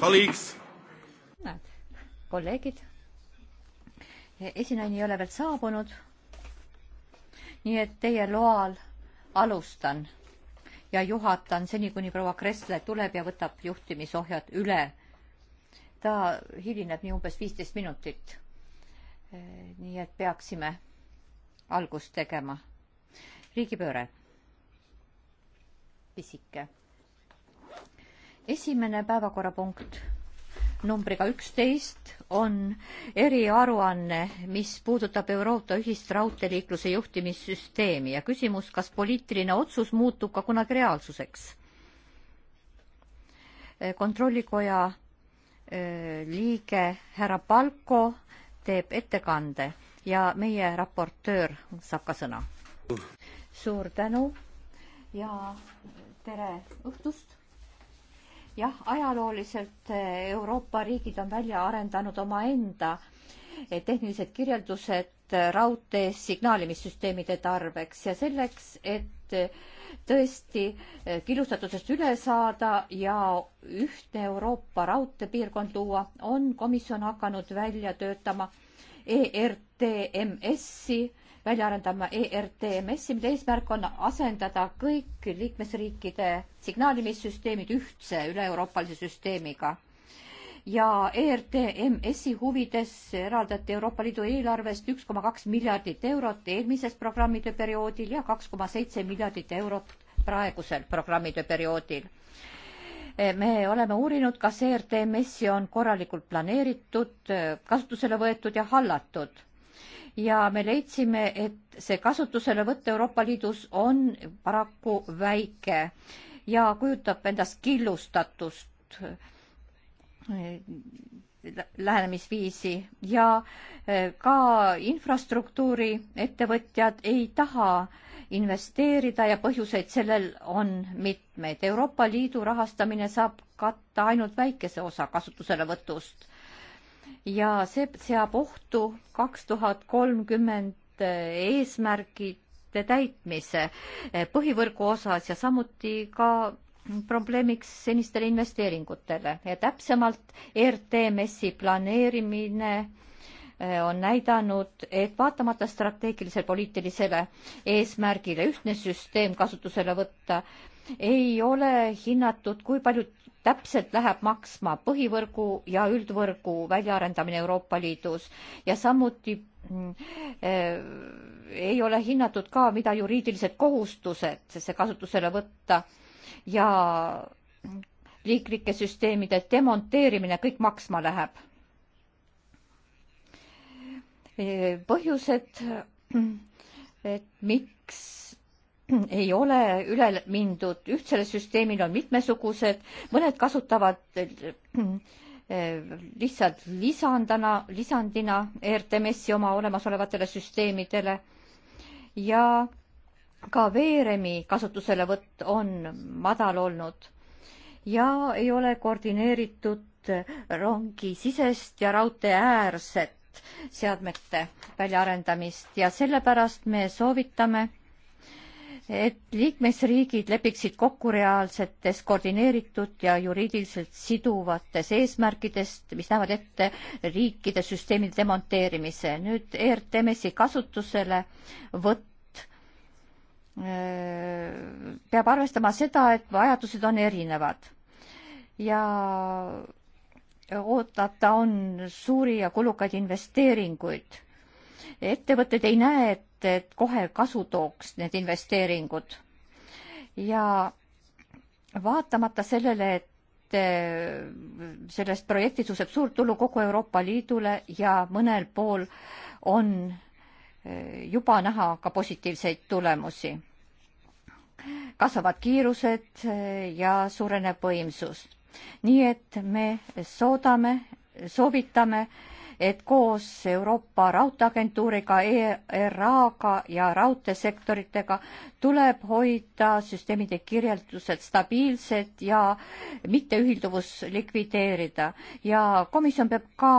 näed, kolleegid, esinaine ei ole veel saabunud. nii et teie loal alustan ja juhatan seni, kuni proua Kressle tuleb ja võtab juhtimisohjad üle. ta hilineb nii umbes viisteist minutit. nii et peaksime algust tegema. riigipööre. pisike esimene päevakorrapunkt numbriga üksteist on eriaruanne, mis puudutab Euroopa ühist raudteeliikluse juhtimissüsteemi ja küsimus, kas poliitiline otsus muutub ka kunagi reaalsuseks. kontrollikoja äh, liige härra Palko teeb ettekande ja meie raportöör saab ka sõna. suur tänu ja tere õhtust jah, ajalooliselt eh, Euroopa riigid on välja arendanud omaenda eh, tehnilised kirjeldused eh, raudtees signaalimissüsteemide tarbeks ja selleks, et tõesti killustatusest üle saada ja ühtne Euroopa raudteepiirkond luua, on komisjon hakanud välja töötama ERTMS-i välja arendama ERTMS-i, mille eesmärk on asendada kõik liikmesriikide signaalimissüsteemid ühtse üle-euroopalise süsteemiga. ja ERTMS-i huvides eraldati Euroopa Liidu eelarvest üks koma kaks miljardit eurot eelmises programmide perioodil ja kaks koma seitse miljardit eurot praegusel programmide perioodil me oleme uurinud, kas ERTMS-i on korralikult planeeritud, kasutusele võetud ja hallatud ja me leidsime, et see kasutuselevõtt Euroopa Liidus on paraku väike ja kujutab endast killustatust eh, lähenemisviisi ja eh, ka infrastruktuuri ettevõtjad ei taha investeerida ja põhjuseid sellel on mitmeid. Euroopa Liidu rahastamine saab katta ainult väikese osa kasutuselevõtust ja see seab ohtu kaks tuhat kolmkümmend eesmärgide täitmise eh, põhivõrgu osas ja samuti ka probleemiks senistele investeeringutele ja täpsemalt ERTMS-i planeerimine eh, on näidanud, et vaatamata strateegilisele poliitilisele eesmärgile ühtne süsteem kasutusele võtta, ei ole hinnatud, kui palju täpselt läheb maksma põhivõrgu ja üldvõrgu väljaarendamine Euroopa Liidus ja samuti äh, ei ole hinnatud ka, mida juriidilised kohustused see kasutusele võtta ja liiklike süsteemide demonteerimine kõik maksma läheb. Eh, põhjused, et miks ei ole üle mindud ühtsele süsteemile, on mitmesugused, mõned kasutavad äh, lihtsalt lisandana, lisandina RTMS-i oma olemasolevatele süsteemidele ja ka veeremi kasutuselevõtt on madal olnud ja ei ole koordineeritud rongisisest ja raudteeäärset seadmete väljaarendamist ja sellepärast me soovitame et liikmesriigid lepiksid kokku reaalsetes koordineeritud ja juriidiliselt siduvates eesmärkidest, mis näevad ette riikide süsteemide demonteerimise. nüüd ERTMS-i kasutuselevõtt äh, peab arvestama seda, et vajadused on erinevad ja oodata on suuri ja kulukaid investeeringuid. ettevõtted ei näe, et et, et kohe kasu tooks need investeeringud. ja vaatamata sellele, et eh, sellest projektist tõuseb suurt tulu kogu Euroopa Liidule ja mõnel pool on eh, juba näha ka positiivseid tulemusi. kasvavad kiirused eh, ja suureneb võimsus. nii et me soodame, soovitame äh, et koos Euroopa Raudteeagentuuriga, ERA-ga ja raudteesektoritega tuleb hoida süsteemide kirjeldused stabiilsed ja mitteühilduvus likvideerida ja komisjon peab ka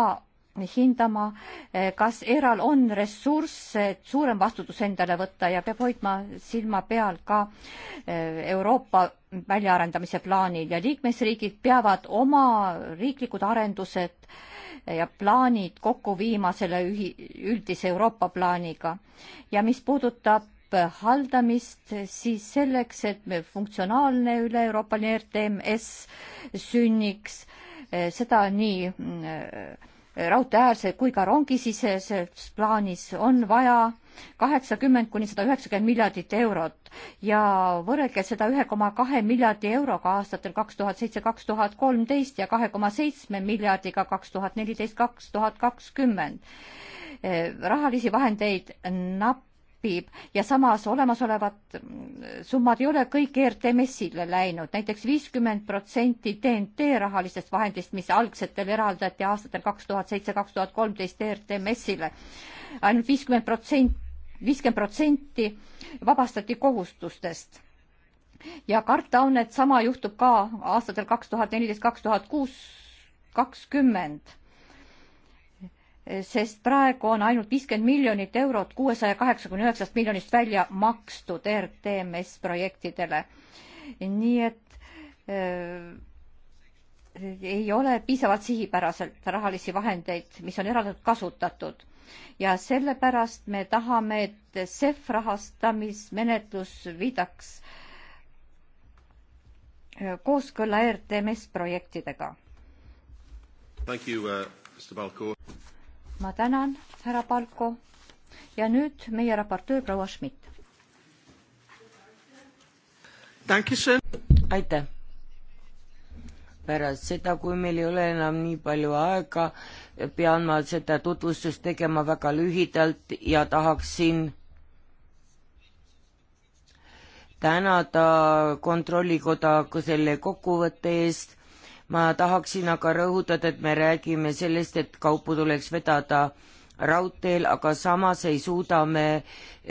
hindama, eh, kas ERA-l on ressursse, et suurem vastutus endale võtta ja peab hoidma silma peal ka eh, Euroopa väljaarendamise plaanil ja liikmesriigid peavad oma riiklikud arendused ja plaanid kokku viima selle ühi-, üldise Euroopa plaaniga. ja mis puudutab haldamist, siis selleks, et me funktsionaalne üle-Euroopaline RTMS sünniks, eh, seda nii mm, eh, raudteeäärse kui ka rongisiseses plaanis on vaja kaheksakümmend kuni sada üheksakümmend miljardit eurot ja võrrelge seda ühe koma kahe miljardi euroga aastatel kaks tuhat seitse, kaks tuhat kolmteist ja kahe koma seitsme miljardiga kaks tuhat neliteist, kaks tuhat kakskümmend. rahalisi vahendeid napp napib ja samas olemasolevad summad ei ole kõik ERTMS-ile läinud näiteks. näiteks viiskümmend protsenti TNT rahalistest vahendist, mis algsetel eraldati aastatel kaks tuhat seitse, kaks tuhat kolmteist ERTMS-ile ainult, ainult viiskümmend protsenti, viiskümmend protsenti vabastati kohustustest ja karta on, et sama juhtub ka aastatel kaks tuhat neliteist, kaks tuhat kuus, kakskümmend sest praegu on ainult viiskümmend miljonit eurot kuuesaja kaheksakümne üheksast miljonist välja makstud RTMS projektidele. nii et äh, ei ole piisavalt sihipäraselt rahalisi vahendeid, mis on eraldatud, kasutatud. ja sellepärast me tahame, et CEF rahastamismenetlus viidaks äh, kooskõlla RTMS projektidega. Thank you uh,, Mr Balko ma tänan, härra Palko. ja nüüd meie raportöör proua Schmidt. aitäh. pärast seda, kui meil ei ole enam nii palju aega, pean ma seda tutvustust tegema väga lühidalt ja tahaksin tänada Kontrollikoda selle kokkuvõtte eest ma tahaksin aga rõhutada, et me räägime sellest, et kaupu tuleks vedada raudteel, aga samas ei suuda me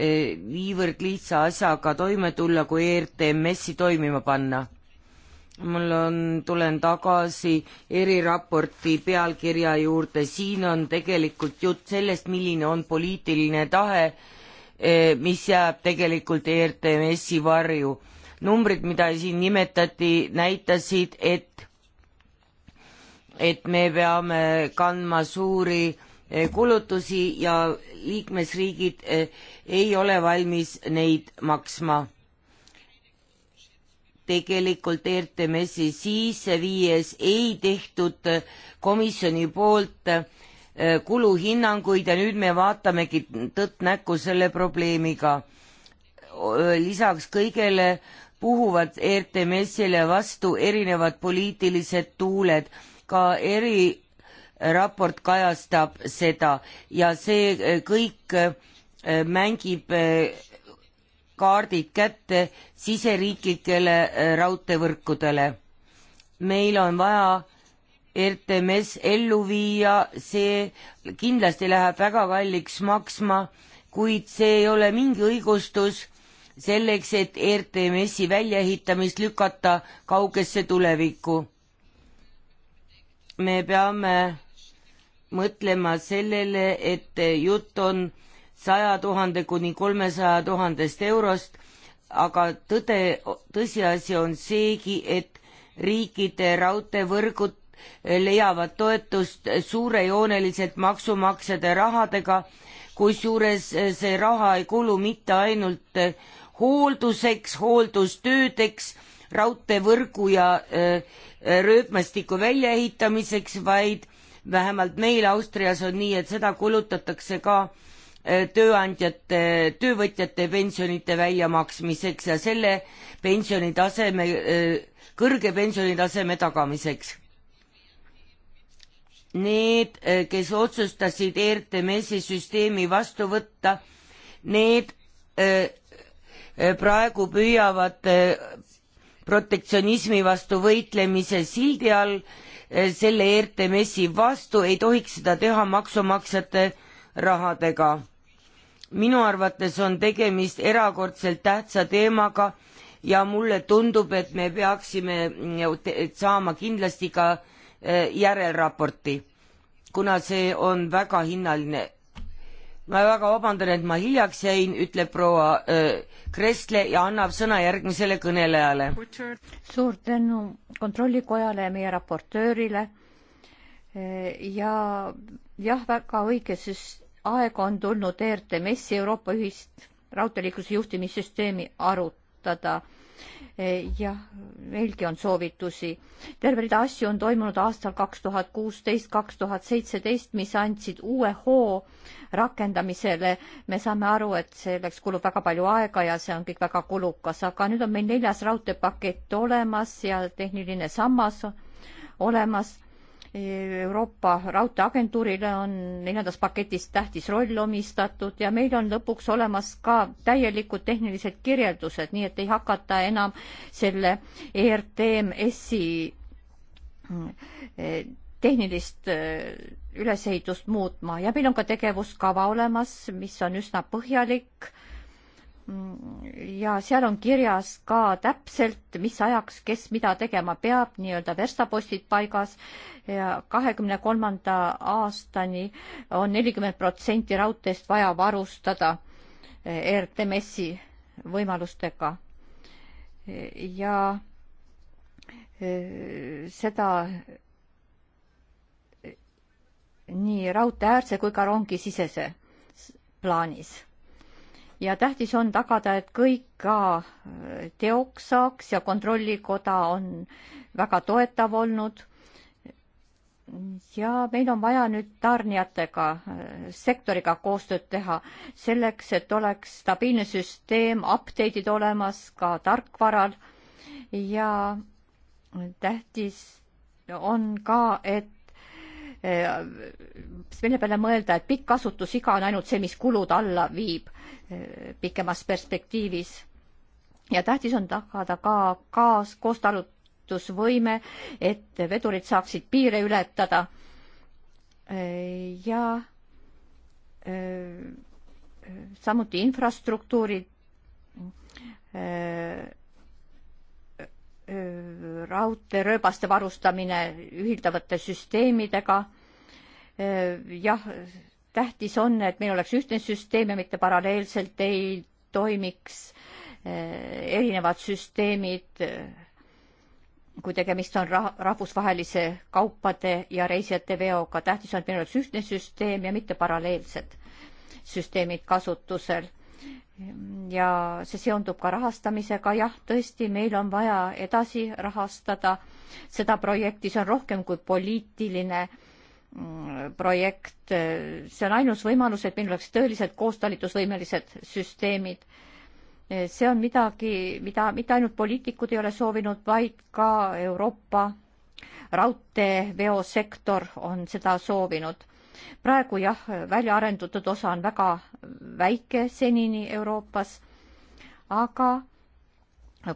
e, niivõrd lihtsa asjaga toime tulla, kui ERTMS-i toimima panna. mul on, tulen tagasi eriraporti pealkirja juurde, siin on tegelikult jutt sellest, milline on poliitiline tahe, e, mis jääb tegelikult ERTMS-i varju. numbrid, mida siin nimetati, näitasid, et et me peame kandma suuri eh, kulutusi ja liikmesriigid eh, ei ole valmis neid maksma. tegelikult RTMS-i sisse viies ei tehtud eh, komisjoni poolt kuluhinnanguid ja nüüd me vaatamegi tõtt näkku selle probleemiga. lisaks kõigele puhuvad ERTMS-ile vastu erinevad poliitilised tuuled ka eriraport kajastab seda ja see eh, kõik eh, mängib eh, kaardid kätte siseriiklikele raudteevõrkudele. meil on vaja RTMS ellu viia, see kindlasti läheb väga kalliks maksma, kuid see ei ole mingi õigustus selleks, et RTMS-i väljaehitamist lükata kaugesse tulevikku me peame mõtlema sellele, et jutt on saja tuhande kuni kolmesaja tuhandest eurost, aga tõde, tõsiasi on seegi, et riikide raudteevõrgud leiavad toetust suurejooneliselt maksumaksjate rahadega, kusjuures see raha ei kulu mitte ainult hoolduseks, hooldustöödeks, raudteevõrgu ja äh, rööpmastiku väljaehitamiseks, vaid vähemalt meil Austrias on nii, et seda kulutatakse ka äh, tööandjate, töövõtjate pensionite väljamaksmiseks ja selle pensionitaseme, äh, kõrge pensionitaseme tagamiseks. Need, äh, kes otsustasid ERTMS-i süsteemi vastu võtta, need praegu püüavad protektsionismi vastu võitlemise sildi all eh, selle ERTMS-i vastu, ei tohiks seda teha maksumaksjate rahadega. minu arvates on tegemist erakordselt tähtsa teemaga ja mulle tundub, et me peaksime mm, saama kindlasti ka eh, järelraporti, kuna see on väga hinnaline ma väga vabandan, et ma hiljaks jäin, ütleb proua äh, Kressle ja annab sõna järgmisele kõnelejale. suur tänu Kontrollikojale ja meie raportöörile. Äh, ja jah, väga õige, sest aeg on tulnud ERTMS-i Euroopa ühist raudteeliikluse juhtimissüsteemi arutada Eh, jah, veelgi on soovitusi. terve rida asju on toimunud aastal kaks tuhat kuusteist, kaks tuhat seitseteist, mis andsid uue hoo rakendamisele. me saame aru, et selleks kulub väga palju aega ja see on kõik väga kulukas, aga nüüd on meil neljas raudteepakett olemas ja tehniline sammas olemas Euroopa Raudteeagentuurile on neljandas paketis tähtis roll omistatud ja meil on lõpuks olemas ka täielikud tehnilised kirjeldused, nii et ei hakata enam selle ERTMS-i eh, tehnilist eh, ülesehitust muutma ja meil on ka tegevuskava olemas, mis on üsna põhjalik ja seal on kirjas ka täpselt, mis ajaks, kes mida tegema peab, nii-öelda verstapostid paigas ja kahekümne kolmanda aastani on nelikümmend protsenti raudteest vaja varustada RTMS-i võimalustega. ja e, seda nii raudteeäärse kui ka rongisisese plaanis ja tähtis on tagada, et kõik ka äh, teoks saaks ja Kontrollikoda on väga toetav olnud. ja meil on vaja nüüd tarnijatega, äh, sektoriga koostööd teha selleks, et oleks stabiilne süsteem, update'id olemas ka tarkvaral ja tähtis on ka, et Äh, selle peale mõelda, et pikk kasutusiga on ainult see, mis kulud alla viib äh, pikemas perspektiivis. ja tähtis on tagada ka kaas, koostalutusvõime, et vedurid saaksid piire ületada. Äh, ja samuti infrastruktuurid raudteerööbaste varustamine ühildavate süsteemidega. Äh, jah, tähtis on, et meil oleks ühtne süsteem ja mitte paralleelselt ei toimiks äh, erinevad süsteemid, äh, kui tegemist on rahvusvahelise kaupade ja reisijate veoga. tähtis on, et meil oleks ühtne süsteem ja mitte paralleelsed süsteemid kasutusel ja see seondub ka rahastamisega, jah, tõesti, meil on vaja edasi rahastada seda projekti, see on rohkem kui poliitiline mm, projekt, see on ainus võimalus, et meil oleks tõeliselt koostalitusvõimelised süsteemid. see on midagi, mida mitte ainult poliitikud ei ole soovinud, vaid ka Euroopa raudteeveosektor on seda soovinud praegu jah, välja arendatud osa on väga väike senini Euroopas, aga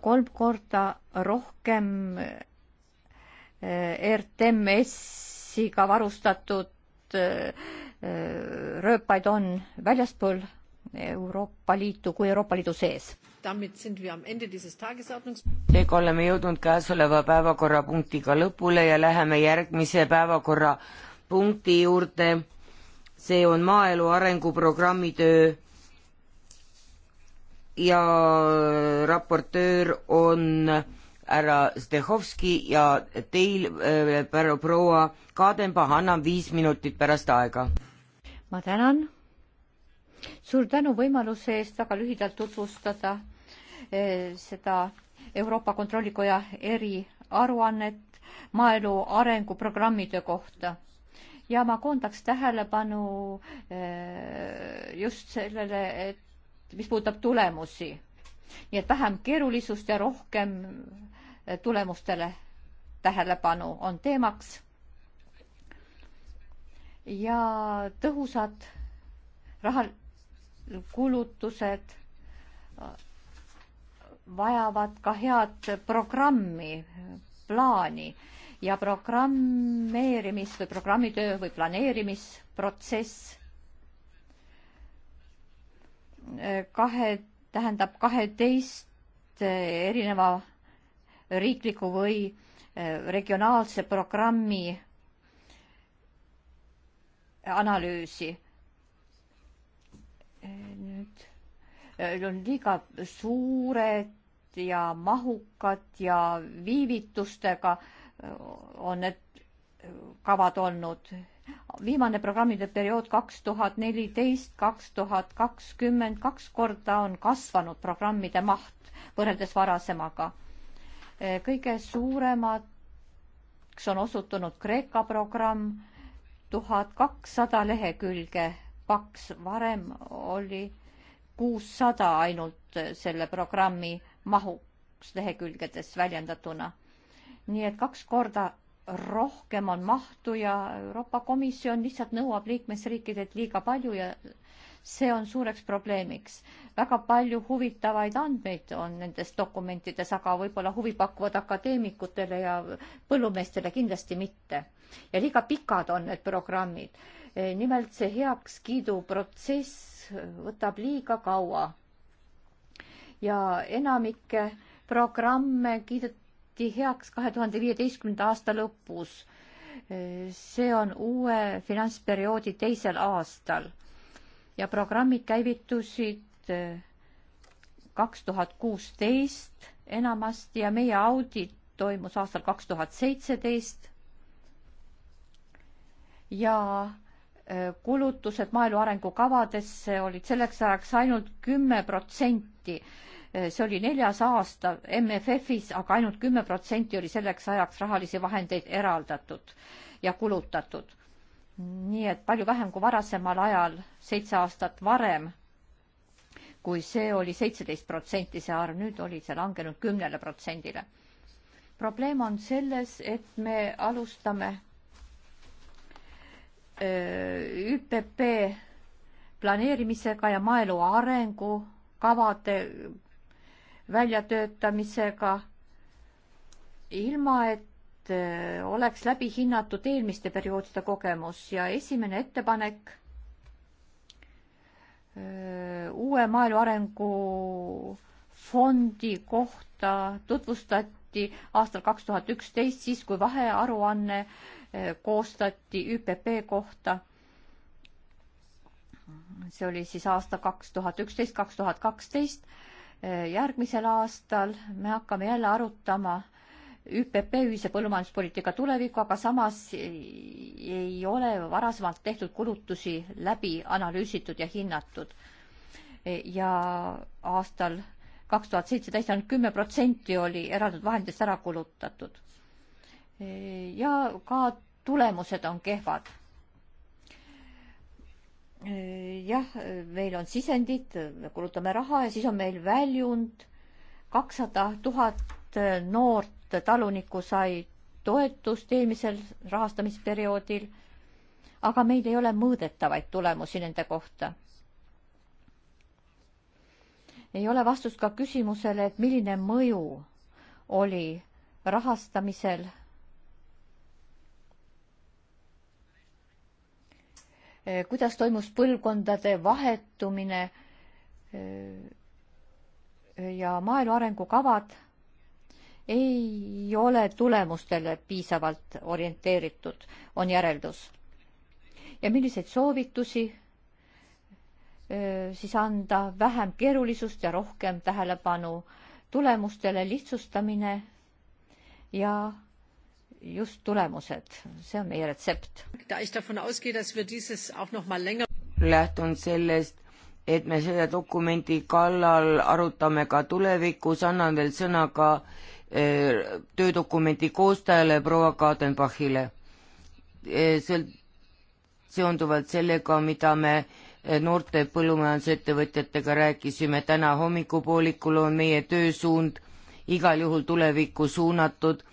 kolm korda rohkem eh, RTMS-iga varustatud eh, rööpaid on väljaspool Euroopa Liitu kui Euroopa Liidu sees. seega oleme jõudnud käesoleva päevakorrapunktiga lõpule ja läheme järgmise päevakorra punkti juurde. see on maaelu arenguprogrammi töö. ja raportöör on härra Stehhovski ja teil äh,, proua Kadenbach, annan viis minutit pärast aega. ma tänan. suur tänu võimaluse eest väga lühidalt tutvustada eh, seda Euroopa Kontrollikoja eriaruannet maaelu arenguprogrammide kohta ja ma koondaks tähelepanu äh, just sellele, et mis puudutab tulemusi. nii et vähem keerulisust ja rohkem äh, tulemustele tähelepanu on teemaks. ja tõhusad rahakulutused vajavad ka head programmi, plaani ja programmeerimis või programmitöö või planeerimisprotsess kahe, tähendab kaheteist erineva riikliku või eh, regionaalse programmi analüüsi. Eh, nüüd eh, on liiga suured ja mahukad ja viivitustega äh, on need kavad olnud. viimane programmide periood kaks tuhat neliteist, kaks tuhat kakskümmend, kaks korda on kasvanud programmide maht võrreldes varasemaga. kõige suuremaks on osutunud Kreeka programm, tuhat kakssada lehekülge paks, varem oli kuussada ainult selle programmi mahuks lehekülgedes väljendatuna nii et kaks korda rohkem on mahtu ja Euroopa Komisjon lihtsalt nõuab liikmesriikidelt liiga palju ja see on suureks probleemiks. väga palju huvitavaid andmeid on nendes dokumentides, aga võib-olla huvi pakuvad akadeemikutele ja põllumeestele kindlasti mitte. ja liiga pikad on need programmid. Eh, nimelt see heakskiidu protsess võtab liiga kaua. ja enamikke programme kiidet-, kiideti heaks kahe tuhande viieteistkümnenda aasta lõpus. see on uue finantsperioodi teisel aastal ja programmid käivitusid äh, kaks tuhat kuusteist enamasti ja meie audit toimus aastal kaks tuhat seitseteist. ja äh, kulutused maaelu arengukavadesse olid selleks ajaks ainult kümme protsenti Eh, see oli neljas aasta MFF-is, aga ainult kümme protsenti oli selleks ajaks rahalisi vahendeid eraldatud ja kulutatud. nii et palju vähem kui varasemal ajal, seitse aastat varem, kui see oli seitseteist protsenti, see arv, nüüd oli see langenud kümnele protsendile. probleem on selles, et me alustame eh, ÜPP planeerimisega ja maaelu arengu kavade väljatöötamisega, ilma et äh, oleks läbi hinnatud eelmiste perioodide kogemus ja esimene ettepanek öö, äh, uue maaelu arengu fondi kohta tutvustati aastal kaks tuhat üksteist, siis kui vahearuanne äh, koostati ÜPP kohta. see oli siis aasta kaks tuhat üksteist, kaks tuhat kaksteist Eh, järgmisel aastal me hakkame jälle arutama ÜPP ühise põllumajanduspoliitika tulevikku, aga samas ei ole varasemalt tehtud kulutusi läbi analüüsitud ja hinnatud. Eh, ja aastal kaks tuhat seitseteist ainult kümme protsenti oli eraldatud vahenditest ära kulutatud. Eh, ja ka tulemused on kehvad jah, meil on sisendid, me kulutame raha ja siis on meil väljund. kakssada tuhat noort talunikku sai toetust eelmisel rahastamisperioodil. aga meil ei ole mõõdetavaid tulemusi nende kohta. ei ole vastust ka küsimusele, et milline mõju oli rahastamisel Eh, kuidas toimus põlvkondade vahetumine eh, ja maaelu arengukavad ei ole tulemustele piisavalt orienteeritud, on järeldus. ja milliseid soovitusi eh, siis anda, vähem keerulisust ja rohkem tähelepanu tulemustele, lihtsustamine ja just tulemused, see on meie retsept. lähtun sellest, et me selle dokumendi kallal arutame ka tulevikus, annan veel sõna ka eh, töödokumendi koostajale proua Kadenbachile. Eh, Sõlt-, seonduvalt sellega, mida me eh, noorte põllumajandusettevõtjatega rääkisime täna hommikupoolikul, on meie töösuund igal juhul tulevikku suunatud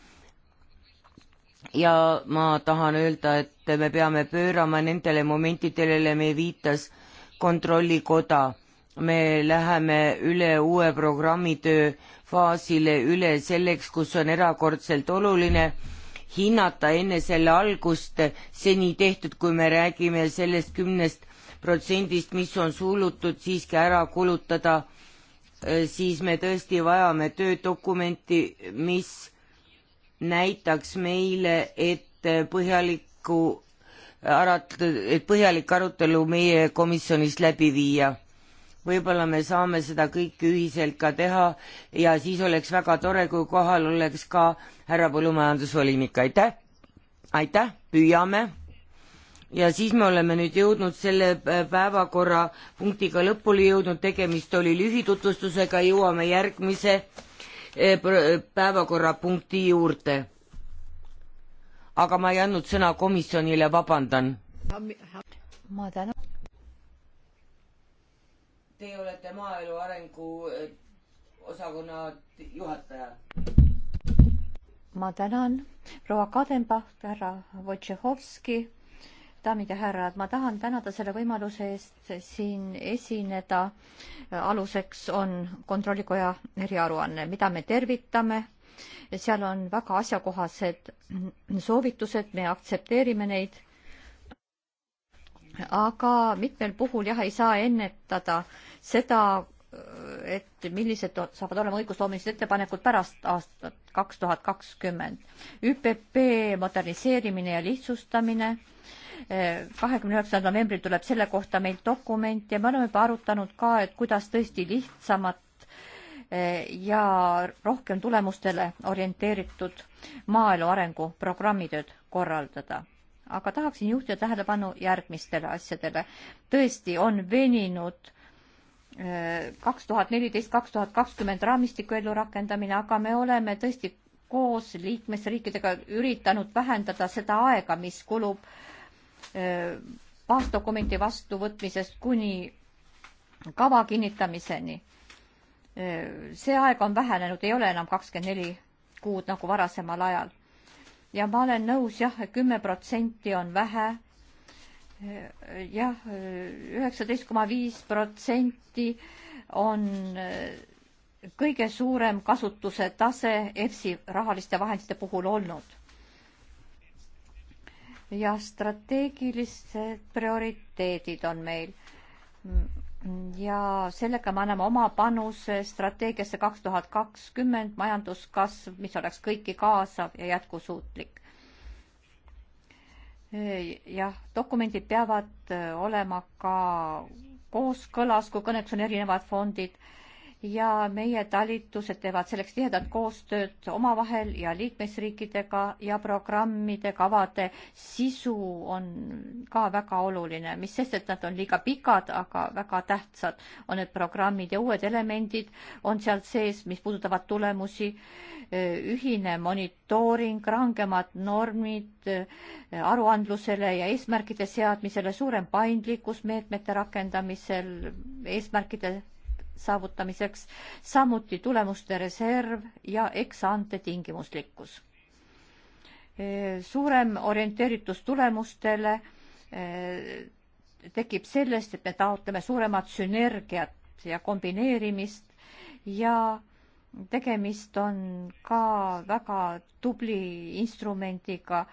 ja ma tahan öelda, et me peame pöörama nendele momentidele, me viitas kontrollikoda. me läheme üle uue programmitöö faasile üle selleks, kus on erakordselt oluline hinnata enne selle algust seni tehtud, kui me räägime sellest kümnest protsendist, mis on suulutud siiski ära kulutada, siis me tõesti vajame töödokumenti, mis näitaks meile, et põhjalikku arat-, et põhjalik arutelu meie komisjonist läbi viia. võib-olla me saame seda kõike ühiselt ka teha ja siis oleks väga tore, kui kohal oleks ka härra põllumajandusvolinik, aitäh! aitäh, püüame! ja siis me oleme nüüd jõudnud selle päevakorrapunktiga lõpule jõudnud, tegemist oli lühitutvustusega, jõuame järgmise Eh, päevakorrapunkti juurde. aga ma ei andnud sõna komisjonile, vabandan. ma tänan. Teie olete maaelu arengu eh, osakonna juhataja. ma tänan, proua Kadenbach, härra Wojciechowski daamid ja härrad, ma tahan tänada selle võimaluse eest siin esineda. aluseks on Kontrollikoja eriaruanne, mida me tervitame. seal on väga asjakohased soovitused, me aktsepteerime neid. aga mitmel puhul jah, ei saa ennetada seda, et millised saavad olema õigusloomelised ettepanekud pärast aastat kaks tuhat kakskümmend. ÜPP moderniseerimine ja lihtsustamine kahekümne üheksandal novembril tuleb selle kohta meil dokument ja me oleme juba arutanud ka, et kuidas tõesti lihtsamat e, ja rohkem tulemustele orienteeritud maaelu arenguprogrammitööd korraldada. aga tahaksin juhtida tähelepanu järgmistele asjadele. tõesti on veninud e, kaks tuhat neliteist, kaks tuhat kakskümmend raamistiku ellurakendamine, aga me oleme tõesti koos liikmesriikidega üritanud vähendada seda aega, mis kulub äh, baasdokumendi äh, vastuvõtmisest kuni kava kinnitamiseni. Äh, see aeg on vähenenud, ei ole enam kakskümmend neli kuud nagu varasemal ajal. ja ma olen nõus jah, et kümme protsenti on vähe. Äh, jah, üheksateist koma viis protsenti on kõige suurem kasutuse tase EFSI rahaliste vahendite puhul olnud ja strateegilised prioriteedid on meil. ja sellega me anname oma panuse strateegiasse kaks tuhat kakskümmend majanduskasv, mis oleks kõiki kaasav ja jätkusuutlik. jah, dokumendid peavad olema ka kooskõlas, kui kõneks on erinevad fondid ja meie talitused teevad selleks tihedat koostööd omavahel ja liikmesriikidega ja programmide, kavade sisu on ka väga oluline, mis sest, et nad on liiga pikad, aga väga tähtsad on need programmid ja uued elemendid on seal sees, mis puudutavad tulemusi, ühine monitooring, rangemad normid aruandlusele ja eesmärkide seadmisele, suurem paindlikkus meetmete rakendamisel, eesmärkide saavutamiseks, samuti tulemuste reserv ja eksante tingimuslikkus. suurem orienteeritus tulemustele eh, tekib sellest, et me taotleme suuremat sünergiat ja kombineerimist ja tegemist on ka väga tubli instrumendiga äh,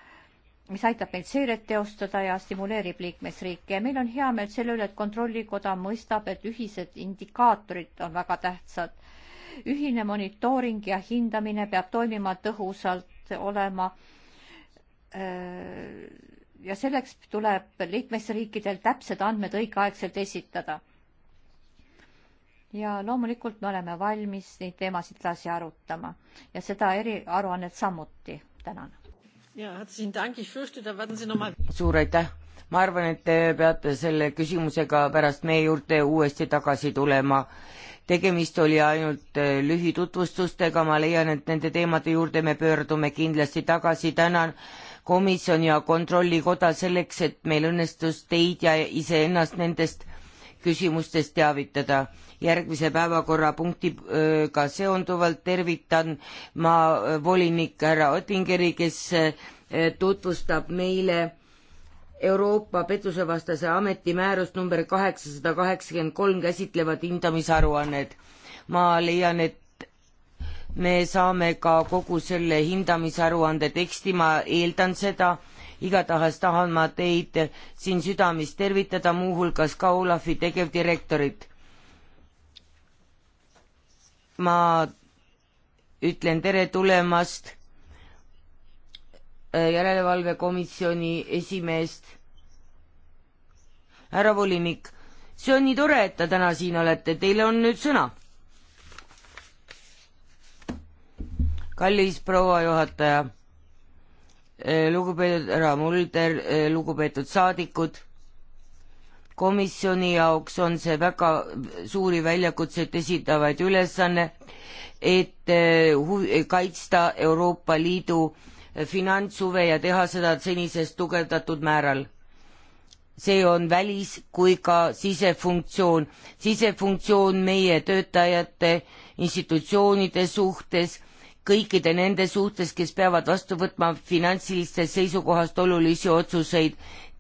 mis aitab meil seiret teostada ja stimuleerib liikmesriike ja meil on hea meel selle üle, et Kontrollikoda mõistab, et ühised indikaatorid on väga tähtsad. ühine monitooring ja hindamine peab toimima tõhusalt olema. ja selleks tuleb liikmesriikidel täpsed andmed õigeaegselt esitada. ja loomulikult me oleme valmis neid teemasid edasi arutama ja seda eriaruannet samuti. tänan suur aitäh, ma arvan, et te peate selle küsimusega pärast meie juurde uuesti tagasi tulema. tegemist oli ainult äh, lühitutvustustega, ma leian, et nende teemade juurde me pöördume kindlasti tagasi, tänan komisjon ja kontrollikoda selleks, et meil õnnestus teid ja iseennast nendest küsimustest teavitada. järgmise päevakorrapunktiga äh, seonduvalt tervitan ma äh, volinik härra Ottingeri, kes äh, tutvustab meile Euroopa pettusevastase ameti määrust number kaheksasada kaheksakümmend kolm käsitlevad hindamisaruanned. ma leian, et me saame ka kogu selle hindamisaruande teksti, ma eeldan seda, igatahes tahan ma teid siin südames tervitada, muuhulgas ka Olafi tegevdirektorit. ma ütlen tere tulemast järelevalvekomisjoni esimeest, härra volinik, see on nii tore, et te täna siin olete, teil on nüüd sõna kallis proua juhataja, Eh, lugupeetud härra Mulder, eh, lugupeetud saadikud, komisjoni jaoks on see väga suuri väljakutseid esitavaid ülesanne, et eh, kaitsta Euroopa Liidu finantshuve ja teha seda senisest tugevdatud määral. see on välis kui ka sisefunktsioon, sisefunktsioon meie töötajate institutsioonide suhtes kõikide nende suhtes, kes peavad vastu võtma finantsilistest seisukohast olulisi otsuseid,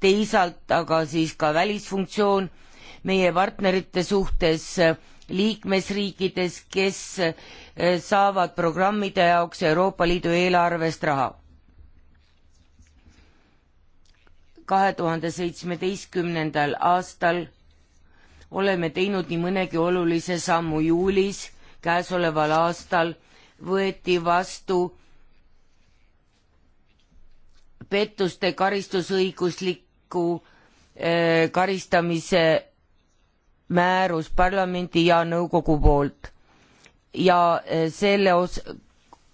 teisalt aga siis ka välisfunktsioon meie partnerite suhtes liikmesriikides, kes eh, saavad programmide jaoks Euroopa Liidu eelarvest raha. kahe tuhande seitsmeteistkümnendal aastal oleme teinud nii mõnegi olulise sammu juulis käesoleval aastal võeti vastu pettuste karistusõigusliku eh, karistamise määrus parlamendi ja nõukogu poolt ja eh, selle os-,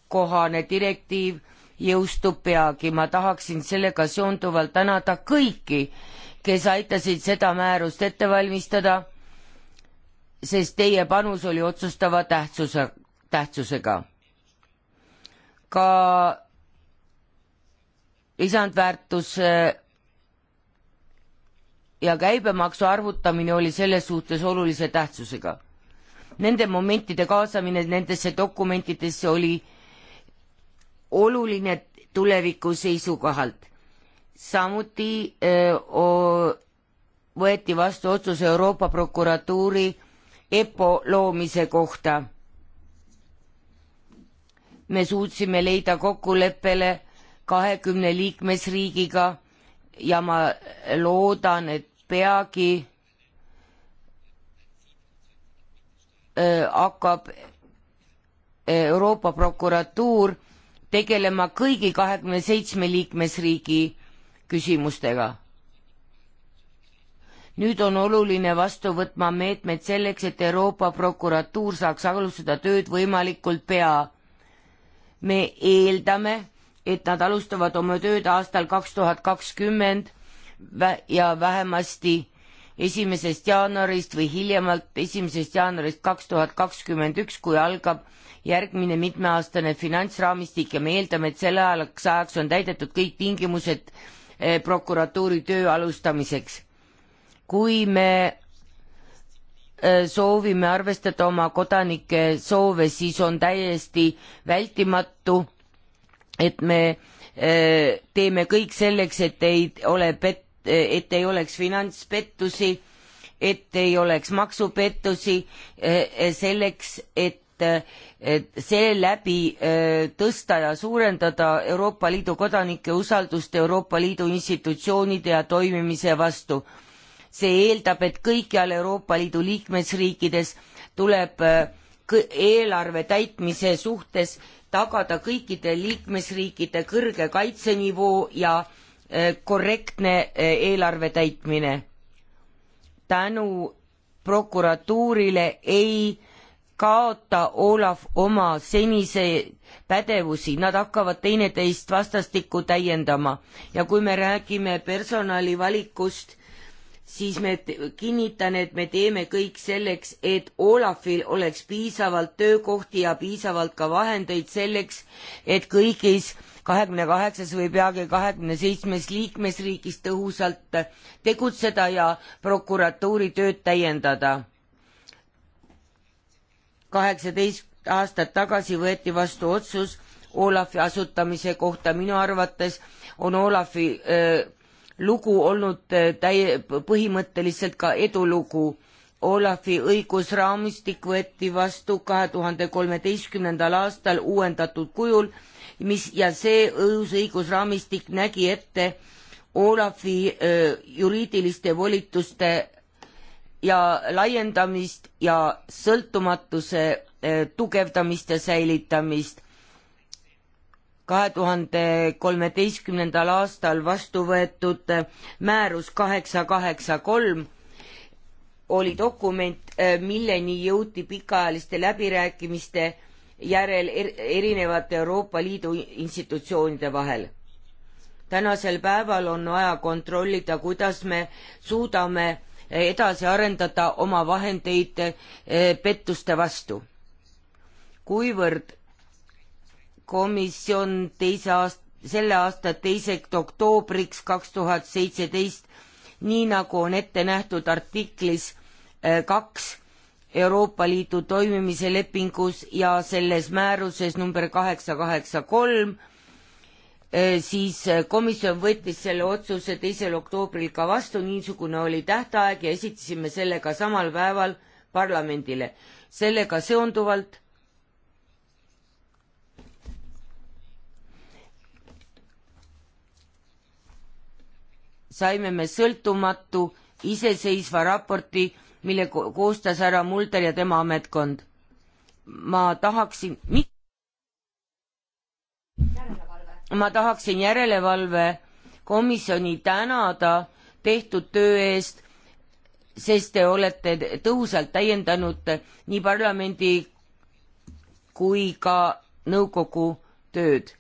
kohane direktiiv jõustub peagi. ma tahaksin sellega seonduvalt tänada kõiki, kes aitasid seda määrust ette valmistada, sest teie panus oli otsustava tähtsuse, tähtsusega ka lisandväärtuse äh, ja käibemaksu arvutamine oli selles suhtes olulise tähtsusega. Nende momentide kaasamine nendesse dokumentidesse oli oluline tuleviku seisukohalt. samuti öö, äh, o, võeti vastu otsus Euroopa prokuratuuri EPO loomise kohta me suutsime leida kokkuleppele kahekümne liikmesriigiga ja ma loodan, et peagi äh, hakkab Euroopa prokuratuur tegelema kõigi kahekümne seitsme liikmesriigi küsimustega. nüüd on oluline vastu võtma meetmed selleks, et Euroopa prokuratuur saaks alustada tööd võimalikult pea me eeldame, et nad alustavad oma tööd aastal kaks tuhat kakskümmend ja vähemasti esimesest jaanuarist või hiljemalt esimesest jaanuarist kaks tuhat kakskümmend üks, kui algab järgmine mitmeaastane finantsraamistik ja me eeldame, et selle ajaks ajaks on täidetud kõik tingimused eh, prokuratuuri töö alustamiseks. kui me Äh, soovime arvestada oma kodanike soove, siis on täiesti vältimatu, et me äh, teeme kõik selleks, et ei ole pet-, et ei oleks finantspettusi, et ei oleks maksupettusi, äh, selleks, et et seeläbi tõsta ja suurendada Euroopa Liidu kodanike usaldust Euroopa Liidu institutsioonide ja toimimise vastu see eeldab, et kõikjal Euroopa Liidu liikmesriikides tuleb äh, eelarve täitmise suhtes tagada kõikide liikmesriikide kõrge kaitsenivoo ja äh, korrektne äh, eelarve täitmine. tänu prokuratuurile ei kaota Olav oma senise pädevusi, nad hakkavad teineteist vastastikku täiendama ja kui me räägime personali valikust, siis me kinnitan, et me teeme kõik selleks, et Olafil oleks piisavalt töökohti ja piisavalt ka vahendeid selleks, et kõigis kahekümne kaheksas või peagi kahekümne seitsmes liikmesriigis tõhusalt tegutseda ja prokuratuuri tööd täiendada. kaheksateist aastat tagasi võeti vastu otsus Olafi asutamise kohta, minu arvates on Olafi öö, lugu olnud äh, täie, põhimõtteliselt ka edulugu. Olafi õigusraamistik võeti vastu kahe tuhande kolmeteistkümnendal aastal uuendatud kujul, mis ja see uus õigusraamistik nägi ette Olafi öö, äh, juriidiliste volituste ja laiendamist ja sõltumatuse öö, äh, tugevdamist ja säilitamist kahe tuhande kolmeteistkümnendal aastal vastu võetud äh, määrus kaheksa kaheksa kolm oli dokument, äh, milleni jõuti pikaajaliste läbirääkimiste järel er-, erinevate Euroopa Liidu institutsioonide vahel. tänasel päeval on vaja kontrollida, kuidas me suudame edasi arendada oma vahendeid äh, pettuste vastu. kuivõrd komisjon teise aasta, selle aasta teiseks oktoobriks kaks tuhat seitseteist, nii nagu on ette nähtud artiklis äh, kaks Euroopa Liidu toimimise lepingus ja selles määruses number kaheksa kaheksa kolm, äh, siis äh, komisjon võttis selle otsuse teisel oktoobril ka vastu, niisugune oli tähtaeg ja esitasime selle ka samal päeval parlamendile. sellega seonduvalt saime me sõltumatu iseseisva raporti, mille koostas härra Mulder ja tema ametkond. ma tahaksin, ma tahaksin järelevalvekomisjoni tänada tehtud töö eest, sest te olete tõhusalt täiendanud nii parlamendi kui ka nõukogu tööd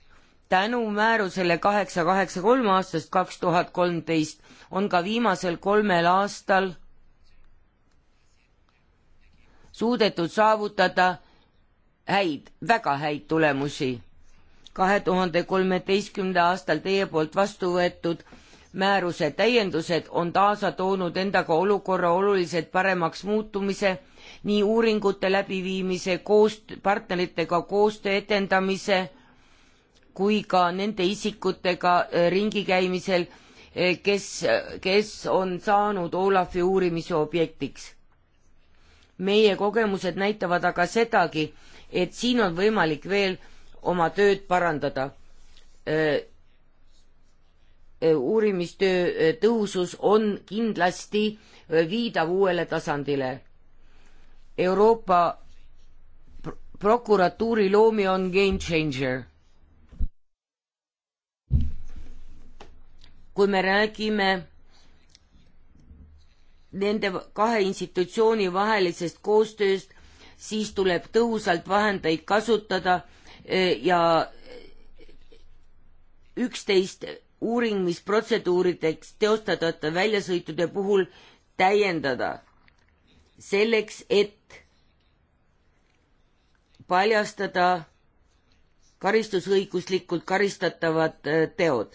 tänu määrusele kaheksa kaheksa kolm aastast kaks tuhat kolmteist on ka viimasel kolmel aastal suudetud saavutada häid, väga häid tulemusi. kahe tuhande kolmeteistkümnenda aastal teie poolt vastu võetud määruse täiendused on taasa toonud endaga olukorra oluliselt paremaks muutumise nii uuringute läbiviimise, koost-, partneritega koostöö etendamise kui ka nende isikutega äh, ringi käimisel, äh, kes, kes on saanud Olafi uurimise objektiks. meie kogemused näitavad aga sedagi, et siin on võimalik veel oma tööd parandada. Äh, uurimistöö tõhusus on kindlasti viidav uuele tasandile. Euroopa prokuratuuri loomi on game changer kui me räägime nende kahe institutsiooni vahelisest koostööst, siis tuleb tõhusalt vahendeid kasutada e, ja üksteist uurimisprotseduurideks teostatavate väljasõitude puhul täiendada selleks, et paljastada karistusõiguslikult karistatavad e, teod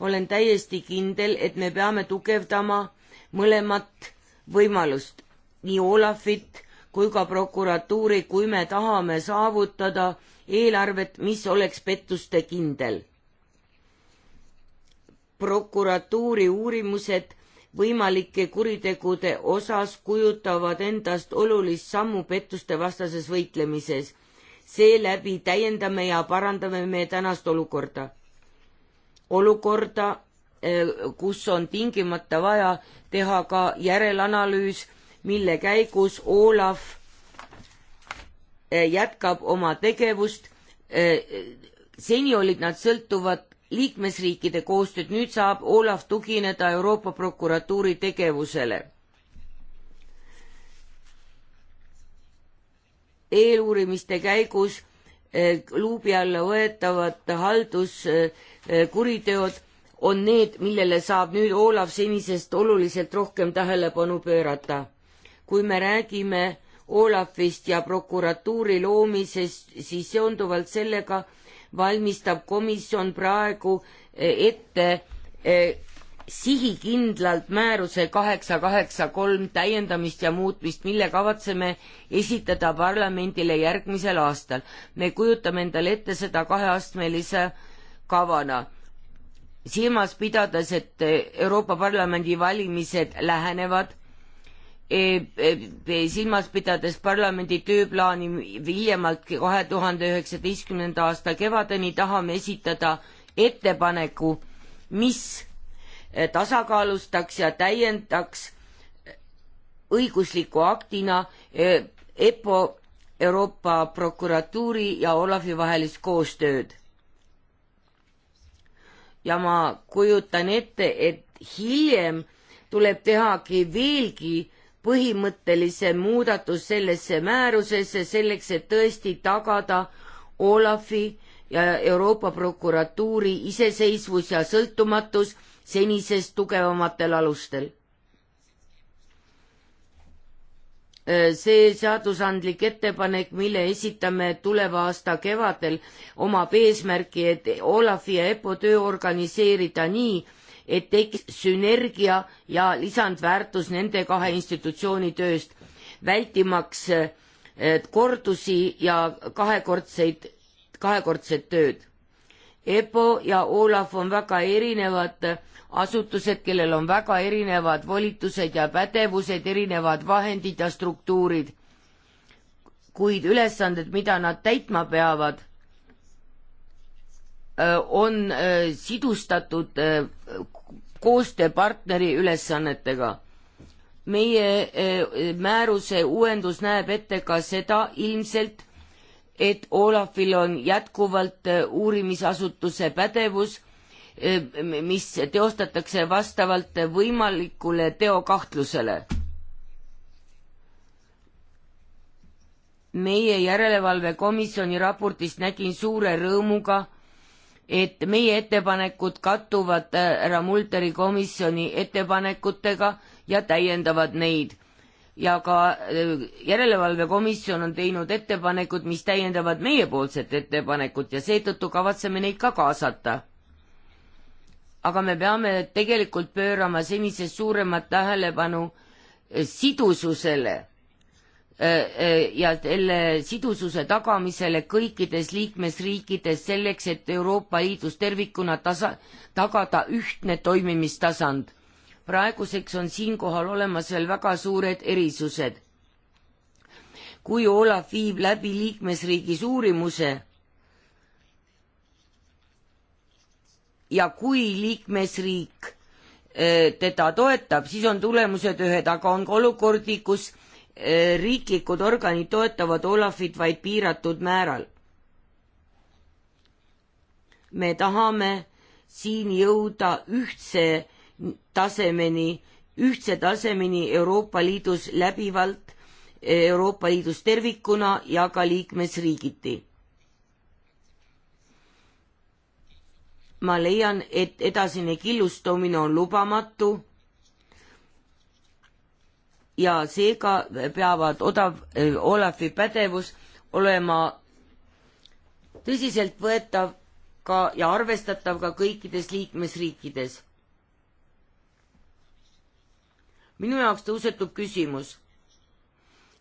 olen täiesti kindel, et me peame tugevdama mõlemat võimalust, nii Olafit kui ka prokuratuuri, kui me tahame saavutada eelarvet, mis oleks pettuste kindel. prokuratuuri uurimused võimalike kuritegude osas kujutavad endast olulist sammu pettuste vastases võitlemises. seeläbi täiendame ja parandame me tänast olukorda olukorda, eh, kus on tingimata vaja teha ka järelanalüüs, mille käigus Olav eh, jätkab oma tegevust. Eh, seni olid nad sõltuvad liikmesriikide koostööd, nüüd saab Olav tugineda Euroopa prokuratuuri tegevusele. eeluurimiste käigus Eh, luubi alla võetavad halduskuriteod on need, millele saab nüüd Olav senisest oluliselt rohkem tähelepanu pöörata. kui me räägime Olafist ja prokuratuuri loomisest, siis seonduvalt sellega valmistab komisjon praegu eh, ette eh, sihikindlalt määruse kaheksa kaheksa kolm täiendamist ja muutmist, mille kavatseme esitada parlamendile järgmisel aastal. me kujutame endale ette seda kaheastmelise kavana, silmas pidades, et Euroopa Parlamendi valimised lähenevad, e, e, e, silmas pidades parlamendi tööplaani hiljemalt kahe tuhande üheksateistkümnenda aasta kevadeni tahame esitada ettepaneku, mis tasakaalustaks ja täiendaks õigusliku aktina EPPO Euroopa prokuratuuri ja Olavi vahelist koostööd. ja ma kujutan ette, et hiljem tuleb tehagi veelgi põhimõttelise muudatus sellesse määrusesse selleks, et tõesti tagada Olafi ja Euroopa prokuratuuri iseseisvus ja sõltumatus senisest tugevamatel alustel. Äh, see seadusandlik ettepanek, mille esitame tuleva aasta kevadel, omab eesmärki, et Olavi ja EPPO töö organiseerida nii, et tekiks sünergia ja lisandväärtus nende kahe institutsiooni tööst, vältimaks äh, kordusi ja kahekordseid, kahekordset tööd. EPO ja Olav on väga erinevad asutused, kellel on väga erinevad volitused ja pädevused, erinevad vahendid ja struktuurid. kuid ülesanded, mida nad täitma peavad, on sidustatud koostööpartneri ülesannetega. meie määruse uuendus näeb ette ka seda ilmselt, et Olafil on jätkuvalt äh, uurimisasutuse pädevus, äh, mis teostatakse vastavalt võimalikule teokahtlusele. meie järelevalvekomisjoni raportis nägin suure rõõmuga, et meie ettepanekud kattuvad äh, härra Multeri komisjoni ettepanekutega ja täiendavad neid ja ka äh, järelevalvekomisjon on teinud ettepanekud, mis täiendavad meiepoolset ettepanekut ja seetõttu kavatseme neid ka kaasata. aga me peame tegelikult pöörama senisest suuremat tähelepanu äh, sidususele äh, ja selle sidususe tagamisele kõikides liikmesriikides selleks, et Euroopa Liidus tervikuna tasa, tagada ühtne toimimistasand praeguseks on siinkohal olemas veel väga suured erisused. kui Olav viib läbi liikmesriigis uurimuse ja kui liikmesriik äh, teda toetab, siis on tulemused ühed, aga on ka olukordi, kus äh, riiklikud organid toetavad Olafit vaid piiratud määral. me tahame siin jõuda ühtse tasemeni, ühtse tasemeni Euroopa Liidus läbivalt, Euroopa Liidus tervikuna ja ka liikmesriigiti. ma leian, et edasine killustumine on lubamatu ja seega peavad odav, eh, Olafi pädevus olema tõsiseltvõetav ka ja arvestatav ka kõikides liikmesriikides. minu jaoks tõusetub küsimus,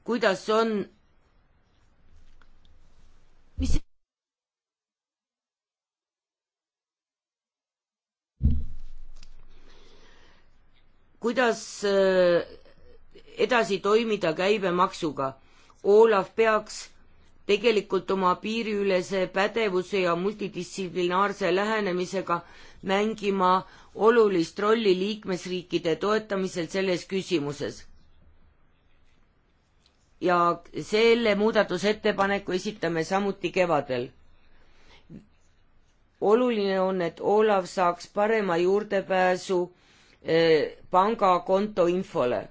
kuidas on, mis kuidas äh, edasi toimida käibemaksuga. Olav peaks tegelikult oma piiriülese pädevuse ja multidistsiplinaarse lähenemisega mängima olulist rolli liikmesriikide toetamisel selles küsimuses. ja selle muudatusettepaneku esitame samuti kevadel. oluline on, et Olav saaks parema juurdepääsu eh, pangakonto infole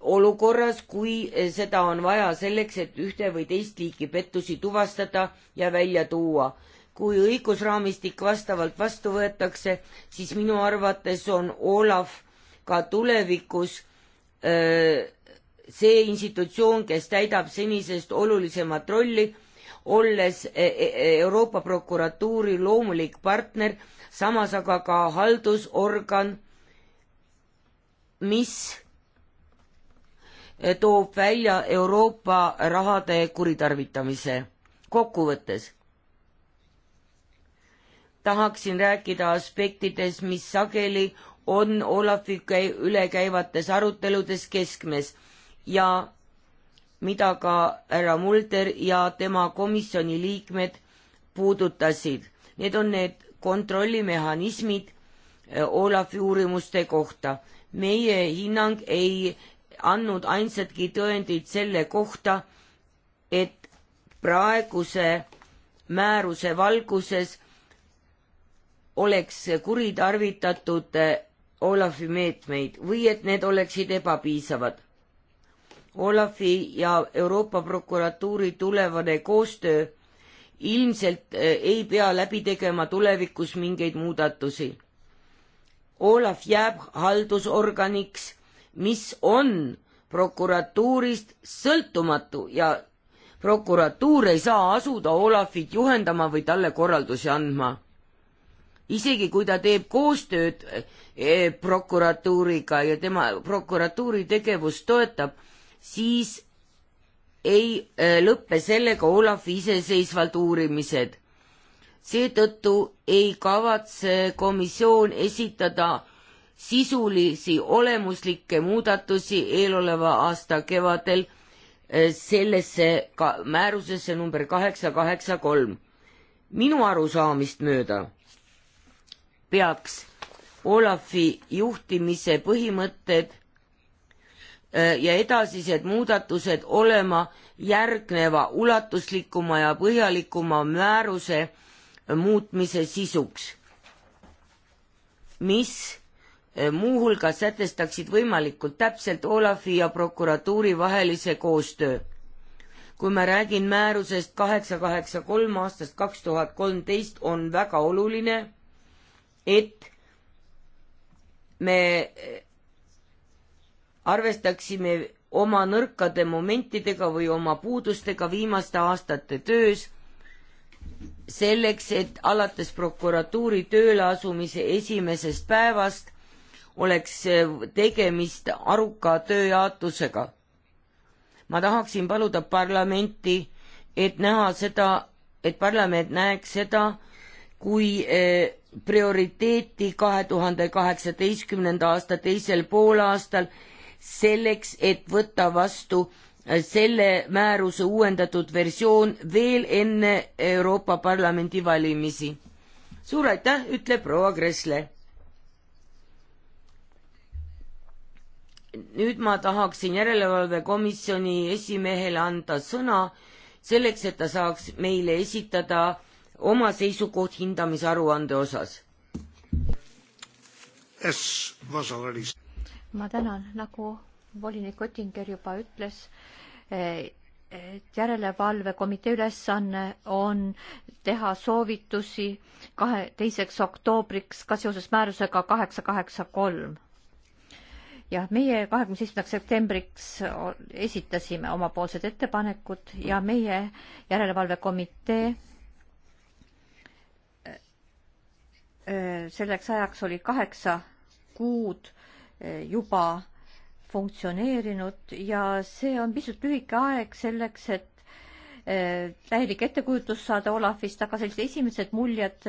olukorras, kui eh, seda on vaja selleks, et ühte või teist liiki pettusi tuvastada ja välja tuua. kui õigusraamistik vastavalt vastu võetakse, siis minu arvates on Olav ka tulevikus öö, eh, see institutsioon, kes täidab senisest olulisemat rolli, olles eh, Euroopa prokuratuuri loomulik partner, samas aga ka haldusorgan, mis Eh, toob välja Euroopa rahade kuritarvitamise. kokkuvõttes tahaksin rääkida aspektides, mis sageli on Olafi üle käivates aruteludes keskmes ja mida ka härra Mulder ja tema komisjoni liikmed puudutasid. Need on need kontrollimehhanismid eh, Olafi uurimuste kohta. meie hinnang ei andnud ainsatki tõendit selle kohta, et praeguse määruse valguses oleks kuritarvitatud eh, Olafi meetmeid või et need oleksid ebapiisavad. Olafi ja Euroopa prokuratuuri tulevane koostöö ilmselt eh, ei pea läbi tegema tulevikus mingeid muudatusi. Olav jääb haldusorganiks mis on prokuratuurist sõltumatu ja prokuratuur ei saa asuda Olafit juhendama või talle korraldusi andma. isegi kui ta teeb koostööd eh, prokuratuuriga ja tema prokuratuuri tegevust toetab, siis ei eh, lõppe sellega Olafi iseseisvalt uurimised. seetõttu ei kavatse komisjon esitada sisulisi olemuslikke muudatusi eeloleva aasta kevadel eh, sellesse ka määrusesse number kaheksa kaheksa kolm. minu arusaamist mööda peaks Olafi juhtimise põhimõtted eh, ja edasised muudatused olema järgneva ulatuslikuma ja põhjalikuma määruse muutmise sisuks, mis Äh, muuhulgas sätestaksid võimalikult täpselt Olafi ja prokuratuuri vahelise koostöö. kui ma räägin määrusest kaheksa kaheksa kolm aastast kaks tuhat kolmteist, on väga oluline, et me äh, arvestaksime oma nõrkade momentidega või oma puudustega viimaste aastate töös selleks, et alates prokuratuuri tööle asumise esimesest päevast oleks eh, tegemist aruka tööjaotusega. ma tahaksin paluda parlamenti, et näha seda, et parlament näeks seda kui eh, prioriteeti kahe tuhande kaheksateistkümnenda aasta teisel poolaastal selleks, et võtta vastu eh, selle määruse uuendatud versioon veel enne Euroopa Parlamendi valimisi. suur aitäh, ütleb proua Kressle nüüd ma tahaksin järelevalvekomisjoni esimehele anda sõna selleks, et ta saaks meile esitada oma seisukoht hindamisaruande osas. ma tänan, nagu volinik Ottinger juba ütles, et järelevalvekomitee ülesanne on teha soovitusi kahe, teiseks oktoobriks ka seoses määrusega kaheksa kaheksa kolm jah, meie kahekümne seitsmendaks septembriks esitasime omapoolsed ettepanekud ja meie järelevalvekomitee äh, äh, selleks ajaks oli kaheksa kuud äh, juba funktsioneerinud ja see on pisut lühike aeg selleks, et täielik ettekujutus saada Olafist, aga sellised esimesed muljed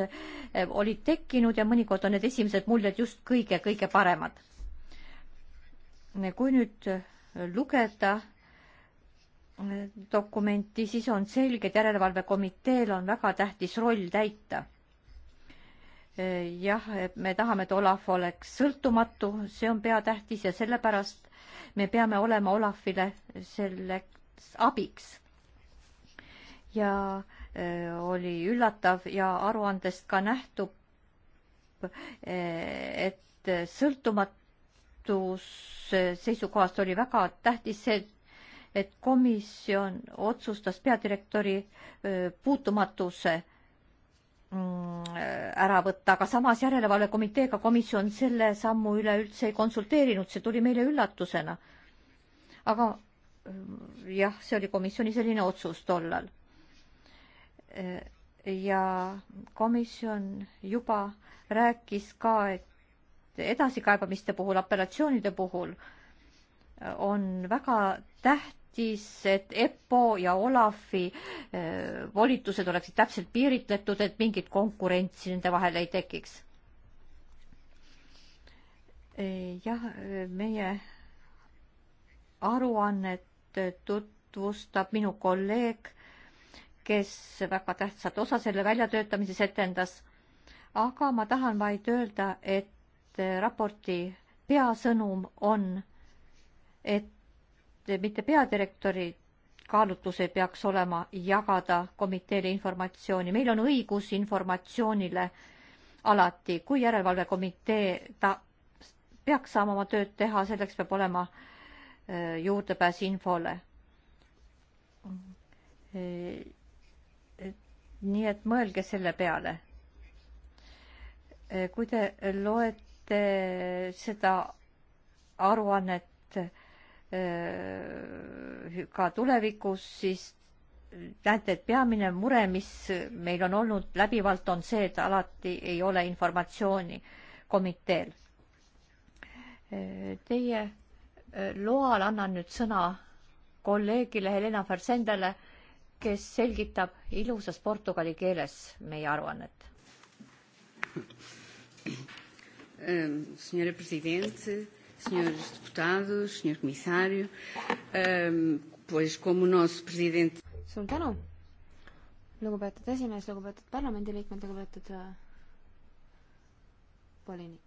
olid tekkinud ja mõnikord on need esimesed muljed just kõige-kõige paremad kui nüüd lugeda dokumenti, siis on selge, et järelevalvekomiteel on väga tähtis roll täita. E, jah, me tahame, et Olav oleks sõltumatu, see on peatähtis ja sellepärast me peame olema Olavile selleks abiks. ja e, oli üllatav ja aruandest ka nähtub, e, et sõltumat-, juhatuse seisukohast oli väga tähtis see, et komisjon otsustas peadirektori puutumatuse mm, ära võtta, aga samas järelevalvekomiteega komisjon selle sammu üle üldse ei konsulteerinud, see tuli meile üllatusena. aga jah, see oli komisjoni selline otsus tollal. ja komisjon juba rääkis ka, et edasikaebamiste puhul, apellatsioonide puhul on väga tähtis, et EPPO ja Olafi eh, volitused oleksid täpselt piiritletud, et mingit konkurentsi nende vahel ei tekiks. Eh, jah, meie aruannet tutvustab minu kolleeg, kes väga tähtsat osa selle väljatöötamises etendas. aga ma tahan vaid öelda, et Eh, raporti peasõnum on, et mitte peadirektori kaalutlus ei peaks olema jagada komiteele informatsiooni, meil on õigus informatsioonile alati, kui järelevalvekomitee, ta peaks saama oma tööd teha, selleks peab olema eh, juurdepääs infole. Eh, nii et mõelge selle peale. kui te loete Eh, seda aruannet eh, ka tulevikus, siis näete, et peamine mure, mis meil on olnud läbivalt, on see, et alati ei ole informatsiooni komiteel. Eh, teie loal annan nüüd sõna kolleegile Helena Fersendele, kes selgitab ilusas portugali keeles meie aruannet uh, Senhora Presidente, Senhores Deputados, Senhor Comissário, uh, pois como o nosso Presidente. suur tänu, lugupeetud esimees, lugupeetud parlamendiliikmed, lugupeetud äh, volinik.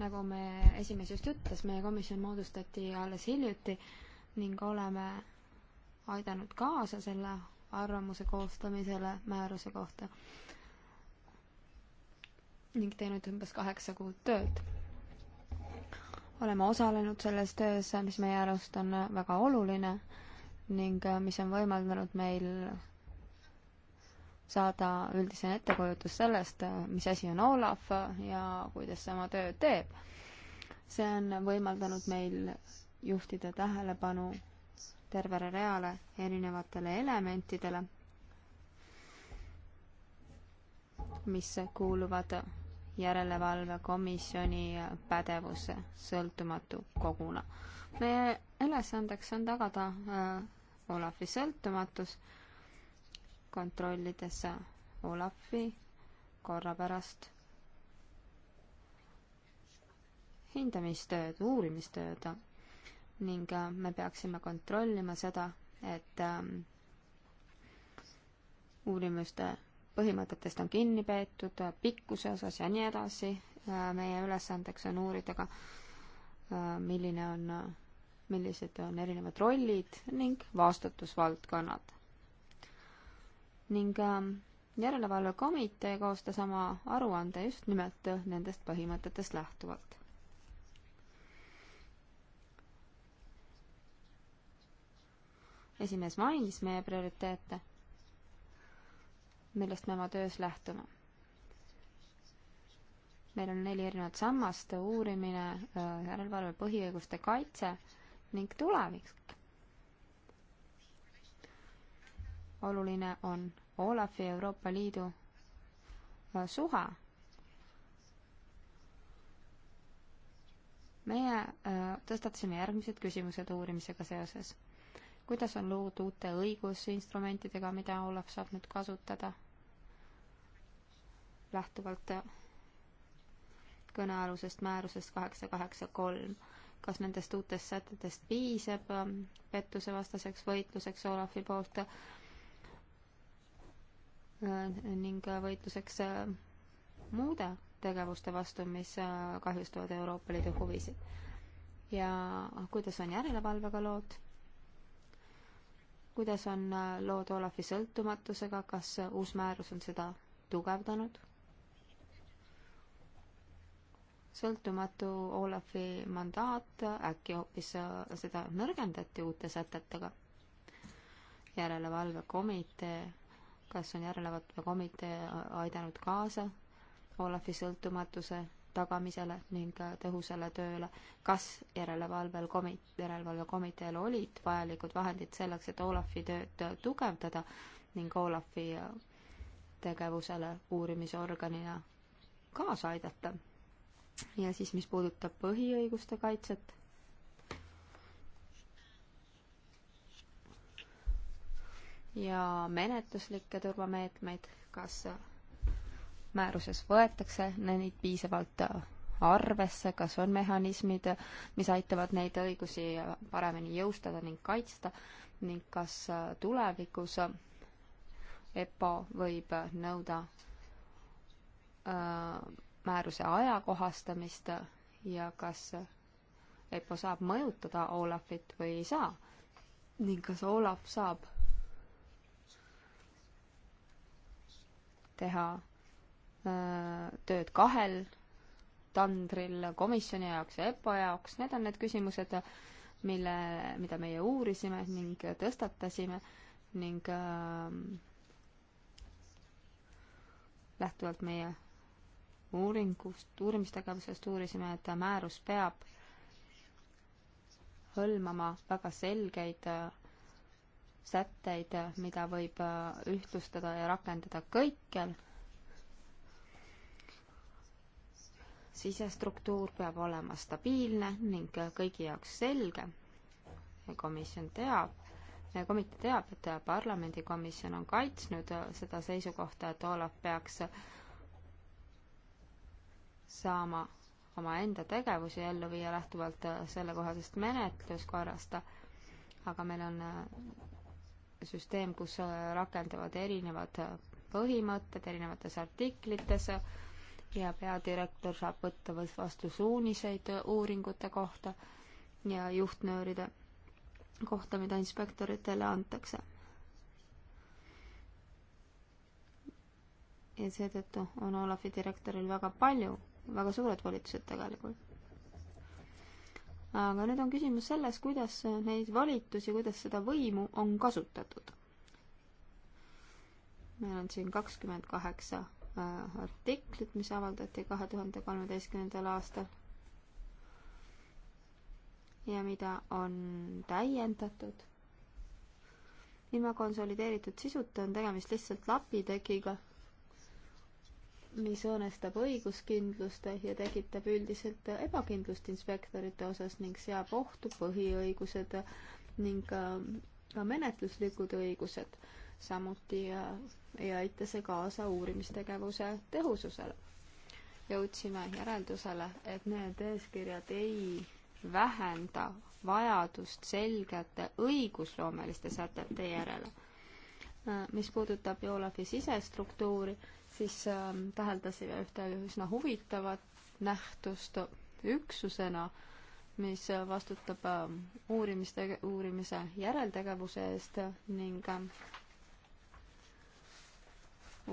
nagu me esimees just ütles, meie komisjon moodustati alles hiljuti ning oleme aidanud kaasa selle arvamuse koostamisele määruse kohta ning teinud umbes kaheksa kuud tööd. oleme osalenud selles töös, mis meie arust on väga oluline ning mis on võimaldanud meil saada üldise ettekujutus sellest, mis asi on Olav ja kuidas see oma tööd teeb. see on võimaldanud meil juhtida tähelepanu tervele reale erinevatele elementidele, mis kuuluvad järelevalvekomisjoni pädevus sõltumatu koguna. meie ülesandeks on tagada äh, Olafi sõltumatus, kontrollides Olafi korrapärast hindamistööd, uurimistööd ning äh, me peaksime kontrollima seda, et ähm, uurimuste põhimõtetest on kinni peetud, pikkuse osas ja nii edasi. Äh, meie ülesandeks on uurida ka, äh, milline on, millised on erinevad rollid ning vastutusvaldkonnad. ning ähm, järelevalvekomitee koostas oma aruande just nimelt nendest põhimõtetest lähtuvalt. esimees mainis meie prioriteete millest me oma töös lähtume. meil on neli erinevat sammast, uurimine, järelevalve, põhiõiguste kaitse ning tulevik. oluline on Olafi Euroopa Liidu suhe meie tõstatasime järgmised küsimused uurimisega seoses. kuidas on lood uute õigusinstrumentidega, mida Olav saab nüüd kasutada? lähtuvalt kõnealusest määrusest kaheksa kaheksa kolm. kas nendest uutest sätetest piisab ähm, pettusevastaseks võitluseks Olafi poolt äh, ning äh, võitluseks äh, muude tegevuste vastu, mis kahjustavad Euroopa Liidu huvisid? ja kuidas on järelevalvega lood? kuidas on lood Olafi sõltumatusega, kas uus määrus on seda tugevdanud? sõltumatu Olafi mandaat, äkki hoopis äh, seda nõrgendati uute sätetega? järelevalvekomitee, kas on järelevalvekomitee äh, aidanud kaasa Olafi sõltumatuse tagamisele ning äh, tõhusale tööle, kas järelevalvel komit-, järelevalvekomiteel olid vajalikud vahendid selleks, et Olafi tööd tugevdada ning Olafi tegevusele uurimisorganina kaasa aidata ja siis, mis puudutab põhiõiguste kaitset, ja menetluslikke turvameetmeid, kas määruses võetakse neid piisavalt arvesse, kas on mehhanismid, mis aitavad neid õigusi paremini jõustada ning kaitsta ning kas tulevikus EPPO võib nõuda äh, määruse ajakohastamist ja kas EPPO saab mõjutada Olafit või ei saa ning kas Olav saab teha öö, tööd kahel tandril komisjoni jaoks ja EPPO jaoks, need on need küsimused, mille, mida meie uurisime ning tõstatasime ning öö, lähtuvalt meie uuringust, uurimistegevusest uurisime, et määrus peab hõlmama väga selgeid äh, sätteid, mida võib äh, ühtlustada ja rakendada kõikjal. sisestruktuur peab olema stabiilne ning äh, kõigi jaoks selge. komisjon teab, komitee teab, et parlamendikomisjon on kaitsnud seda seisukohta, et Olav peaks saama omaenda tegevusi ellu viia lähtuvalt äh, sellekohasest menetluskorrast, aga meil on äh, süsteem, kus äh, rakenduvad erinevad põhimõtted erinevates artiklites ja peadirektor saab võtta vastu suuniseid uuringute kohta ja juhtnööride kohta, mida inspektoritele antakse. ja seetõttu on Olavi direktoril väga palju väga suured volitused tegelikult. aga nüüd on küsimus selles, kuidas neid volitusi, kuidas seda võimu on kasutatud. meil on siin kakskümmend kaheksa äh, artiklit, mis avaldati kahe tuhande kolmeteistkümnendal aastal ja mida on täiendatud. ilma konsolideeritud sisuta on tegemist lihtsalt lapitekiga mis õõnestab õiguskindlust ja tekitab üldiselt ebakindlust inspektorite osas ning seab ohtu põhiõigused ning ka, ka menetluslikud õigused. samuti ei aita see kaasa uurimistegevuse tõhususele. jõudsime järeldusele, et need eeskirjad ei vähenda vajadust selgete õigusloomeliste sätete järele. mis puudutab Joolafi sisestruktuuri, siis ähm, täheldasime ühte üsna huvitavat nähtust üksusena, mis vastutab ähm, uurimiste, uurimise järeltegevuse eest ning ähm,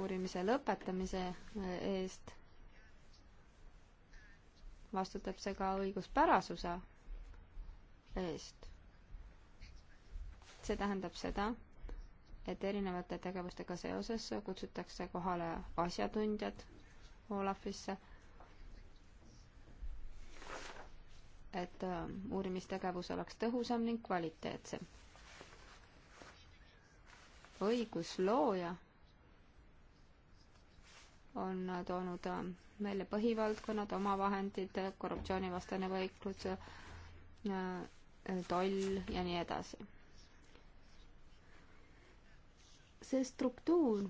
uurimise lõpetamise äh, eest vastutab see ka õiguspärasuse eest. see tähendab seda, et erinevate tegevustega seoses kutsutakse kohale asjatundjad Olafisse, et ähm, uurimistegevus oleks tõhusam ning kvaliteetsem. õiguslooja on toonud välja ähm, põhivaldkonnad, omavahendid, korruptsioonivastane võitlus, äh, toll ja nii edasi see struktuur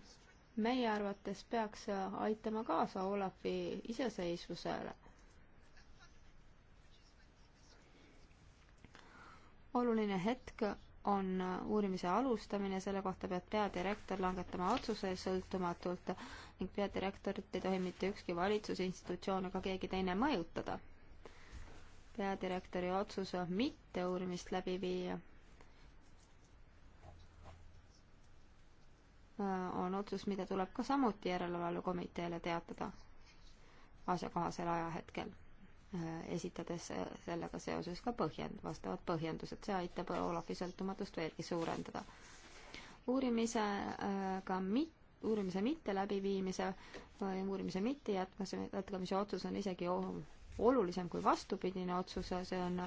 meie arvates peaks aitama kaasa Olavi iseseisvusele. oluline hetk on uurimise alustamine, selle kohta peab peadirektor langetama otsuse sõltumatult ning peadirektorit ei tohi mitte ükski valitsusinstitutsioon ega keegi teine mõjutada. peadirektori otsus mitte uurimist läbi viia Äh, on otsus, mida tuleb ka samuti järelevalvekomiteele teatada asjakohasel ajahetkel, äh, esitades äh, sellega seoses ka põhjend-, vastavad põhjendused, see aitab Olavi sõltumatust veelgi suurendada. uurimisega mit-, uurimise mitteläbiviimise või uurimise mittejätkamise, jätkamise otsus on isegi olulisem kui vastupidine otsus, see on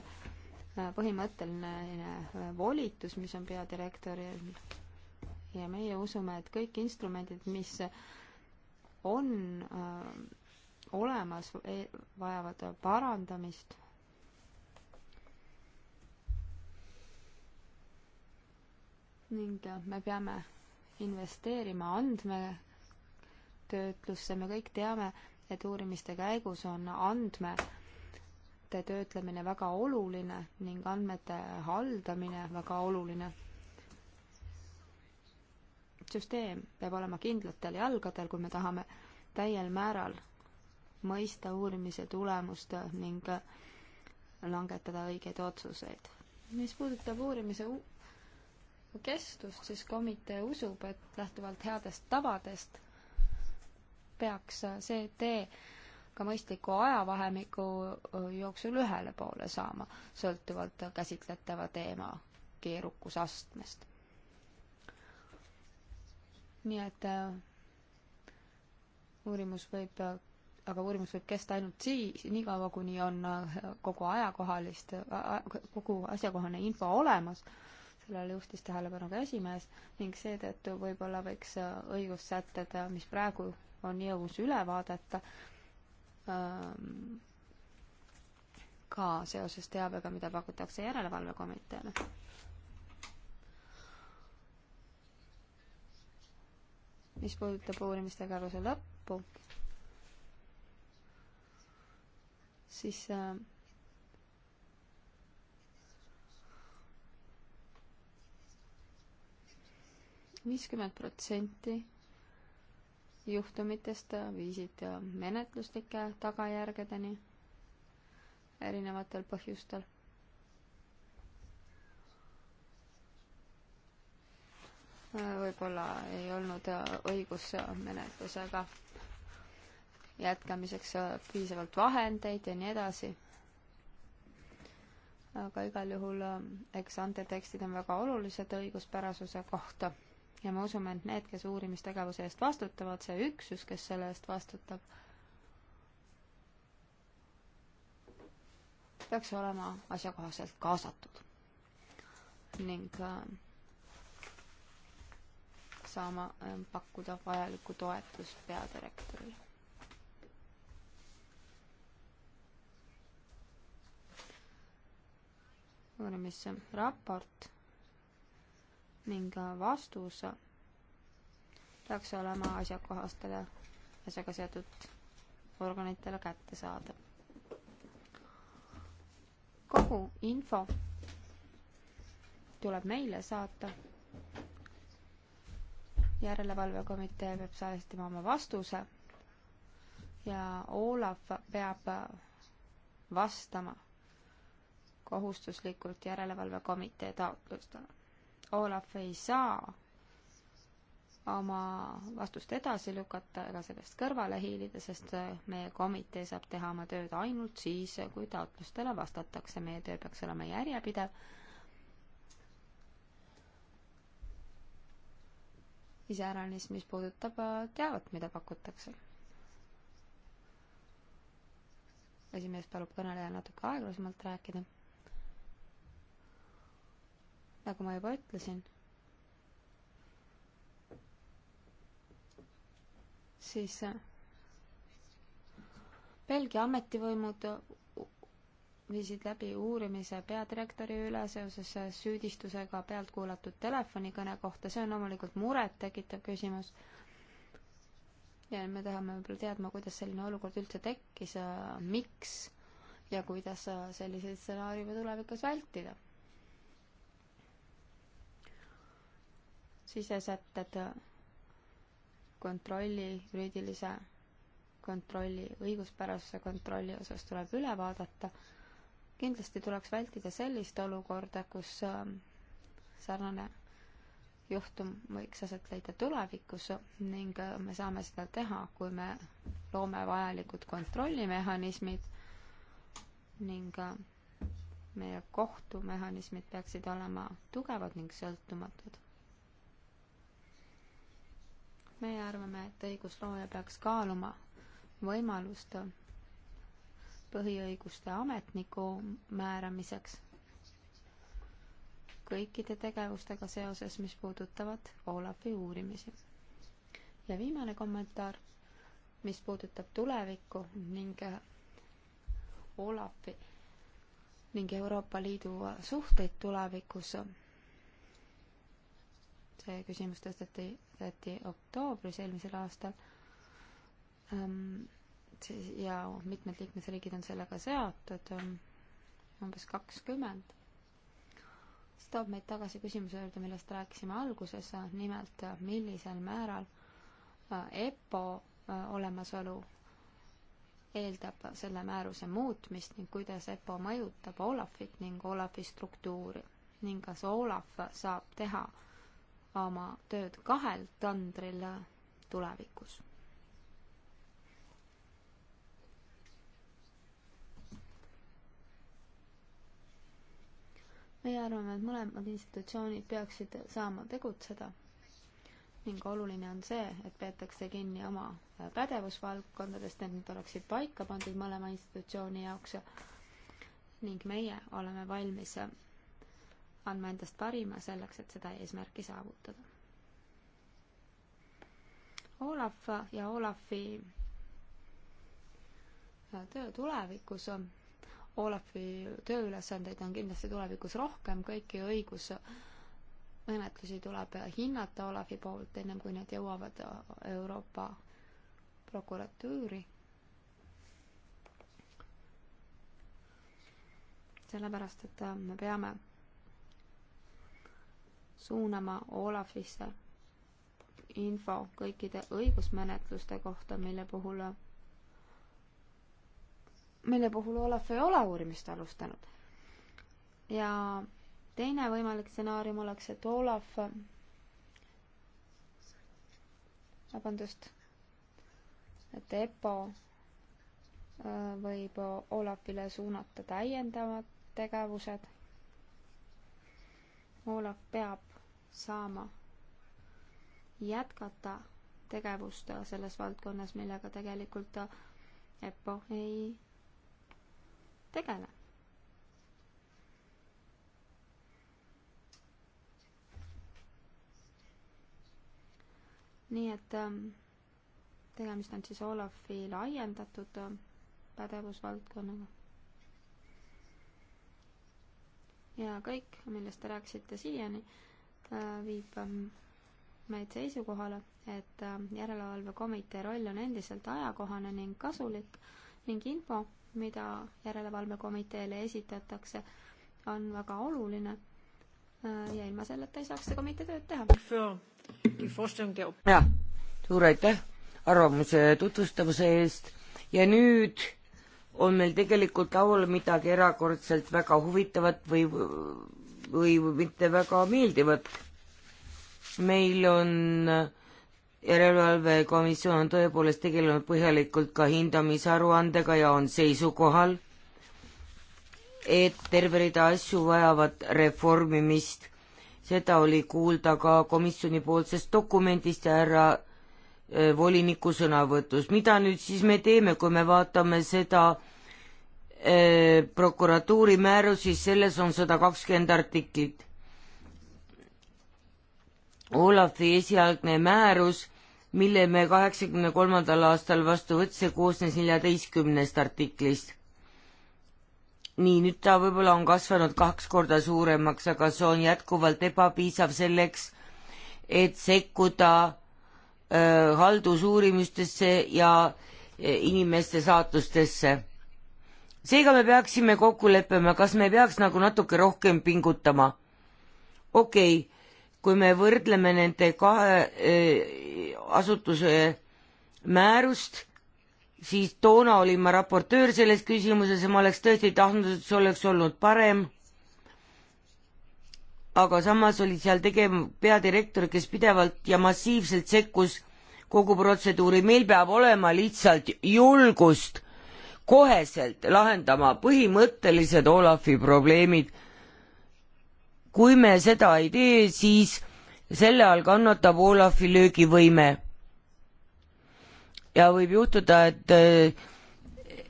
põhimõtteline volitus, mis on peadirektoril ja meie usume, et kõik instrumendid, mis on äh, olemas, e, vajavad parandamist. ning äh, me peame investeerima andmetöötlusse, me kõik teame, et uurimiste käigus on andmete töötlemine väga oluline ning andmete haldamine väga oluline süsteem peab olema kindlatel jalgadel, kui me tahame täiel määral mõista uurimise tulemust ning langetada õigeid otsuseid. mis puudutab uurimise kestust, siis komitee usub, et lähtuvalt headest tavadest peaks see tee ka mõistliku ajavahemiku jooksul ühele poole saama, sõltuvalt käsitletava teema keerukusastmest nii et äh, uurimus võib, äh, aga uurimus võib kesta ainult siis, niikaua kuni on äh, kogu ajakohalist, kogu asjakohane info olemas, sellele juhtis tähelepanu ka esimees, ning seetõttu võib-olla võiks õigussätted, mis praegu on jõus, üle vaadata ähm, ka seoses teabega, mida pakutakse järelevalvekomiteele mis puudutab uurimistegevuse lõppu, siis äh, viiskümmend protsenti juhtumitest viisid menetluslike tagajärgedeni erinevatel põhjustel. võib-olla ei olnud õigusmenetlusega jätkamiseks piisavalt vahendeid ja nii edasi. aga igal juhul ähm, eks antetekstid on väga olulised õiguspärasuse kohta ja me usume, et need, kes uurimistegevuse eest vastutavad, see üksus, kes selle eest vastutab, peaks olema asjakohaselt kaasatud. ning ähm, saama ähm, pakkuda vajalikku toetust peadirektorile. uurimisraport ning äh, vastus peaks olema asjakohastele asjaga seotud organitele kättesaadav. kogu info tuleb meile saata järelevalvekomitee peab saastama oma vastuse ja Olav peab vastama kohustuslikult järelevalvekomitee taotlustele. Olav ei saa oma vastust edasi lükata ega sellest kõrvale hiilida, sest meie komitee saab teha oma tööd ainult siis, kui taotlustele vastatakse. meie töö peaks olema järjepidev iseäranis, mis puudutab äh, teavet, mida pakutakse. esimees palub kõnelejal natuke aeglasemalt rääkida. nagu ma juba ütlesin, siis äh, Belgia ametivõimud viisid läbi uurimise peadirektori üle seoses süüdistusega pealtkuulatud telefonikõne kohta, see on loomulikult murettekitav küsimus. ja me tahame võib-olla teadma, kuidas selline olukord üldse tekkis, äh, miks ja kuidas äh, selliseid stsenaariume tulevikus vältida. sisesätted äh, kontrolli, juriidilise kontrolli, õiguspärasuse kontrolli osas tuleb üle vaadata kindlasti tuleks vältida sellist olukorda, kus ähm, sarnane juhtum võiks aset leida tulevikus ning äh, me saame seda teha, kui me loome vajalikud kontrollimehhanismid ning äh, meie kohtumehhanismid peaksid olema tugevad ning sõltumatud. meie arvame, et õiguslooja peaks kaaluma võimalust põhiõiguste ametniku määramiseks kõikide tegevustega seoses, mis puudutavad Olavi uurimisi. ja viimane kommentaar, mis puudutab tulevikku ning Olavi ning Euroopa Liidu suhteid tulevikus. see küsimus tõsteti, tõsteti oktoobris eelmisel aastal ähm, liikmed ja mitmed liikmesriigid on sellega seotud, umbes kakskümmend. see toob meid tagasi küsimuse juurde, millest rääkisime alguses, nimelt millisel määral äh, EPPO äh, olemasolu eeldab selle määruse muutmist ning kuidas EPPO mõjutab Olafit ning Olafi struktuuri ning kas Olaf saab teha oma tööd kahel tandril tulevikus meie arvame, et mõlemad institutsioonid peaksid saama tegutseda ning oluline on see, et peetakse kinni oma pädevusvaldkondadest, et need oleksid paika pandud mõlema institutsiooni jaoks ning meie oleme valmis andma endast parima selleks, et seda eesmärki saavutada. Olav ja Olavi töö tulevikus on Olafi tööülesandeid on kindlasti tulevikus rohkem, kõiki õigusmenetlusi tuleb hinnata Olafi poolt, ennem kui need jõuavad Euroopa prokuratuuri. sellepärast, et me peame suunama Olafisse info kõikide õigusmenetluste kohta, mille puhul mille puhul Olav ei ole uurimist alustanud. ja teine võimalik stsenaarium oleks, et Olav, vabandust, et EPPO äh, võib Olavile suunata täiendavad tegevused. Olav peab saama jätkata tegevust selles valdkonnas, millega tegelikult EPPO ei tegele. nii et ähm, tegemist on siis Olafi laiendatud ähm, pädevusvaldkonnaga. ja kõik, millest te rääkisite siiani, viib ähm, meid seisukohale, et järelevalvekomitee roll on endiselt ajakohane ning kasulik ning info, mida järelevalvekomiteele esitatakse, on väga oluline äh, ja ilma selleta ei saaks ega mitte tööd teha. jah, suur aitäh arvamuse tutvustamise eest ja nüüd on meil tegelikult laual midagi erakordselt väga huvitavat või, või mitte väga meeldivat. meil on äh, järelevalvekomisjon on tõepoolest tegelenud põhjalikult ka hindamisaruandega ja on seisukohal, et terve rida asju vajavad reformimist. seda oli kuulda ka komisjoni poolsest dokumendist ja härra eh, voliniku sõnavõtus. mida nüüd siis me teeme, kui me vaatame seda eh, prokuratuuri määrus, siis selles on sada kakskümmend artiklit. Olafi esialgne määrus mille me kaheksakümne kolmandal aastal vastu võtsime, koosnes neljateistkümnest artiklist. nii, nüüd ta võib-olla on kasvanud kaks korda suuremaks, aga see on jätkuvalt ebapiisav selleks, et sekkuda äh, haldusuurimistesse ja e, inimeste saatustesse. seega me peaksime kokku leppima, kas me peaks nagu natuke rohkem pingutama. okei okay kui me võrdleme nende kahe eh, asutuse määrust, siis toona olin ma raportöör selles küsimuses ja ma oleks tõesti tahtnud, et see oleks olnud parem. aga samas oli seal tegev peadirektor, kes pidevalt ja massiivselt sekkus kogu protseduuri, meil peab olema lihtsalt julgust koheselt lahendama põhimõttelised Olafi probleemid kui me seda ei tee, siis selle all kannatab Olafi löögivõime. ja võib juhtuda, et äh,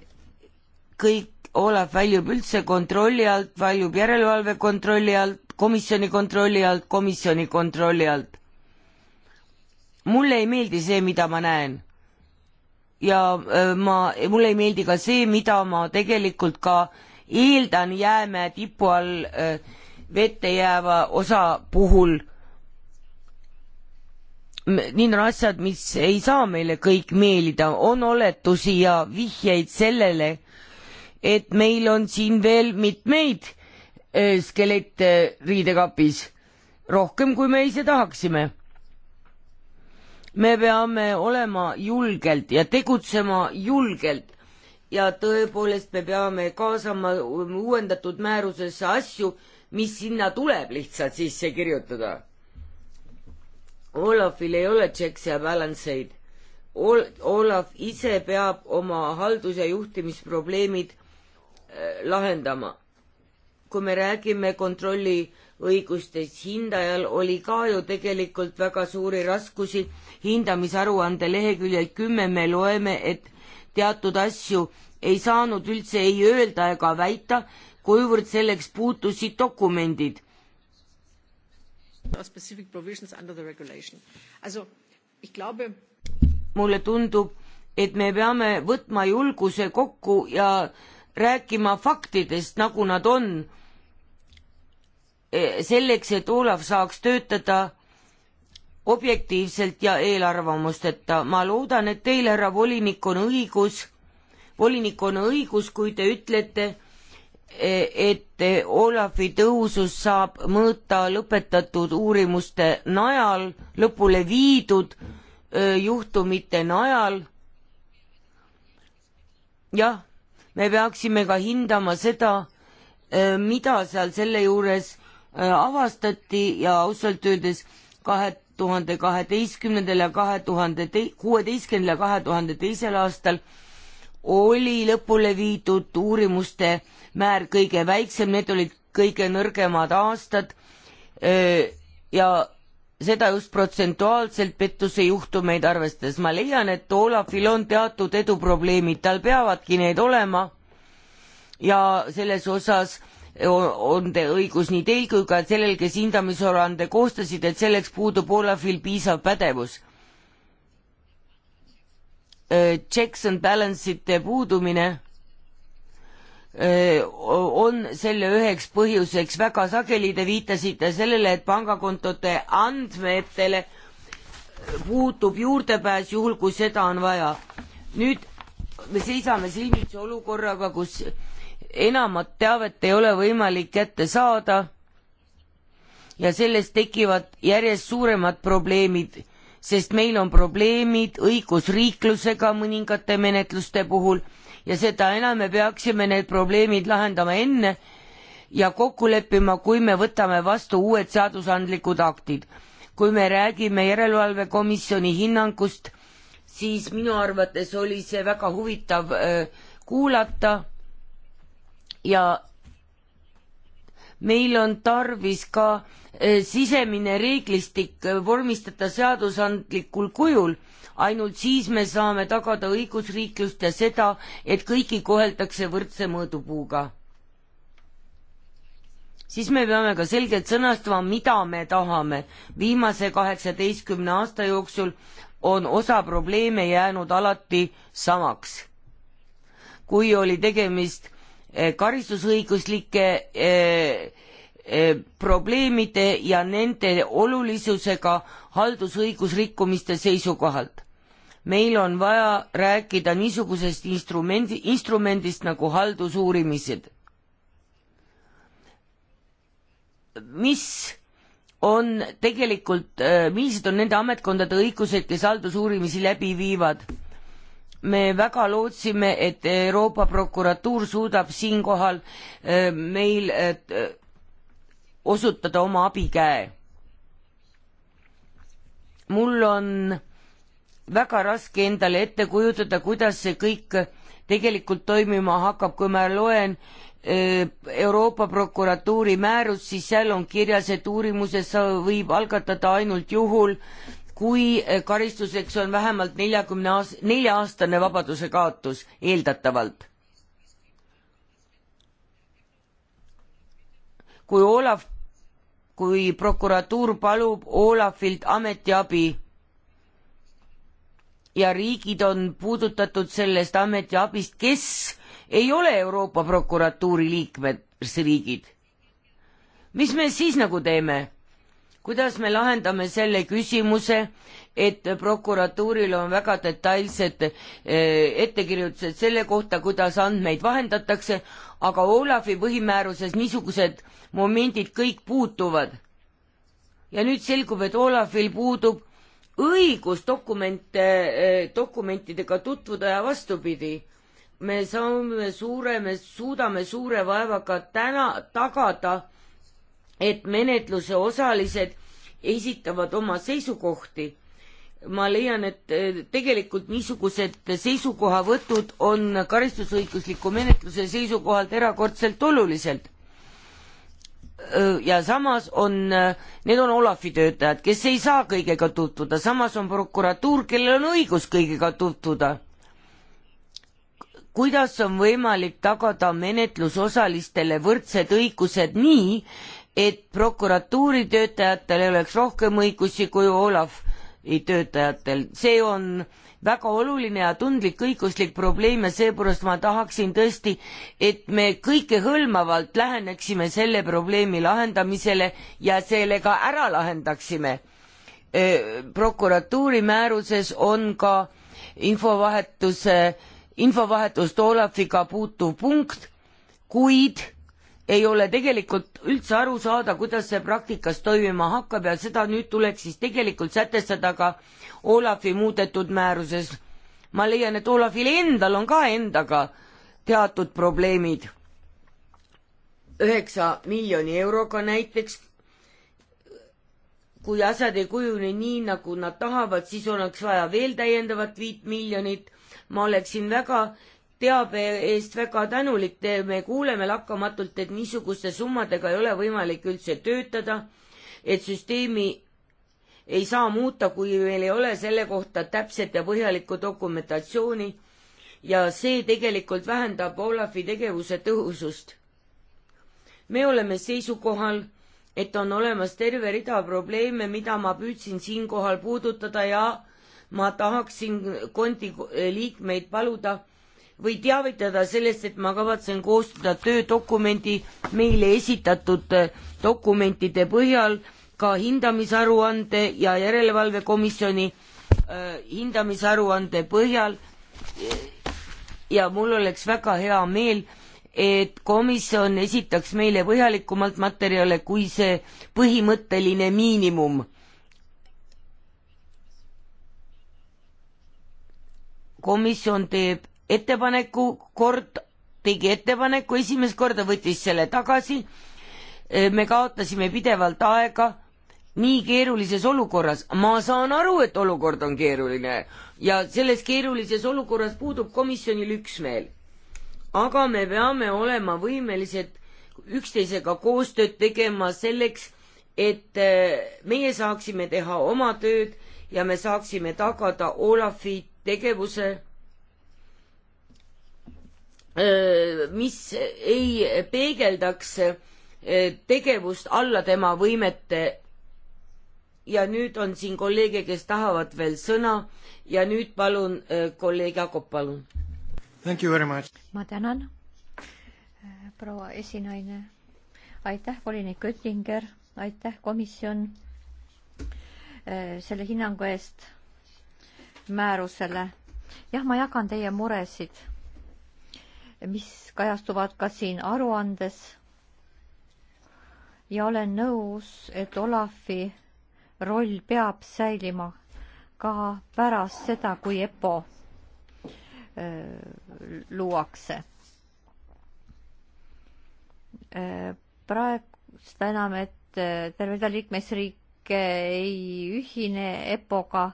kõik Olav väljub üldse kontrolli alt, väljub järelevalve kontrolli alt, komisjoni kontrolli alt, komisjoni kontrolli alt. mulle ei meeldi see, mida ma näen. ja äh, ma, mulle ei meeldi ka see, mida ma tegelikult ka eeldan jäämäe tipu all äh, vette jääva osa puhul need on asjad, mis ei saa meile kõik meeldida, on oletusi ja vihjeid sellele, et meil on siin veel mitmeid äh, skelette riidekapis, rohkem kui me ise tahaksime. me peame olema julgelt ja tegutsema julgelt ja tõepoolest me peame kaasama uuendatud määrusesse asju, mis sinna tuleb lihtsalt sisse kirjutada. Olafil ei ole checks ja balance eid. Ol-, Olav ise peab oma haldus- ja juhtimisprobleemid äh, lahendama. kui me räägime kontrolli õigustest, hindajal oli ka ju tegelikult väga suuri raskusi, hindamisaruande leheküljel kümme me loeme, et teatud asju ei saanud üldse ei öelda ega väita, kuivõrd selleks puutusid dokumendid. mulle tundub, et me peame võtma julguse kokku ja rääkima faktidest, nagu nad on, e, selleks, et Olav saaks töötada objektiivselt ja eelarvamusteta. ma loodan, et teil, härra volinik, on õigus, volinik on õigus, kui te ütlete, et Olavi tõusus saab mõõta lõpetatud uurimuste najal, lõpule viidud juhtumite najal. jah, me peaksime ka hindama seda, mida seal selle juures avastati ja ausalt öeldes kahe tuhande kaheteistkümnendal ja kahe tuhande kuueteistkümnendal ja kahe tuhande teisel aastal oli lõpule viidud uurimuste määr kõige väiksem, need olid kõige nõrgemad aastad ja seda just protsentuaalselt pettusejuhtumeid arvestades. ma leian, et Olafil on teatud eduprobleemid, tal peavadki need olema ja selles osas on te õigus nii teil kui ka sellel, kes hindamisorande koostasid, et selleks puudub Olafil piisav pädevus Äh, checks and balance'ite puudumine äh, on selle üheks põhjuseks. väga sageli te viitasite sellele, et pangakontode andmetele puutub juurdepääs juhul, kui seda on vaja. nüüd me seisame silmitsi olukorraga, kus enamat teavet ei ole võimalik kätte saada ja sellest tekivad järjest suuremad probleemid sest meil on probleemid õigusriiklusega mõningate menetluste puhul ja seda enam me peaksime need probleemid lahendama enne ja kokku leppima, kui me võtame vastu uued seadusandlikud aktid. kui me räägime järelevalvekomisjoni hinnangust, siis minu arvates oli see väga huvitav öö, äh, kuulata ja meil on tarvis ka eh, sisemine reeglistik eh, vormistada seadusandlikul kujul, ainult siis me saame tagada õigusriiklust ja seda, et kõiki koheldakse võrdse mõõdupuuga. siis me peame ka selgelt sõnastama, mida me tahame. viimase kaheksateistkümne aasta jooksul on osa probleeme jäänud alati samaks. kui oli tegemist Eh, karistusõiguslike eh, eh, probleemide ja nende olulisusega haldusõigusrikkumiste seisukohalt. meil on vaja rääkida niisugusest instrumendi, instrumendist nagu haldusuurimised. mis on tegelikult, millised on nende ametkondade õigused, kes haldusuurimisi läbi viivad? me väga lootsime, et Euroopa prokuratuur suudab siinkohal äh, meil äh, osutada oma abikäe. mul on väga raske endale ette kujutada, kuidas see kõik tegelikult toimima hakkab, kui ma loen äh, Euroopa prokuratuuri määrust, siis seal on kirjas, et uurimuse võib algatada ainult juhul, kui eh, karistuseks on vähemalt neljakümne aas-, nelja-aastane vabaduse kaotus eeldatavalt. kui Olav, kui prokuratuur palub Olafilt ametiabi ja riigid on puudutatud sellest ametiabist, kes ei ole Euroopa prokuratuuri liikmesriigid, mis me siis nagu teeme? kuidas me lahendame selle küsimuse, et prokuratuuril on väga detailsed eh, ettekirjutused selle kohta, kuidas andmeid vahendatakse, aga Olavi põhimääruses niisugused momendid kõik puutuvad. ja nüüd selgub, et Olavil puudub õigus dokumente, eh, dokumentidega tutvuda ja vastupidi me saame suureme, suudame suure vaevaga täna tagada et menetluse osalised esitavad oma seisukohti. ma leian, et eh, tegelikult niisugused seisukohavõtud on karistusõigusliku menetluse seisukohalt erakordselt olulised. ja samas on, eh, need on Olafi töötajad, kes ei saa kõigega tutvuda, samas on prokuratuur, kellel on õigus kõigega tutvuda kuidas on võimalik tagada menetlusosalistele võrdsed õigused nii, et prokuratuuri töötajatel oleks rohkem õigusi kui Olavi töötajatel. see on väga oluline ja tundlik õiguslik probleem ja seepärast ma tahaksin tõesti, et me kõikehõlmavalt läheneksime selle probleemi lahendamisele ja selle ka ära lahendaksime. prokuratuuri määruses on ka infovahetuse, infovahetust Olafiga puutuv punkt, kuid ei ole tegelikult üldse aru saada, kuidas see praktikas toimima hakkab ja seda nüüd tuleks siis tegelikult sätestada ka Olafi muudetud määruses. ma leian, et Olafil endal on ka endaga teatud probleemid. üheksa miljoni euroga näiteks. kui asjad ei kujune nii, nagu nad tahavad, siis oleks vaja veel täiendavat viit miljonit. ma oleksin väga teabe eest väga tänulik, me kuuleme lakkamatult, et niisuguste summadega ei ole võimalik üldse töötada, et süsteemi ei saa muuta, kui meil ei ole selle kohta täpset ja põhjalikku dokumentatsiooni ja see tegelikult vähendab Olavi tegevuse tõhusust. me oleme seisukohal, et on olemas terve rida probleeme, mida ma püüdsin siinkohal puudutada ja ma tahaksin kondi liikmeid paluda või teavitada sellest, et ma kavatsen koostada töödokumendi meile esitatud äh, dokumentide põhjal, ka hindamisaruande ja järelevalvekomisjoni äh, hindamisaruande põhjal. ja mul oleks väga hea meel, et komisjon esitaks meile põhjalikumalt materjale kui see põhimõtteline miinimum komisjon teeb ettepaneku kord, tegi ettepaneku, esimest korda võttis selle tagasi, äh, me kaotasime pidevalt aega nii keerulises olukorras, ma saan aru, et olukord on keeruline ja selles keerulises olukorras puudub komisjonil üksmeel. aga me peame olema võimelised üksteisega koostööd tegema selleks, et äh, meie saaksime teha oma tööd ja me saaksime tagada Olafi tegevuse mis ei peegeldaks tegevust alla tema võimete. ja nüüd on siin kolleege, kes tahavad veel sõna ja nüüd palun, kolleeg Jakob, palun. ma tänan, proua esinaine. aitäh, volinik Oettinger, aitäh, komisjon selle hinnangu eest määrusele. jah, ma jagan teie muresid mis kajastuvad ka siin aruandes. ja olen nõus, et Olafi roll peab säilima ka pärast seda, kui EPO öö, äh, luuakse. Äh, praegu seda enam, et äh, terve rida liikmesriike ei ühine EPO-ga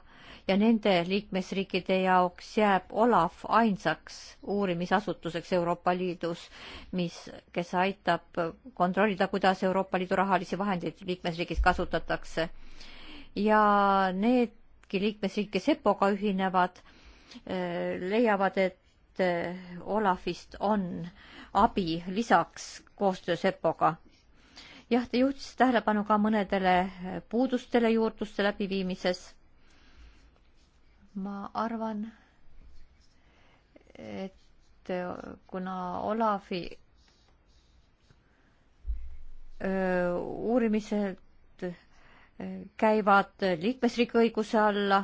ja nende liikmesriikide jaoks jääb Olav ainsaks uurimisasutuseks Euroopa Liidus, mis, kes aitab kontrollida, kuidas Euroopa Liidu rahalisi vahendeid liikmesriigis kasutatakse. ja needki liikmesriik, kes EPO-ga ühinevad, eh, leiavad, et eh, Olafist on abi lisaks koostöös EPO-ga. jah, ta juhtis tähelepanu ka mõnedele puudustele juurdluste läbiviimises ma arvan, et kuna Olavi uurimised käivad liikmesriigi õiguse alla,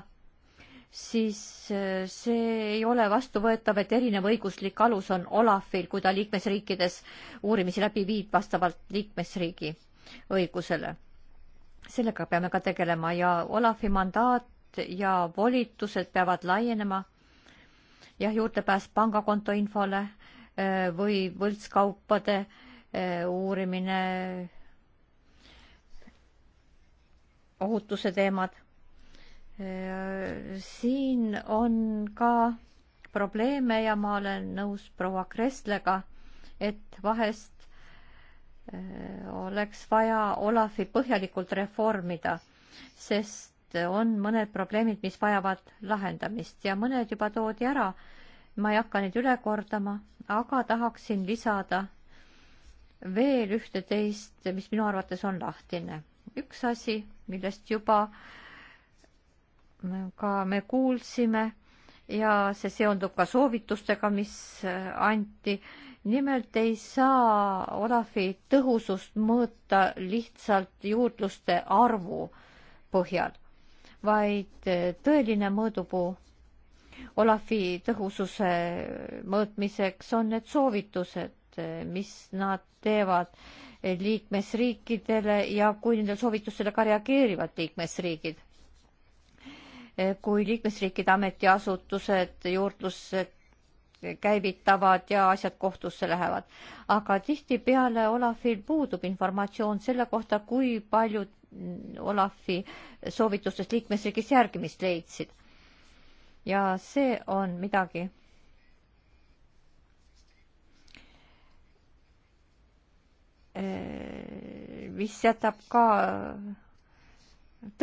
siis see ei ole vastuvõetav, et erinev õiguslik alus on Olafil, kui ta liikmesriikides uurimisi läbi viib vastavalt liikmesriigi õigusele. sellega peame ka tegelema ja Olafi mandaat õigused ja volitused peavad laienema. jah, juurdepääs pangakonto infole äh, või võltskaupade äh, uurimine, ohutuse teemad. Äh, siin on ka probleeme ja ma olen nõus proua Kresslega, et vahest oleks vaja Olafi põhjalikult reformida, sest on mõned probleemid, mis vajavad lahendamist ja mõned juba toodi ära. ma ei hakka neid üle kordama, aga tahaksin lisada veel ühte-teist, mis minu arvates on lahtine. üks asi, millest juba ka me kuulsime ja see seondub ka soovitustega, mis anti. nimelt ei saa Olavi tõhusust mõõta lihtsalt juurdluste arvu põhjal vaid eh, tõeline mõõdupuu Olafi tõhususe mõõtmiseks on need soovitused, eh, mis nad teevad eh, liikmesriikidele ja kui nendele soovitustele ka reageerivad liikmesriigid. kui liikmesriikide ametiasutused juurdlused käivitavad ja asjad kohtusse lähevad. aga tihtipeale Olafil puudub informatsioon selle kohta, kui paljud Olafi soovitustest liikmesriigis järgimist leidsid. ja see on midagi, eh, mis jätab ka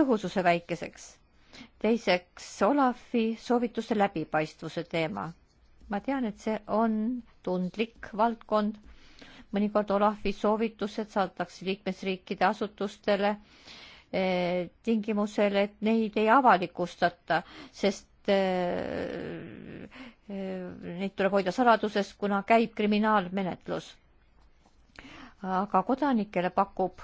tõhususe väikeseks. teiseks Olafi soovituste läbipaistvuse teema. ma tean, et see on tundlik valdkond mõnikord Olafi soovitused saadetakse liikmesriikide asutustele eh, tingimusel, et neid ei avalikustata, sest eh, eh, neid tuleb hoida saladuses, kuna käib kriminaalmenetlus. aga kodanikele pakub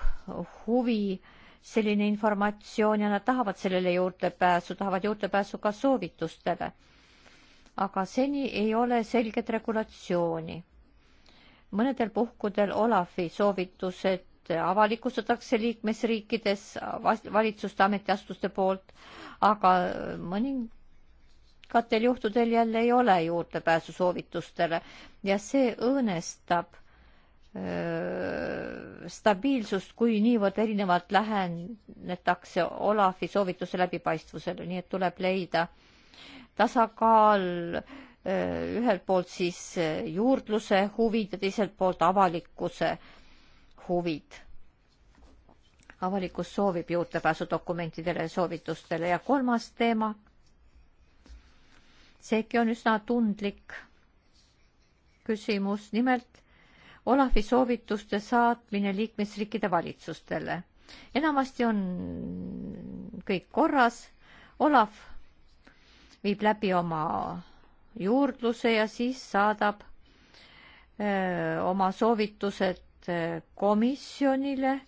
huvi selline informatsioon ja nad tahavad sellele juurdepääsu, tahavad juurdepääsu ka soovitustele. aga seni ei ole selget regulatsiooni mõnedel puhkudel Olafi soovitused avalikustatakse liikmesriikides valitsuste ametiasutuste poolt, aga mõningatel juhtudel jälle ei ole juurdepääsu soovitustele ja see õõnestab stabiilsust, kui niivõrd erinevalt lähenetakse Olafi soovituse läbipaistvusele, nii et tuleb leida tasakaal ühelt poolt siis eh, juurdluse huvid ja teiselt poolt avalikkuse huvid. avalikkus soovib juurdepääsu dokumentidele ja soovitustele ja kolmas teema, seegi on üsna tundlik küsimus, nimelt Olavi soovituste saatmine liikmesriikide valitsustele. enamasti on kõik korras, Olav viib läbi oma juurdluse ja siis saadab öö, oma soovitused komisjonile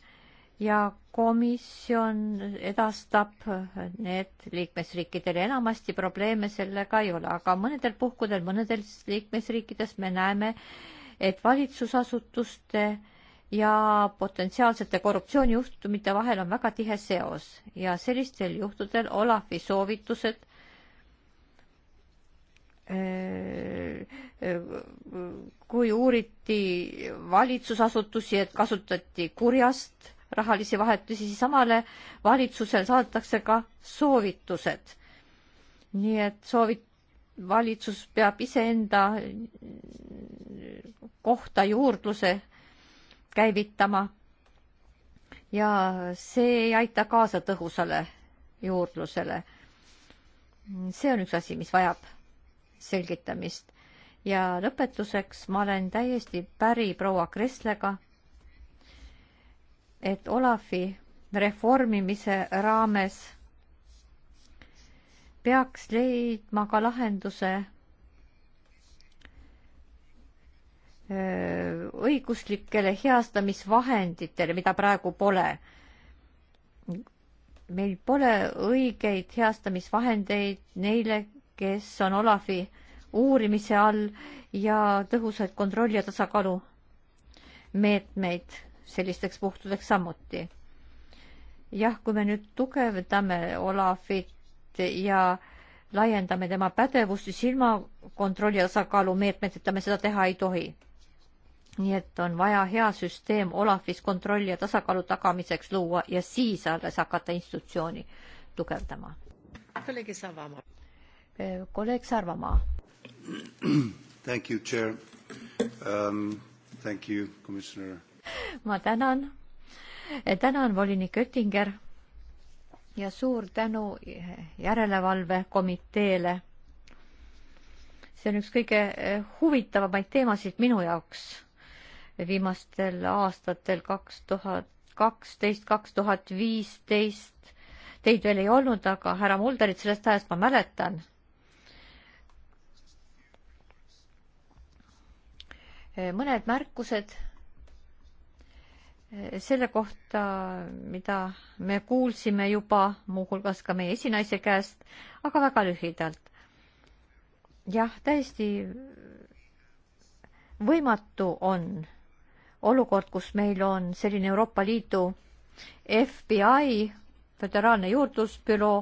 ja komisjon edastab need liikmesriikidele. enamasti probleeme sellega ei ole, aga mõnedel puhkudel mõnedes liikmesriikides me näeme, et valitsusasutuste ja potentsiaalsete korruptsioonijuhtumite vahel on väga tihe seos ja sellistel juhtudel Olafi soovitused kui uuriti valitsusasutusi, et kasutati kurjast rahalisi vahetusi, siis samale valitsusel saadetakse ka soovitused. nii et soovit-, valitsus peab iseenda kohta juurdluse käivitama ja see ei aita kaasa tõhusale juurdlusele. see on üks asi, mis vajab selgitamist. ja lõpetuseks ma olen täiesti päri proua Kresslega, et Olafi reformimise raames peaks leidma ka lahenduse õiguslikele heastamisvahenditele, mida praegu pole. meil pole õigeid heastamisvahendeid neile, kes on Olavi uurimise all ja tõhusaid kontrolli ja tasakaalu meetmeid sellisteks puhtudeks samuti. jah, kui me nüüd tugevdame Olavit ja laiendame tema pädevust, siis ilma kontrolli ja tasakaalu meetmeteta me seda teha ei tohi. nii et on vaja hea süsteem Olafis kontrolli ja tasakaalu tagamiseks luua ja siis alles hakata institutsiooni tugevdama. kolleeg Savamaa kolleeg Sarvamaa. Thank you, chair um,. Thank you, commissioner. ma tänan. tänan, volinik Oettinger ja suur tänu järelevalvekomiteele. see on üks kõige eh, huvitavamaid teemasid minu jaoks viimastel aastatel kaks tuhat kaksteist, kaks tuhat viisteist. Teid veel ei olnud, aga härra Mulderit sellest ajast ma mäletan Eh, mõned märkused eh, selle kohta, mida me kuulsime juba muuhulgas ka meie esinaise käest, aga väga lühidalt. jah, täiesti võimatu on olukord, kus meil on selline Euroopa Liidu FBI föderaalne juurdlusbüroo,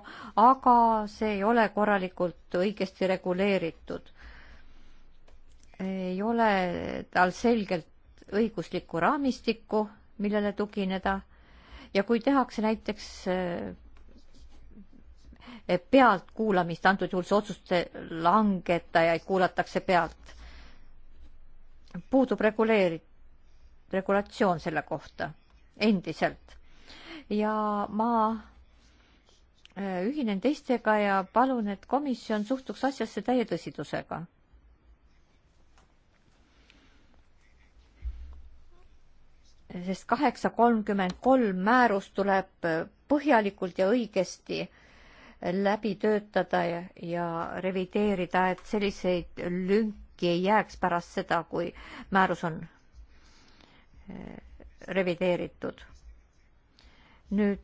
aga see ei ole korralikult õigesti reguleeritud ei ole tal selgelt õiguslikku raamistikku, millele tugineda ja kui tehakse näiteks eh, eh, pealtkuulamist, antud juhul see otsuste langetajaid kuulatakse pealt, puudub reguleeri-, regulatsioon selle kohta endiselt. ja ma eh, ühinen teistega ja palun, et komisjon suhtuks asjasse täie tõsidusega sest kaheksa kolmkümmend kolm määrus tuleb äh, põhjalikult ja õigesti äh, läbi töötada ja, ja revideerida, et selliseid lünki ei jääks pärast seda, kui määrus on äh, revideeritud. nüüd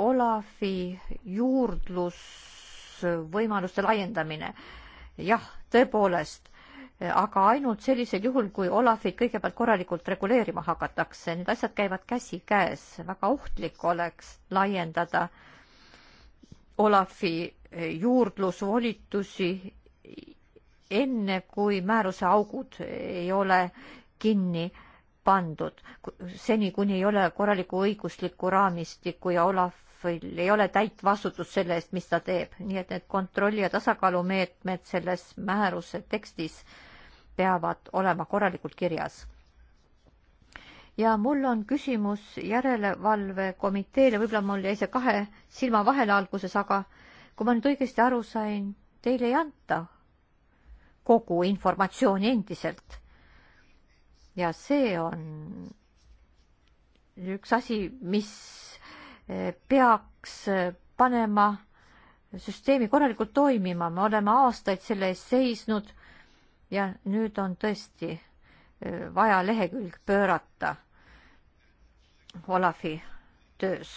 Olavi juurdlusvõimaluste laiendamine. jah, tõepoolest, aga ainult sellisel juhul, kui Olafit kõigepealt korralikult reguleerima hakatakse, need asjad käivad käsikäes, väga ohtlik oleks laiendada Olafi eh, juurdlusvolitusi enne, kui määruse augud ei ole kinni pandud, seni kuni ei ole korralikku õiguslikku raamistikku ja Olafil ei ole täit vastutust selle eest, mis ta teeb, nii et need kontrolli ja tasakaalumeetmed selles määruse tekstis äh, peavad olema korralikult kirjas. ja mul on küsimus järelevalvekomiteele, võib-olla mul jäi see kahe silma vahele alguses, aga kui ma nüüd õigesti aru sain, teile ei anta kogu informatsiooni endiselt. ja see on üks asi, mis eh, peaks eh, panema süsteemi korralikult toimima, me oleme aastaid selle eest seisnud ja nüüd on tõesti äh, vaja lehekülg pöörata Olafi töös.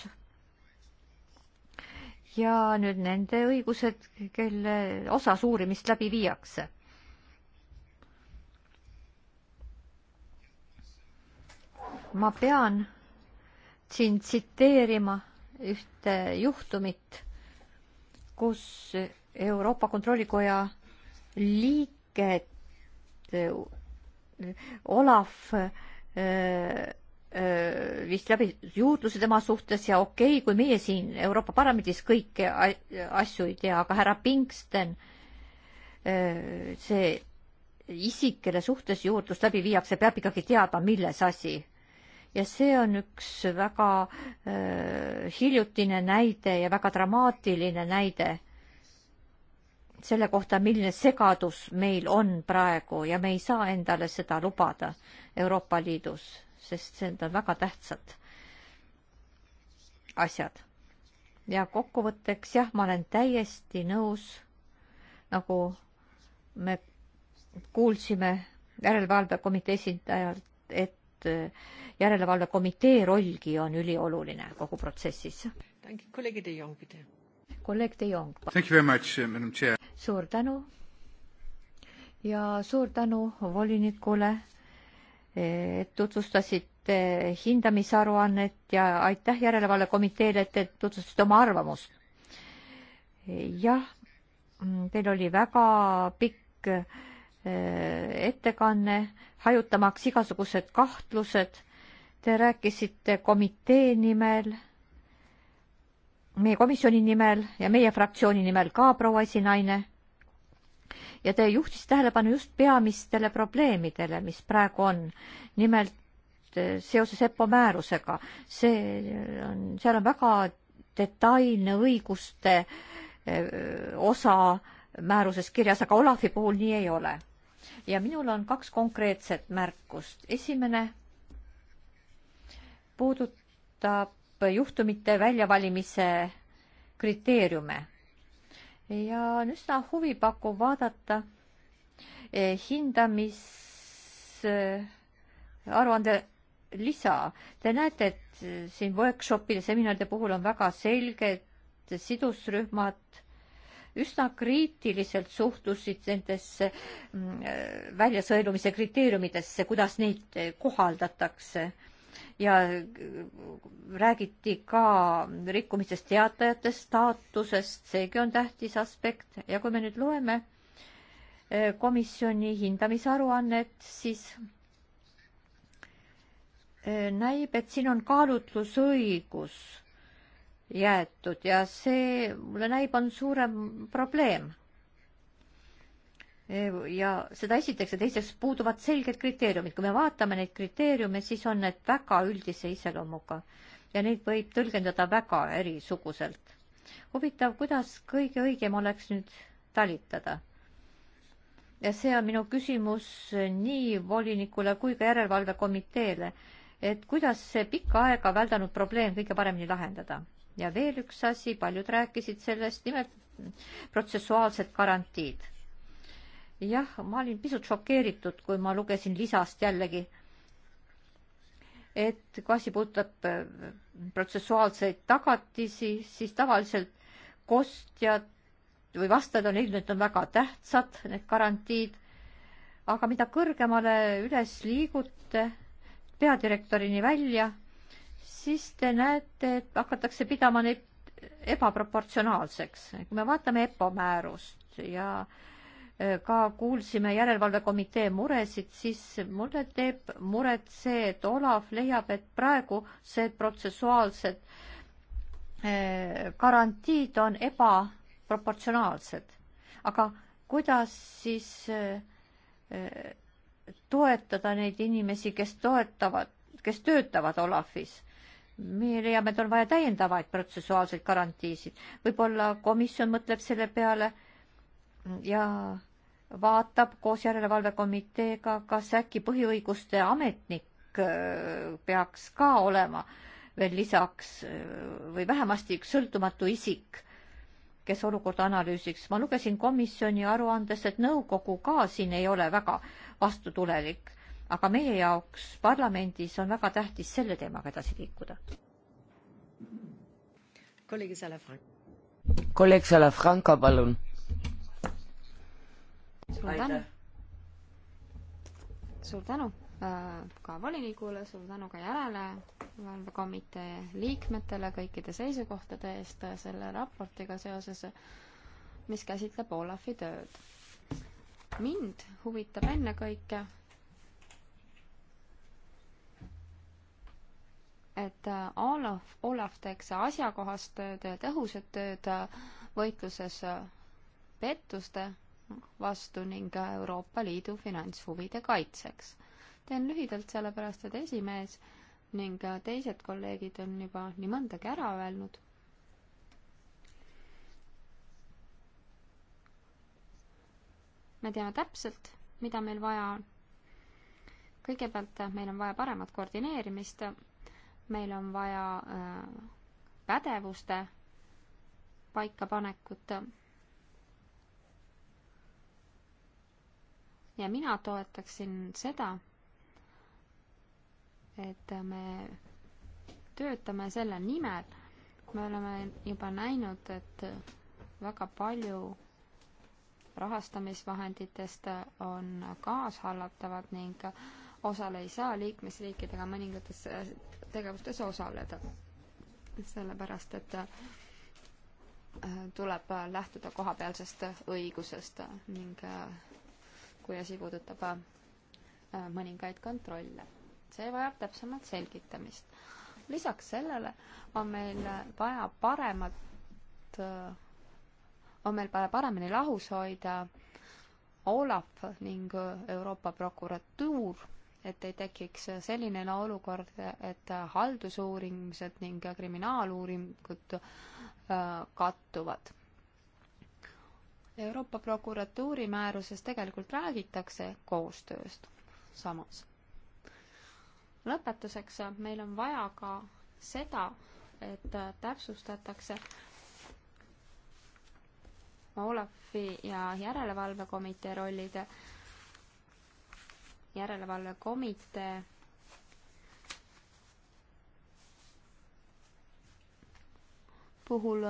ja nüüd nende õigused, kelle osas uurimist läbi viiakse. ma pean siin tsiteerima ühte juhtumit, kus Euroopa Kontrollikoja liiget Olav äh, äh, viis läbi juurdluse tema suhtes ja okei okay,, kui meie siin Euroopa Parlamendis kõiki asju ei tea, aga härra Pinkston, äh, see isik, kelle suhtes juurdlus läbi viiakse, peab ikkagi teadma, milles asi. ja see on üks väga äh, hiljutine näide ja väga dramaatiline näide äh, selle kohta, milline segadus meil on praegu ja me ei saa endale seda lubada Euroopa Liidus, sest need on väga tähtsad asjad. ja kokkuvõtteks jah, ma olen täiesti nõus, nagu me kuulsime järelevalvekomitee esindajalt, et äh, järelevalvekomitee rollgi on ülioluline kogu protsessis. kolleeg De Jong suur tänu ja suur tänu volinikule, et tutvustasite hindamisaruannet ja aitäh järelevalvekomiteele, et te tutvustasite oma arvamust. jah, teil oli väga pikk eh, ettekanne, hajutamaks igasugused kahtlused. Te rääkisite komitee nimel meie komisjoni nimel ja meie fraktsiooni nimel ka proua esinaine. ja te juhtisite tähelepanu just peamistele probleemidele, mis praegu on. nimelt eh, seoses EPPO määrusega. see on, seal on väga detailne õiguste eh, osa määruses kirjas, aga Olavi puhul nii ei ole. ja minul on kaks konkreetset märkust. esimene puudutab juhtumite väljavalimise kriteeriume. ja on üsna huvipakkuv vaadata eh, hindamisaruande eh, lisa. Te näete, et siin workshopide, seminaride puhul on väga selged sidusrühmad üsna kriitiliselt suhtusid nendesse mm, eh, väljasõelumise kriteeriumidesse, kuidas neid kohaldatakse ja räägiti ka rikkumistest teatajate staatusest, seegi on tähtis aspekt ja kui me nüüd loeme eh, komisjoni hindamisaruannet, siis eh, näib, et siin on kaalutlusõigus jäetud ja see, mulle näib, on suurem probleem ja seda esiteks ja teiseks puuduvad selged kriteeriumid, kui me vaatame neid kriteeriume, siis on need väga üldise iseloomuga ja neid võib tõlgendada väga erisuguselt. huvitav, kuidas kõige õigem oleks nüüd talitada? ja see on minu küsimus nii volinikule kui ka järelevalvekomiteele, et kuidas see pikka aega väldanud probleem kõige paremini lahendada. ja veel üks asi, paljud rääkisid sellest, nimelt protsessuaalsed garantiid jah, ma olin pisut šokeeritud, kui ma lugesin lisast jällegi, et kui asi puudutab äh, protsessuaalseid tagatisi, siis tavaliselt kostjad või vastajad on ilmselt on väga tähtsad, need garantiid. aga mida kõrgemale üles liigute peadirektorini välja, siis te näete, et hakatakse pidama neid ebaproportsionaalseks. kui me vaatame EPPO määrust ja äh, Äh, ka kuulsime järelevalvekomitee muresid, siis mulle teeb muret see, et Olav leiab, et praegused protsessuaalsed äh, garantiid on ebaproportsionaalsed. aga kuidas siis äh, toetada neid inimesi, kes toetavad, kes töötavad Olafis? me leiame, et on vaja täiendavaid protsessuaalseid garantiisid. võib-olla komisjon mõtleb selle peale ja vaatab koos järelevalvekomiteega, kas äkki põhiõiguste ametnik äh, peaks ka olema veel lisaks äh, või vähemasti üks sõltumatu isik, kes olukorda analüüsiks. ma lugesin komisjoni aruandest, et nõukogu ka siin ei ole väga vastutulelik, aga meie jaoks parlamendis on väga tähtis selle teemaga edasi liikuda. kolleeg Salafranca, palun suur tänu. suur tänu äh, ka volinikule, suur tänu ka järelevalvekomitee liikmetele kõikide seisukohtade eest äh, selle raportiga seoses, äh, mis käsitleb Olafi tööd. mind huvitab ennekõike, et Olav, Olav teeks asjakohast tööd ja tõhusat tööd võitluses pettuste vastu ning Euroopa Liidu finantshuvide kaitseks. teen lühidalt, sellepärast et esimees ning teised kolleegid on juba nii mõndagi ära öelnud. me teame täpselt, mida meil vaja on. kõigepealt meil on vaja paremat koordineerimist, meil on vaja äh, pädevuste paikapanekut ja mina toetaksin seda, et me töötame selle nimel, me oleme juba näinud, et väga palju rahastamisvahenditest on kaashallatavad ning osale ei saa liikmesriikidega mõningates äh, tegevustes osaleda. sellepärast, et äh, tuleb lähtuda kohapealsest õigusest ning äh, kui asi puudutab äh, mõningaid kontrolle. see vajab täpsemat selgitamist. lisaks sellele on meil vaja paremat, äh, on meil vaja paremini lahus hoida Olav ning Euroopa prokuratuur, et ei tekiks selline olukord, et haldusuurimised ning kriminaaluuringud äh, kattuvad Euroopa prokuratuuri määruses tegelikult räägitakse koostööst samas. lõpetuseks meil on vaja ka seda, et täpsustatakse Olafi ja järelevalvekomitee rollid. järelevalvekomitee puhul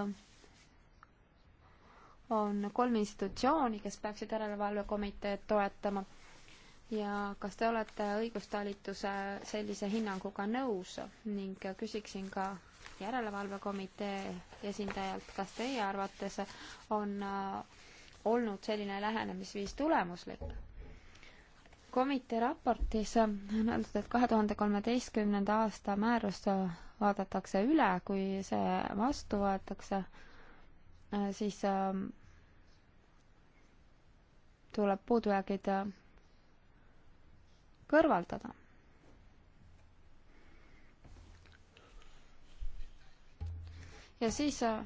on kolm institutsiooni, kes peaksid järelevalvekomiteed toetama ja kas te olete õigustalituse sellise hinnanguga nõus ning küsiksin ka järelevalvekomitee esindajalt, kas teie arvates on äh, olnud selline lähenemisviis tulemuslik? komitee raportis on öeldud, et kahe tuhande kolmeteistkümnenda aasta määrus vaadatakse üle, kui see vastu võetakse Äh, siis ähm, tuleb puudujäägid äh, kõrvaldada. ja siis äh,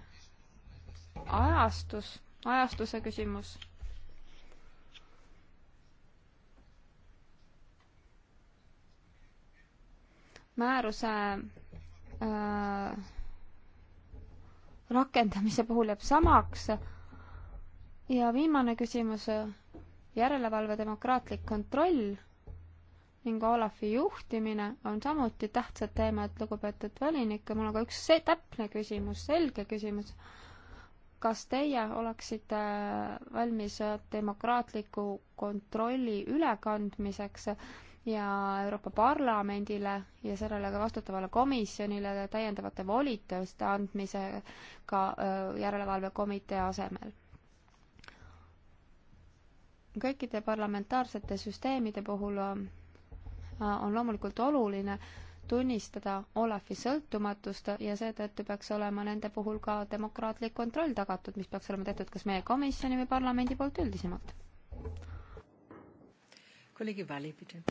ajastus, ajastuse küsimus määruse äh, rakendamise puhul jääb samaks. ja viimane küsimus, järelevalve demokraatlik kontroll ning Olafi juhtimine on samuti tähtsad teemad, lugupeetud volinik, ja mul on ka üks see täpne küsimus, selge küsimus. kas teie oleksite valmis demokraatliku kontrolli ülekandmiseks äh, ja Euroopa Parlamendile ja sellele ka vastutavale komisjonile täiendavate volituste andmisega äh, järelevalvekomitee asemel. kõikide parlamentaarsete süsteemide puhul on, äh, on loomulikult oluline tunnistada Olafi sõltumatust ja seetõttu peaks olema nende puhul ka demokraatlik kontroll tagatud, mis peaks olema tehtud kas meie komisjoni või parlamendi poolt üldisemalt. kolleeg Vali, pidi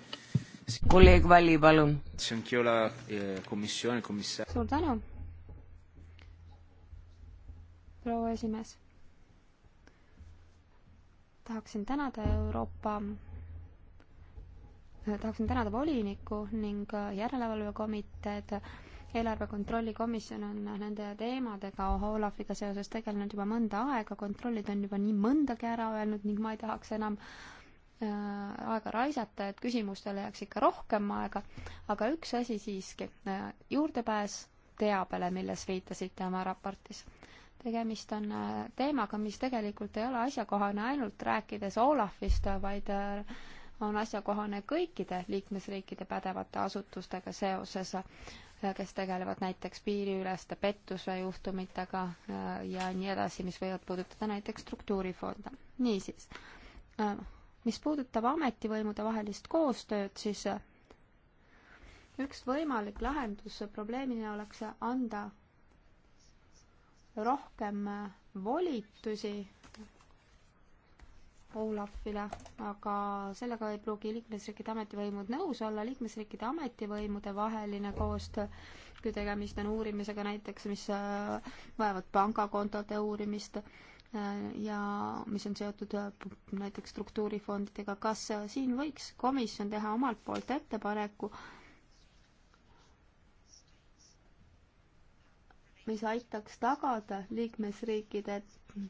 kolleeg Valli, palun. Eh, suur tänu. proua esimees. tahaksin tänada Euroopa, eh, tahaksin tänada volinikku ning eh, järelevalvekomiteed eelarve kontrolli komisjon on nende teemadega Olafiga seoses tegelenud juba mõnda aega, kontrollid on juba nii mõndagi ära öelnud ning ma ei tahaks enam äh, Äh, aega raisata, et küsimustele jääks ikka rohkem aega, aga üks asi siiski, äh, juurdepääs teabele, milles viitasite oma raportis. tegemist on äh, teemaga, mis tegelikult ei ole asjakohane ainult rääkides Olafist, vaid on asjakohane kõikide liikmesriikide pädevate asutustega seoses, kes tegelevad näiteks piiriüleste pettuse juhtumitega ja nii edasi, mis võivad puudutada näiteks struktuurifonde. niisiis mis puudutab ametivõimude vahelist koostööd, siis äh, üks võimalik lahendus probleemile oleks anda rohkem äh, volitusi Olafile, aga sellega ei pruugi liikmesriikide ametivõimud nõus olla, liikmesriikide ametivõimude vaheline koostöö, kui tegemist on uurimisega näiteks, mis äh, vajavad pangakontode uurimist, Äh, ja mis on seotud äh, näiteks struktuurifondidega, kas äh, siin võiks komisjon teha omalt poolt ettepaneku, mis aitaks tagada liikmesriikide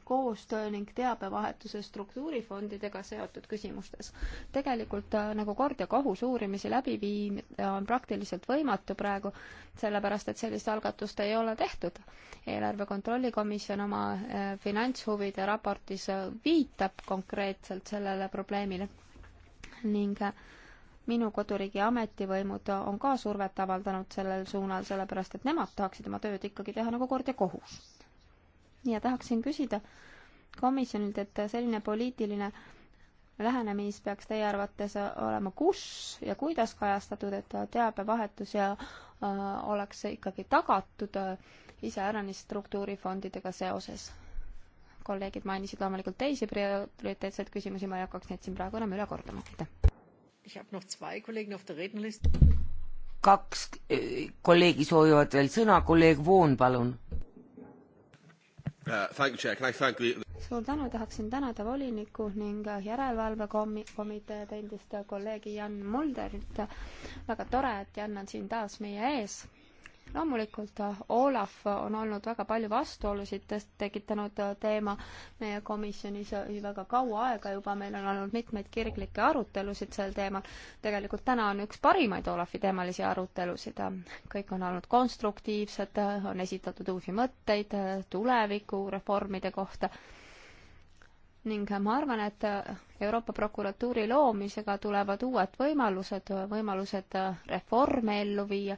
koostöö ning teabevahetuse struktuurifondidega seotud küsimustes. tegelikult äh, nagu kord ja kohus uurimisi läbi viia äh, on praktiliselt võimatu praegu, sellepärast et sellist algatust ei ole tehtud. eelarve kontrolli komisjon oma äh, finantshuvide raportis viitab konkreetselt sellele probleemile ning minu koduriigi ametivõimud on ka survet avaldanud sellel suunal, sellepärast et nemad tahaksid oma tööd ikkagi teha nagu kord ja kohus ja tahaksin küsida komisjonilt, et selline poliitiline lähenemis peaks teie arvates olema kus ja kuidas kajastatud, et teabevahetus ja äh, oleks ikkagi tagatud äh, iseäranis struktuurifondidega seoses? kolleegid mainisid loomulikult teisi prioriteetseid küsimusi, ma ei hakkaks neid siin praegu enam üle kordama, aitäh. kaks äh, kolleegi soovivad veel sõna, kolleeg Voon, palun Uh, suur tänu, tahaksin tänada voliniku ning järelevalvekomiteed endist kolleegi Jan Mulderit. väga tore, et Jan on siin taas meie ees loomulikult äh, Olav on olnud väga palju vastuolusid tekitanud äh, teema meie komisjonis väga äh, kaua aega juba, meil on olnud mitmeid kirglikke arutelusid sel teemal. tegelikult täna on üks parimaid Olavi teemalisi arutelusid. kõik on olnud konstruktiivsed, on esitatud uusi mõtteid tulevikureformide kohta ning ma arvan, et Euroopa prokuratuuri loomisega tulevad uued võimalused, võimalused reforme ellu viia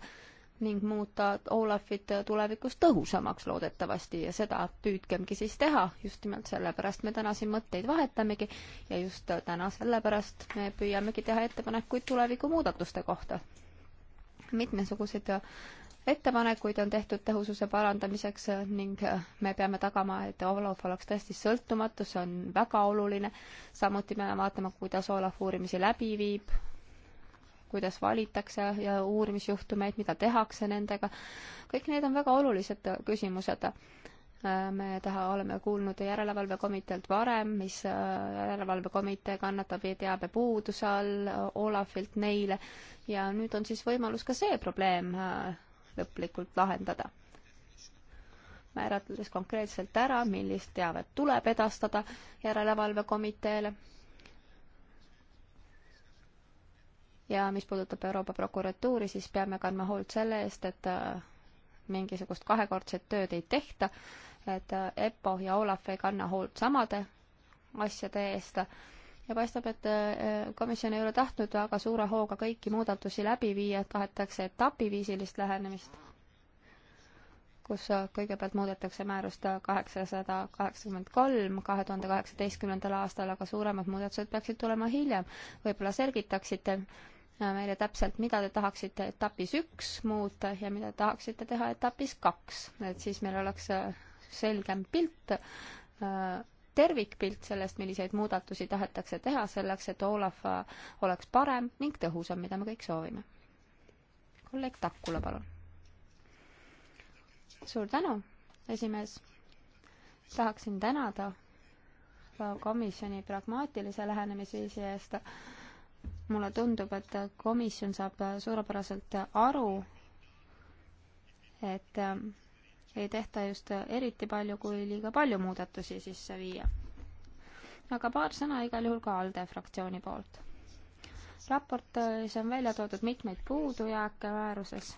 ning muuta Olafit tulevikus tõhusamaks loodetavasti ja seda püüdkemgi siis teha. just nimelt sellepärast me täna siin mõtteid vahetamegi ja just täna sellepärast me püüamegi teha ettepanekuid tuleviku muudatuste kohta. mitmesuguseid ettepanekuid on tehtud tõhususe parandamiseks ning me peame tagama, et Olav oleks tõesti sõltumatu, see on väga oluline. samuti peame vaatama, kuidas Olav uurimisi läbi viib kuidas valitakse ja uurimisjuhtumeid, mida tehakse nendega. kõik need on väga olulised küsimused. me taha, oleme kuulnud järelevalvekomiteelt varem, mis äh, järelevalvekomitee kannatab teabe puuduse all, äh, Olafilt neile ja nüüd on siis võimalus ka see probleem äh, lõplikult lahendada määratledes konkreetselt ära, millist teavet tuleb edastada järelevalvekomiteele ja mis puudutab Euroopa prokuratuuri, siis peame kandma hoolt selle eest, et äh, mingisugust kahekordset tööd ei tehta, et äh, EPPO ja Olav ei kanna hoolt samade asjade eest ja paistab, et äh, komisjon ei ole tahtnud väga suure hooga kõiki muudatusi läbi viia, tahetakse etapiviisilist lähenemist, kus kõigepealt muudetakse määrust kaheksasada kaheksakümmend kolm kahe tuhande kaheksateistkümnendal aastal, aga suuremad muudatused peaksid tulema hiljem. võib-olla selgitaksite, Äh, meile täpselt, mida te tahaksite etapis üks muuta ja mida tahaksite teha etapis kaks, et siis meil oleks äh, selgem pilt, äh, tervikpilt sellest, milliseid muudatusi tahetakse teha selleks, et Olav oleks parem ning tõhusam, mida me kõik soovime. kolleeg Takula, palun. suur tänu, esimees tahaksin tänada komisjoni pragmaatilise lähenemisviisi eest mulle tundub, et komisjon saab suurepäraselt aru, et äh, ei tehta just eriti palju, kui liiga palju muudatusi sisse viia. aga paar sõna igal juhul ka ALDE fraktsiooni poolt. raportis on välja toodud mitmeid puudujääke määruses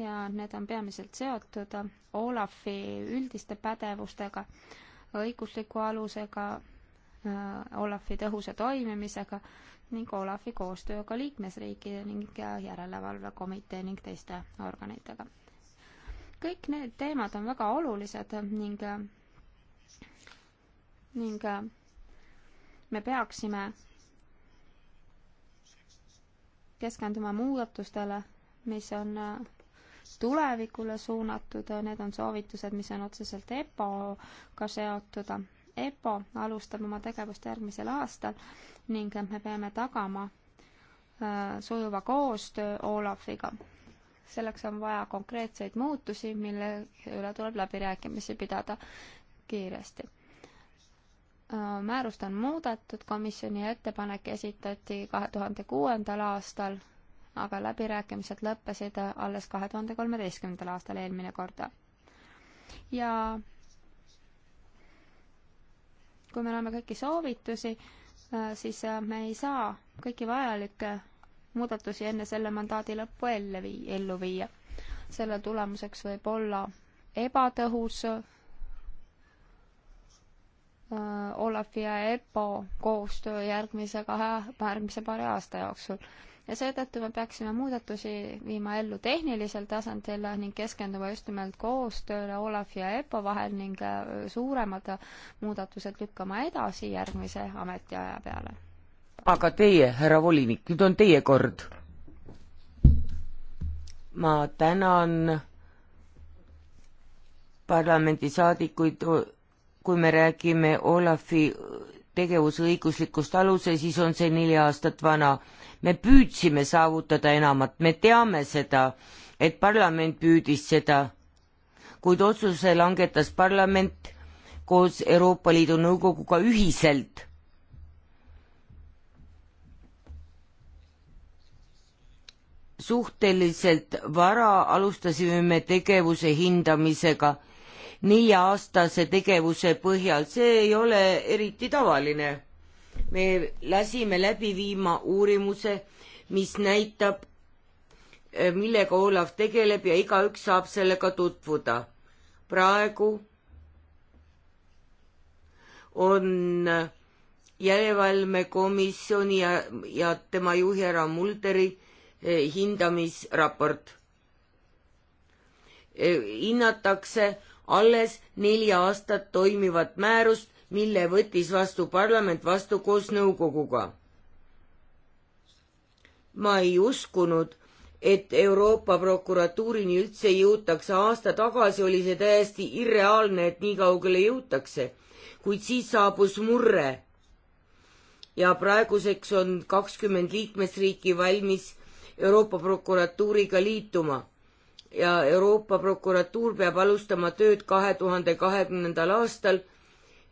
ja need on peamiselt seotud Olafi üldiste pädevustega, õigusliku alusega Äh, Olafi tõhusa toimimisega ning Olafi koostööga liikmesriikide ning järelevalvekomitee ning teiste organitega. kõik need teemad on väga olulised ning, ning äh, me peaksime keskenduma muudatustele, mis on äh, tulevikule suunatud, need on soovitused, mis on otseselt EPO-ga seotud EPO alustab oma tegevust järgmisel aastal ning me peame tagama äh, sujuva koostöö Olafiga. selleks on vaja konkreetseid muutusi, mille üle tuleb läbirääkimisi pidada kiiresti. Äh, määrust on muudetud, komisjoni ettepanek esitati kahe tuhande kuuendal aastal, aga läbirääkimised lõppesid alles kahe tuhande kolmeteistkümnendal aastal eelmine kord. ja kui me loeme kõiki soovitusi, äh, siis äh, me ei saa kõiki vajalikke muudatusi enne selle mandaadi lõppu ellu vii-, ellu viia. selle tulemuseks võib olla ebatõhus äh, Olafi ja EPPO koostöö järgmisega, järgmise paari aasta jooksul ja seetõttu me peaksime muudatusi viima ellu tehnilisel tasandil ning keskenduma just nimelt koostööle Olavi ja EPPO vahel ning äh, suuremad muudatused lükkama edasi järgmise ametiaja peale. aga teie, härra volinik, nüüd on teie kord. ma tänan parlamendisaadikuid, kui me räägime Olavi tegevusõiguslikust aluse, siis on see neli aastat vana. me püüdsime saavutada enamat, me teame seda, et parlament püüdis seda, kuid otsuse langetas parlament koos Euroopa Liidu Nõukoguga ühiselt. suhteliselt vara alustasime me tegevuse hindamisega nelja-aastase tegevuse põhjal, see ei ole eriti tavaline. me lasime läbi viima uurimuse, mis näitab, eh, millega Olav tegeleb ja igaüks saab sellega tutvuda. praegu on järelevalvekomisjoni ja, ja tema juhi härra Mulderi eh, hindamisraport. Eh, hinnatakse alles neli aastat toimivat määrust, mille võttis vastu parlament vastu koos nõukoguga. ma ei uskunud, et Euroopa prokuratuurini üldse jõutakse, aasta tagasi oli see täiesti irreaalne, et nii kaugele jõutakse. kuid siis saabus murre. ja praeguseks on kakskümmend liikmesriiki valmis Euroopa prokuratuuriga liituma ja Euroopa prokuratuur peab alustama tööd kahe tuhande kahekümnendal aastal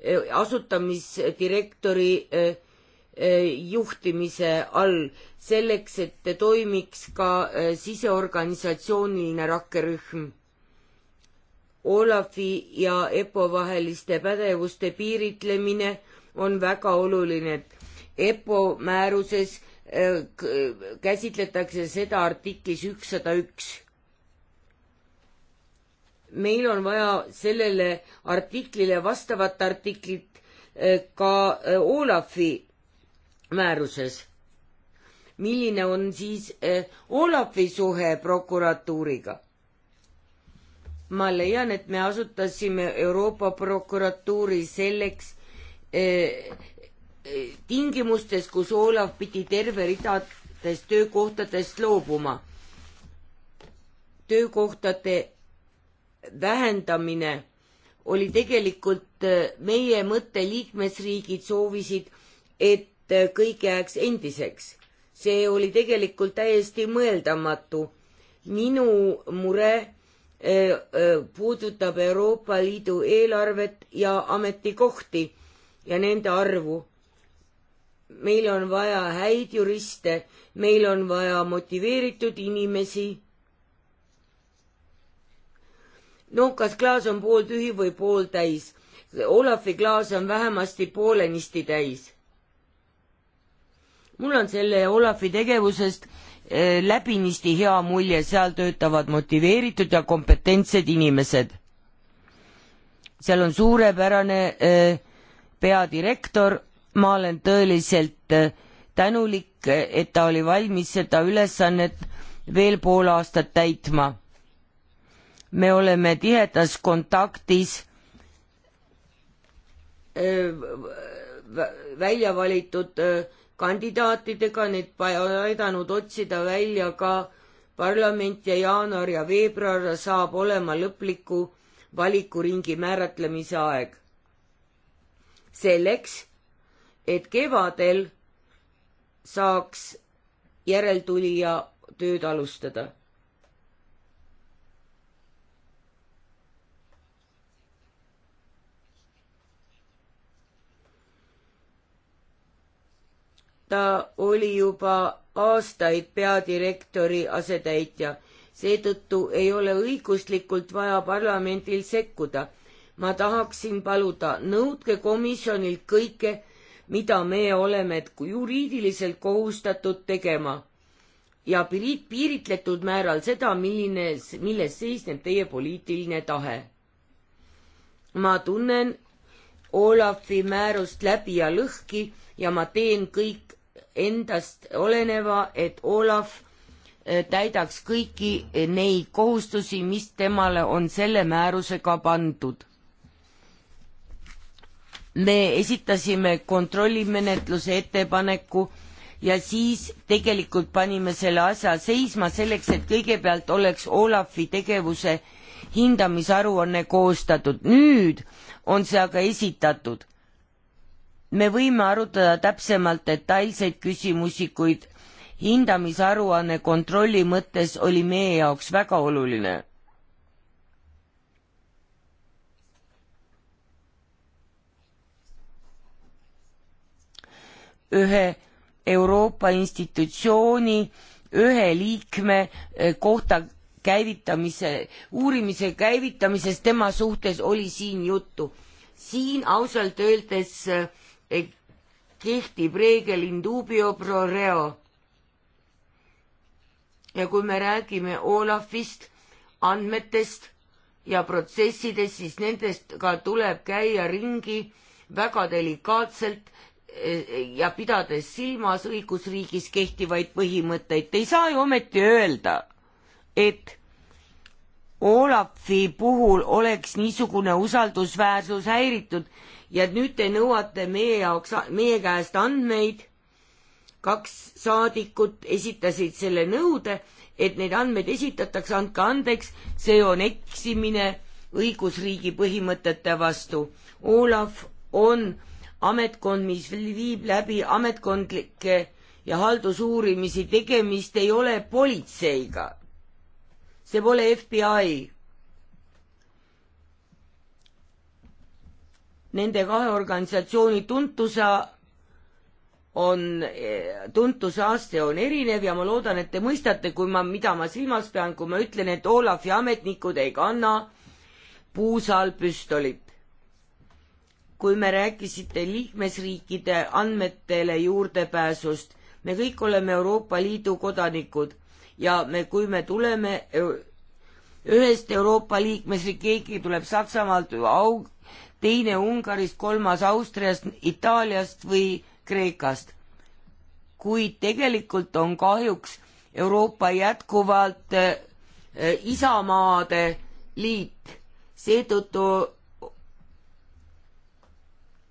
e, asutamisdirektori e, e, juhtimise all, selleks et toimiks ka siseorganisatsiooniline rakkerühm. Olafi ja EPO vaheliste pädevuste piiritlemine on väga oluline. EPO määruses käsitletakse seda artiklis ükssada üks meil on vaja sellele artiklile vastavat artiklit eh, ka eh, Olafi määruses. milline on siis eh, Olafi suhe prokuratuuriga? ma leian, et me asutasime Euroopa prokuratuuri selleks tingimustes, kus Olav pidi terve ridades töökohtadest loobuma. töökohtade vähendamine oli tegelikult äh, meie mõte, liikmesriigid soovisid, et äh, kõik jääks endiseks. see oli tegelikult täiesti mõeldamatu. minu mure äh, puudutab Euroopa Liidu eelarvet ja ametikohti ja nende arvu. meil on vaja häid juriste, meil on vaja motiveeritud inimesi no kas klaas on pooltühi või pooltäis. Olavi klaas on vähemasti poolenisti täis. mul on selle Olavi tegevusest eh, läbinisti hea mulje, seal töötavad motiveeritud ja kompetentsed inimesed. seal on suurepärane eh, peadirektor, ma olen tõeliselt eh, tänulik, et ta oli valmis seda ülesannet veel pool aastat täitma me oleme tihedas kontaktis äh, välja valitud äh, kandidaatidega, need aidanud otsida välja ka parlament ja jaanuar ja veebruar saab olema lõpliku valikuringi määratlemise aeg. selleks, et kevadel saaks järeltulija tööd alustada ta oli juba aastaid peadirektori asetäitja, seetõttu ei ole õiguslikult vaja parlamendil sekkuda. ma tahaksin paluda, nõudke komisjonilt kõike, mida me oleme juriidiliselt kohustatud tegema ja piirit-, piiritletud määral seda, milline, milles seisneb teie poliitiline tahe. ma tunnen Olafi määrust läbi ja lõhki ja ma teen kõik endast oleneva, et Olav eh, täidaks kõiki eh, neid kohustusi, mis temale on selle määrusega pandud. me esitasime kontrollimenetluse ettepaneku ja siis tegelikult panime selle asja seisma selleks, et kõigepealt oleks Olafi tegevuse hindamisaruanne koostatud, nüüd on see aga esitatud me võime arutada täpsemalt detailseid küsimusi, kuid hindamisaruanne kontrolli mõttes oli meie jaoks väga oluline. ühe Euroopa institutsiooni ühe liikme eh, kohta käivitamise, uurimise käivitamises tema suhtes oli siin juttu. siin ausalt öeldes äh, E kehtib reegel in dubio pro reo. ja kui me räägime Olafist, andmetest ja protsessidest, siis nendestega tuleb käia ringi väga delikaatselt e, ja pidades silmas õigusriigis kehtivaid põhimõtteid. Te ei saa ju ometi öelda, et Olafi puhul oleks niisugune usaldusväärsus häiritud ja nüüd te nõuate meie jaoks, meie käest andmeid. kaks saadikut esitasid selle nõude, et neid andmeid esitatakse, andke andeks, see on eksimine õigusriigi põhimõtete vastu. Olav on ametkond, mis viib läbi ametkondlikke ja haldusuurimisi, tegemist ei ole politseiga. see pole FBI Nende kahe organisatsiooni tuntuse on, tuntuse aste on erinev ja ma loodan, et te mõistate, kui ma, mida ma silmas pean, kui ma ütlen, et Olavi ametnikud ei kanna puusal püstolit. kui me rääkisite liikmesriikide andmetele juurdepääsust, me kõik oleme Euroopa Liidu kodanikud ja me, kui me tuleme ühest Euroopa liikmesriik, keegi tuleb Saksamaalt, teine Ungarist, kolmas Austriast, Itaaliast või Kreekast. kuid tegelikult on kahjuks Euroopa jätkuvalt äh, äh isamaade liit, seetõttu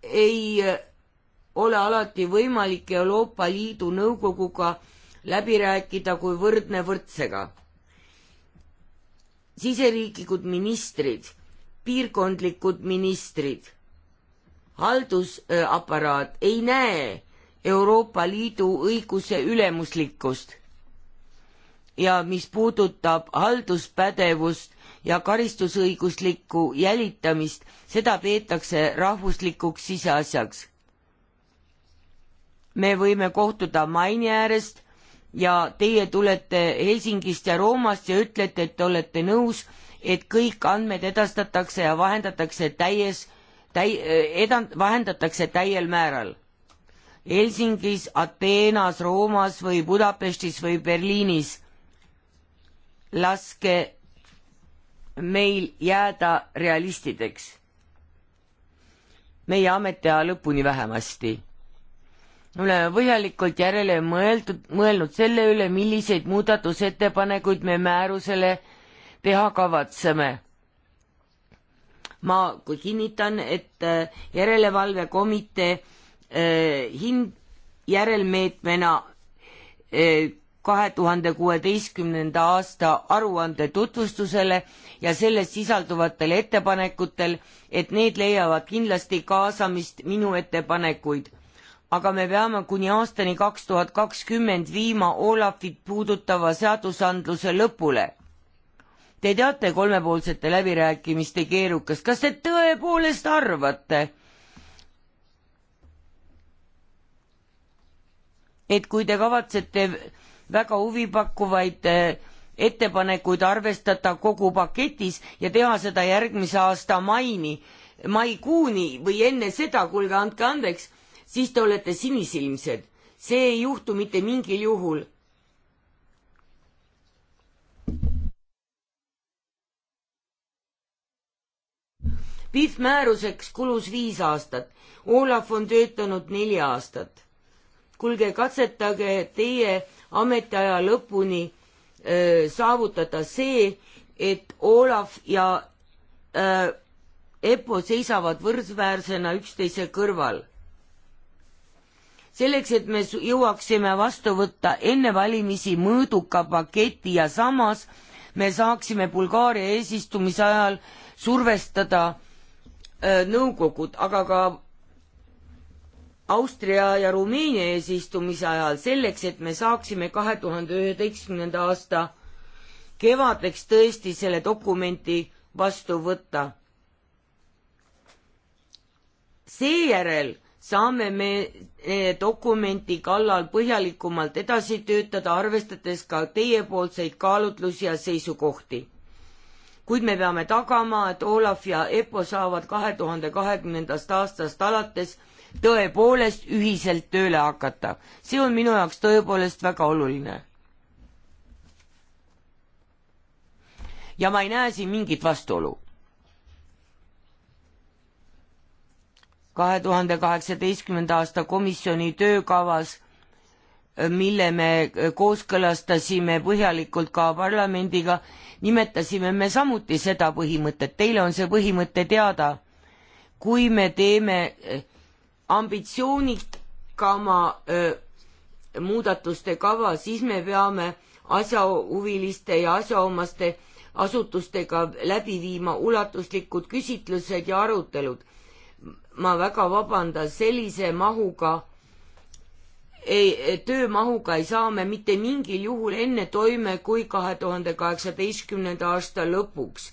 ei äh, ole alati võimalik Euroopa Liidu Nõukoguga läbi rääkida kui võrdne võrdsega. siseriiklikud ministrid piirkondlikud ministrid, haldusaparaat ei näe Euroopa Liidu õiguse ülemuslikkust. ja mis puudutab halduspädevust ja karistusõiguslikku jälitamist, seda peetakse rahvuslikuks siseasjaks. me võime kohtuda Maini äärest ja teie tulete Helsingist ja Roomast ja ütlete, et te olete nõus et kõik andmed edastatakse ja vahendatakse täies, täi-, edan-, vahendatakse täiel määral. Helsingis, Ateenas, Roomas või Budapestis või Berliinis laske meil jääda realistideks. meie ametiaja lõpuni vähemasti. me oleme põhjalikult järele mõeldud, mõelnud selle üle, milliseid muudatusettepanekuid me määrusele teha kavatseme. ma kinnitan, et äh, järelevalvekomitee äh, hind järelmeetmena äh, kahe tuhande kuueteistkümnenda aasta aruande tutvustusele ja selles sisalduvatel ettepanekutel, et need leiavad kindlasti kaasamist minu ettepanekuid. aga me peame kuni aastani kaks tuhat kakskümmend viima Olafit puudutava seadusandluse lõpule Te teate kolmepoolsete läbirääkimiste keerukast, kas te tõepoolest arvate, et kui te kavatsete väga huvipakkuvaid eh, ettepanekuid arvestada kogu paketis ja teha seda järgmise aasta maini, maikuuni või enne seda, kuulge, andke andeks, siis te olete sinisilmsed. see ei juhtu mitte mingil juhul PIF määruseks kulus viis aastat, Olav on töötanud neli aastat. kuulge, katsetage teie ametiaja lõpuni öö, saavutada see, et Olav ja öö, EPO seisavad võrdväärsena üksteise kõrval. selleks, et me jõuaksime vastu võtta enne valimisi mõõduka paketi ja samas me saaksime Bulgaaria eesistumise ajal survestada Äh, nõukogud, aga ka Austria ja Rumeenia eesistumise ajal selleks, et me saaksime kahe tuhande üheteistkümnenda aasta kevadeks tõesti selle dokumenti vastu võtta. seejärel saame me e, dokumenti kallal põhjalikumalt edasi töötada, arvestades ka teiepoolseid kaalutlusi ja seisukohti kuid me peame tagama, et Olav ja EPPO saavad kahe tuhande kahekümnendast aastast alates tõepoolest ühiselt tööle hakata. see on minu jaoks tõepoolest väga oluline. ja ma ei näe siin mingit vastuolu. kahe tuhande kaheksateistkümnenda aasta komisjoni töökavas mille me kooskõlastasime põhjalikult ka parlamendiga, nimetasime me samuti seda põhimõtet, teile on see põhimõte teada. kui me teeme eh, ambitsioonikama eh, muudatuste kava, siis me peame asjahuviliste ja asjaomaste asutustega läbi viima ulatuslikud küsitlused ja arutelud. ma väga vabandan, sellise mahuga ei, töömahuga ei saa me mitte mingil juhul enne toime kui kahe tuhande kaheksateistkümnenda aasta lõpuks.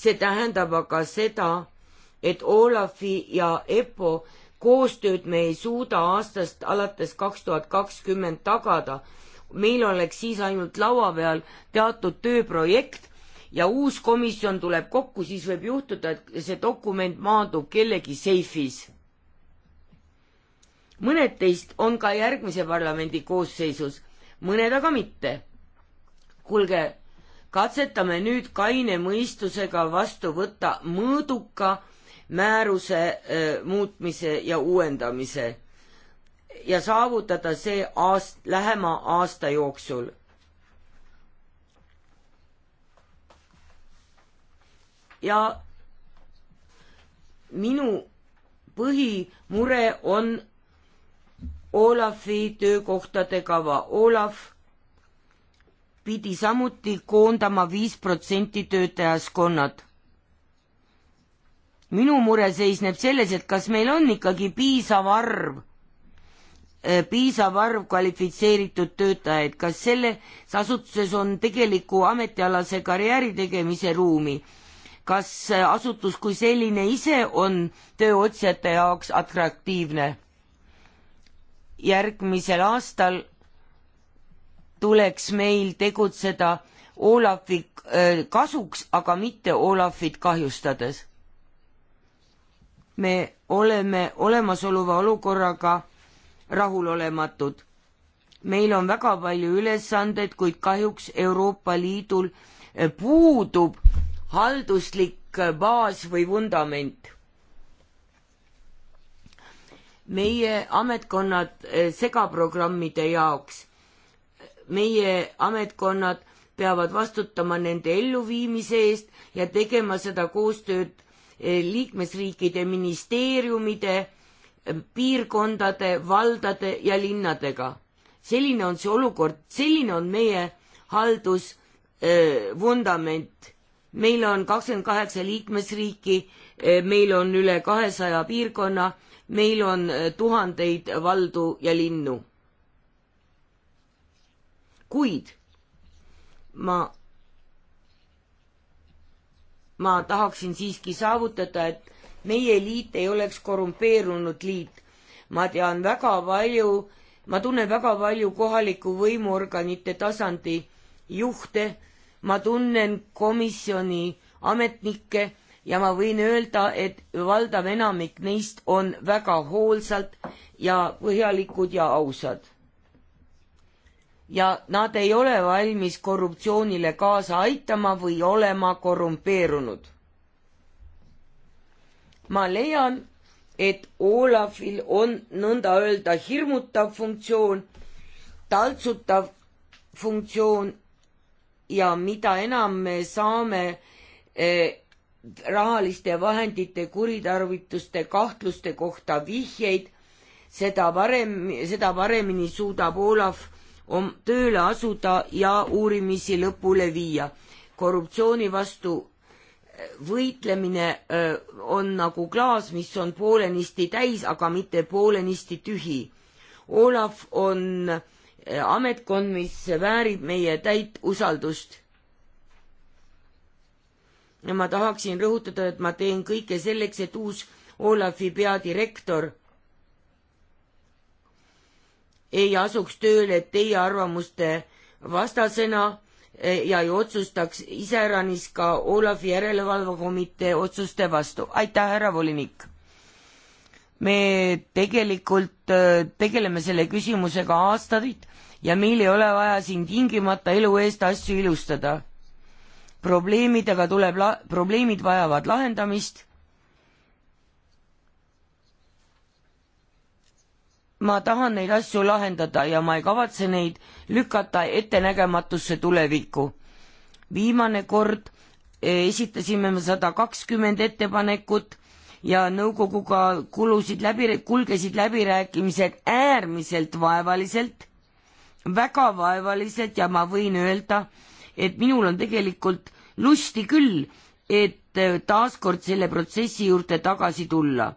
see tähendab aga seda, et Olafi ja EPO koostööd me ei suuda aastast alates kaks tuhat kakskümmend tagada. meil oleks siis ainult laua peal teatud tööprojekt ja uus komisjon tuleb kokku, siis võib juhtuda, et see dokument maandub kellegi seifis mõned teist on ka järgmise parlamendi koosseisus, mõned aga mitte. kuulge, katsetame nüüd kaine mõistusega vastu võtta mõõduka määruse öö, äh, muutmise ja uuendamise ja saavutada see aast-, lähema aasta jooksul. ja minu põhimure on Olafi töökohtade kava. Olaf pidi samuti koondama viis protsenti töötajaskonnad. minu mure seisneb selles, et kas meil on ikkagi piisav arv, eh, piisav arv kvalifitseeritud töötajaid, kas selles asutuses on tegeliku ametialase karjääri tegemise ruumi kas eh, asutus kui selline ise on tööotsijate jaoks atraktiivne? järgmisel aastal tuleks meil tegutseda Olafi äh, kasuks, aga mitte Olafit kahjustades. me oleme olemasoleva olukorraga rahulolematud. meil on väga palju ülesandeid, kuid kahjuks Euroopa Liidul äh, puudub halduslik äh, baas või vundament meie ametkonnad eh, segaprogrammide jaoks, meie ametkonnad peavad vastutama nende elluviimise eest ja tegema seda koostööd eh, liikmesriikide ministeeriumide, eh, piirkondade, valdade ja linnadega. selline on see olukord, selline on meie haldusvundament meil on kakskümmend kaheksa liikmesriiki, eh, meil on üle kahesaja piirkonna, meil on eh, tuhandeid valdu ja linnu. kuid ma, ma tahaksin siiski saavutada, et meie liit ei oleks korrumpeerunud liit. ma tean väga palju, ma tunnen väga palju kohaliku võimuorganite tasandi juhte ma tunnen komisjoni ametnikke ja ma võin öelda, et valdav enamik neist on väga hoolsad ja põhjalikud ja ausad. ja nad ei ole valmis korruptsioonile kaasa aitama või olema korrumpeerunud. ma leian, et Olafil on nõnda öelda hirmutav funktsioon, taltsutav funktsioon ja mida enam me saame eh, rahaliste vahendite kuritarvituste kahtluste kohta vihjeid, seda varem, seda paremini suudab Olav om-, tööle asuda ja uurimisi lõpule viia. korruptsiooni vastu eh, võitlemine öö, eh, on nagu klaas, mis on poolenisti täis, aga mitte poolenisti tühi. Olav on öö, ametkond, mis väärib meie täit usaldust. ja ma tahaksin rõhutada, et ma teen kõike selleks, et uus Olavi peadirektor ei asuks tööle teie arvamuste vastasena ja ei otsustaks iseäranis ka Olavi järelevalvekomitee otsuste vastu. aitäh, härra volinik! me tegelikult äh, tegeleme selle küsimusega aastaid ja meil ei ole vaja siin tingimata elu eest asju ilustada. probleemidega tuleb la-, probleemid vajavad lahendamist. ma tahan neid asju lahendada ja ma ei kavatse neid lükata ettenägematusse tulevikku. viimane kord e, esitasime me sada kakskümmend ettepanekut ja nõukoguga kulusid läbi, kulgesid läbirääkimised äärmiselt vaevaliselt väga vaevalised ja ma võin öelda, et minul on tegelikult lusti küll, et äh, taaskord selle protsessi juurde tagasi tulla.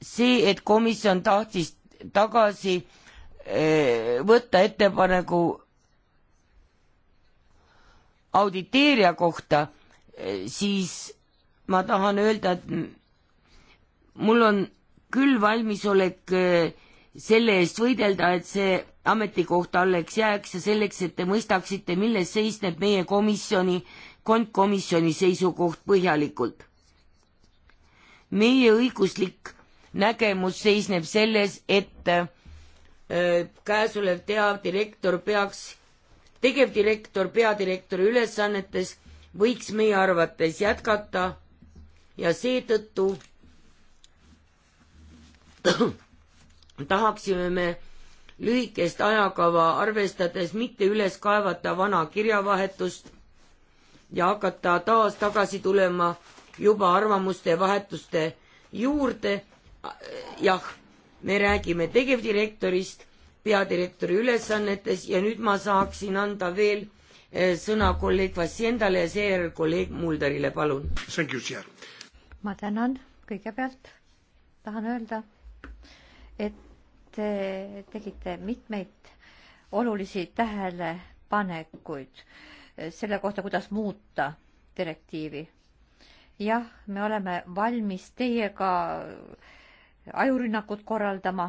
see, et komisjon tahtis tagasi äh, võtta ettepaneku auditeerija kohta, äh, siis ma tahan öelda, et mul on küll valmisolek äh, selle eest võidelda, et see ametikoht alles jääks ja selleks, et te mõistaksite, milles seisneb meie komisjoni, kontkomisjoni seisukoht põhjalikult. meie õiguslik nägemus seisneb selles, et äh, käesolev teavdirektor peaks, tegevdirektor peadirektori ülesannetes võiks meie arvates jätkata ja seetõttu tahaksime me lühikest ajakava arvestades mitte üles kaevata vana kirjavahetust ja hakata taas tagasi tulema juba arvamuste vahetuste juurde. jah, me räägime tegevdirektorist, peadirektori ülesannetes ja nüüd ma saaksin anda veel eh, sõna kolleeg Vassiendale ja seejärel kolleeg Mulderile, palun. ma tänan, kõigepealt tahan öelda, et te tegite mitmeid olulisi tähelepanekuid selle kohta, kuidas muuta direktiivi. jah, me oleme valmis teiega ajurünnakut korraldama,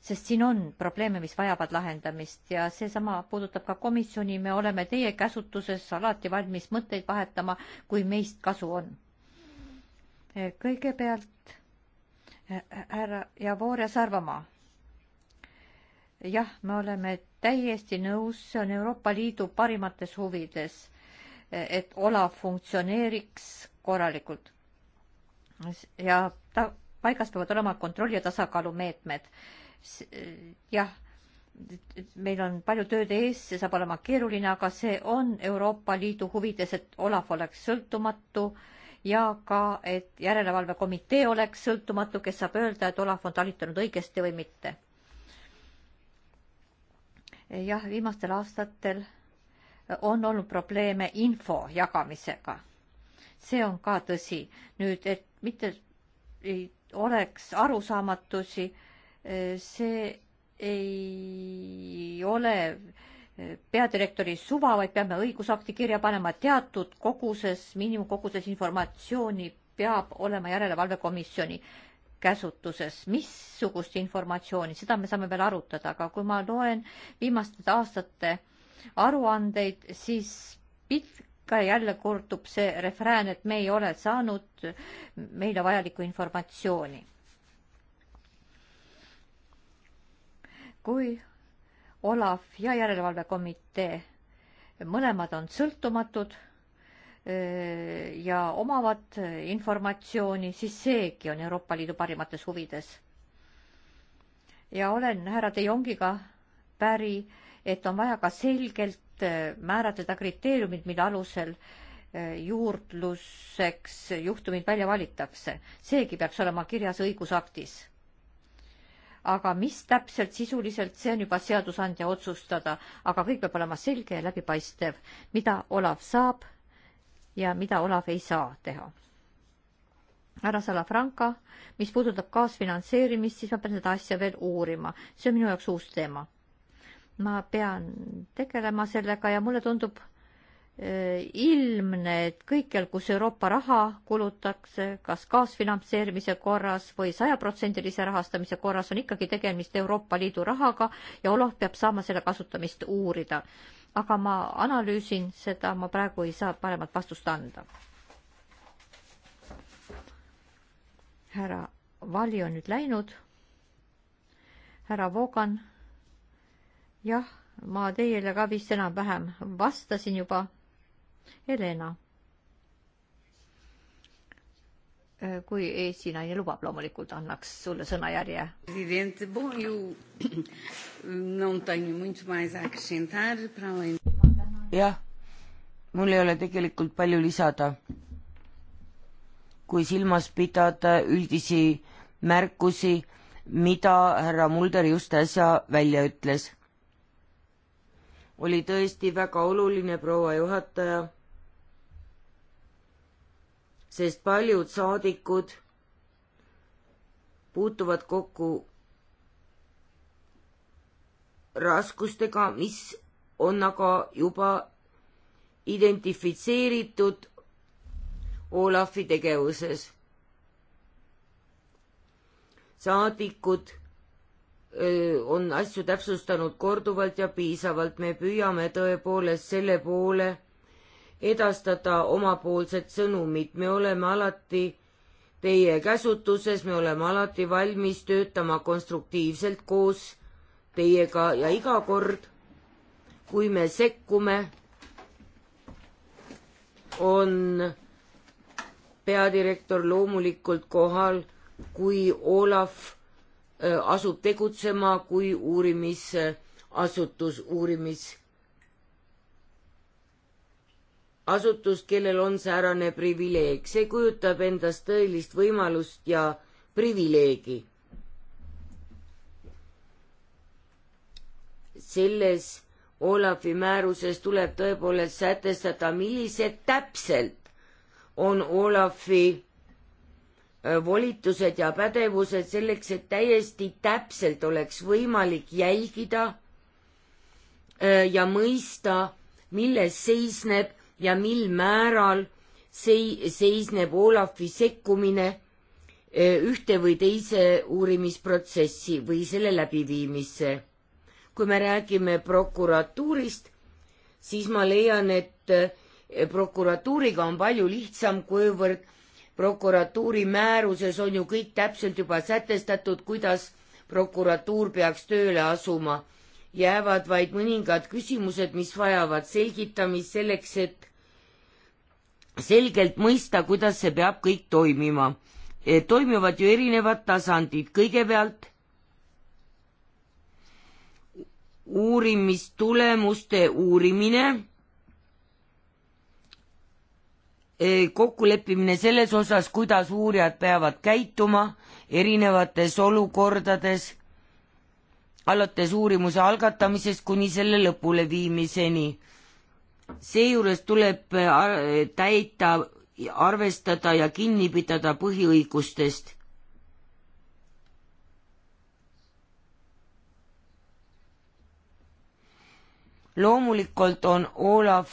sest siin on probleeme, mis vajavad lahendamist ja seesama puudutab ka komisjoni, me oleme teie käsutuses alati valmis mõtteid vahetama, kui meist kasu on. kõigepealt härra Javor ja Sarvamaa jah, me oleme täiesti nõus, see on Euroopa Liidu parimates huvides, et Olav funktsioneeriks korralikult. ja ta, paigas peavad olema kontrolli ja tasakaalumeetmed. jah meil on palju tööd ees, see saab olema keeruline, aga see on Euroopa Liidu huvides, et Olav oleks sõltumatu ja ka, et järelevalvekomitee oleks sõltumatu, kes saab öelda, et Olav on talitanud õigesti või mitte jah, viimastel aastatel on olnud probleeme info jagamisega. see on ka tõsi. nüüd, et mitte ei oleks arusaamatusi, see ei ole peadirektori suva, vaid peame õigusakti kirja panema teatud koguses, miinimumkoguses informatsiooni peab olema järelevalvekomisjoni käsutuses, missugust informatsiooni, seda me saame veel arutada, aga kui ma loen viimaste aastate aruandeid, siis ikka ja jälle kordub see refrään, et me ei ole saanud meile vajalikku informatsiooni. kui Olav ja Järelevalvekomitee mõlemad on sõltumatud ja omavad informatsiooni, siis seegi on Euroopa Liidu parimates huvides. ja olen härra De Jongiga päri, et on vaja ka selgelt äh, määratleda kriteeriumid, mille alusel äh, juurdluseks juhtumid välja valitakse. seegi peaks olema kirjas õigusaktis. aga mis täpselt sisuliselt, see on juba seadusandja otsustada, aga kõik peab olema selge ja läbipaistev, mida Olav saab ja mida Olav ei saa teha. härra Salafranca, mis puudutab kaasfinantseerimist, siis ma pean seda asja veel uurima, see on minu jaoks uus teema. ma pean tegelema sellega ja mulle tundub äh, ilmne, et kõikjal, kus Euroopa raha kulutakse, kas kaasfinantseerimise korras või sajaprotsendilise rahastamise korras, on ikkagi tegemist Euroopa Liidu rahaga ja Olav peab saama selle kasutamist uurida aga ma analüüsin seda, ma praegu ei saa paremat vastust anda. härra Vali on nüüd läinud. härra Voogan. jah, ma teile ka vist enam-vähem vastasin juba. Helena Eh, kui esinaine lubab, loomulikult annaks sulle sõnajärje. jah, mul ei ole tegelikult palju lisada. kui silmas pidada üldisi märkusi, mida härra Mulder just äsja välja ütles. oli tõesti väga oluline, proua juhataja sest paljud saadikud puutuvad kokku raskustega, mis on aga juba identifitseeritud Olafi tegevuses. saadikud öö, on asju täpsustanud korduvalt ja piisavalt, me püüame tõepoolest selle poole edastada omapoolset sõnumit, me oleme alati teie käsutuses, me oleme alati valmis töötama konstruktiivselt koos teiega ja iga kord, kui me sekkume, on peadirektor loomulikult kohal, kui Olav äh, asub tegutsema kui uurimisasutus, uurimis asutust, kellel on säärane privileeg, see kujutab endast tõelist võimalust ja privileegi. selles Olavi määruses tuleb tõepoolest sätestada, millised täpselt on Olavi äh, volitused ja pädevused selleks, et täiesti täpselt oleks võimalik jälgida äh, ja mõista, milles seisneb ja mil määral sei-, seisneb Olafi sekkumine e, ühte või teise uurimisprotsessi või selle läbiviimisse. kui me räägime prokuratuurist, siis ma leian, et e, prokuratuuriga on palju lihtsam, kuivõrd prokuratuuri määruses on ju kõik täpselt juba sätestatud, kuidas prokuratuur peaks tööle asuma. jäävad vaid mõningad küsimused, mis vajavad selgitamist selleks, et selgelt mõista, kuidas see peab kõik toimima. E, toimivad ju erinevad tasandid, kõigepealt uurimistulemuste uurimine, e, kokkuleppimine selles osas, kuidas uurijad peavad käituma erinevates olukordades, alates uurimuse algatamisest kuni selle lõpuleviimiseni seejuures tuleb äh, täita, arvestada ja kinni pidada põhiõigustest. loomulikult on Olav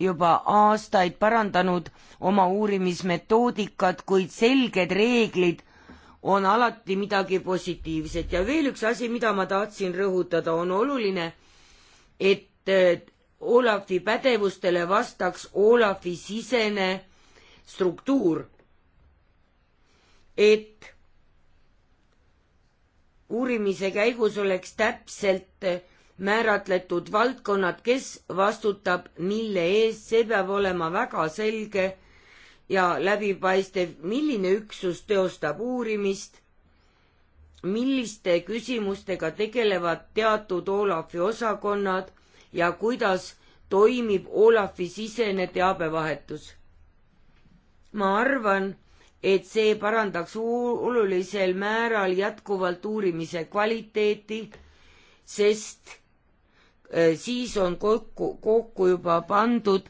juba aastaid parandanud oma uurimismetoodikat, kuid selged reeglid on alati midagi positiivset ja veel üks asi, mida ma tahtsin rõhutada, on oluline, et et Olafi pädevustele vastaks Olafi sisene struktuur, et uurimise käigus oleks täpselt määratletud valdkonnad, kes vastutab mille eest, see peab olema väga selge ja läbipaistev, milline üksus teostab uurimist, milliste küsimustega tegelevad teatud Olavi osakonnad ja kuidas toimib Olafi sisene teabevahetus. ma arvan, et see parandaks olulisel määral jätkuvalt uurimise kvaliteeti, sest äh, siis on kokku, kokku juba pandud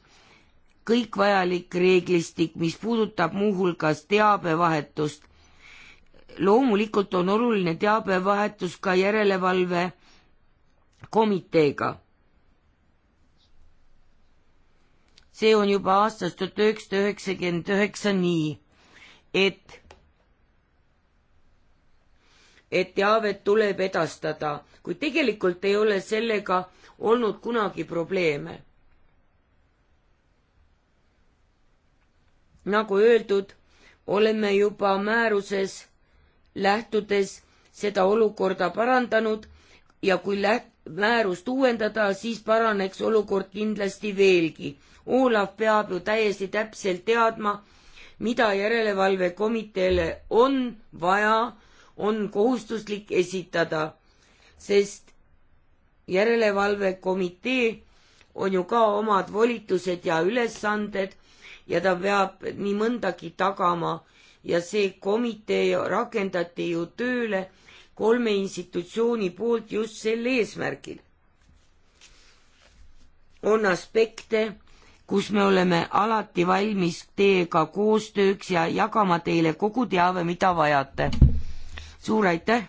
kõik vajalik reeglistik, mis puudutab muuhulgas teabevahetust. loomulikult on oluline teabevahetus ka järelevalve komiteega see on juba aastast tuhat üheksasada üheksakümmend üheksa nii, et, et teavet tuleb edastada, kuid tegelikult ei ole sellega olnud kunagi probleeme. nagu öeldud, oleme juba määruses lähtudes seda olukorda parandanud ja kui läht-, määrust uuendada, siis paraneks olukord kindlasti veelgi. Olav peab ju täiesti täpselt teadma, mida järelevalvekomiteele on vaja, on kohustuslik esitada, sest järelevalvekomitee on ju ka omad volitused ja ülesanded ja ta peab nii mõndagi tagama ja see komitee rakendati ju tööle kolme institutsiooni poolt just sel eesmärgil. on aspekte, kus me oleme alati valmis teiega koostööks ja jagama teile kogu teave, mida vajate. suur aitäh!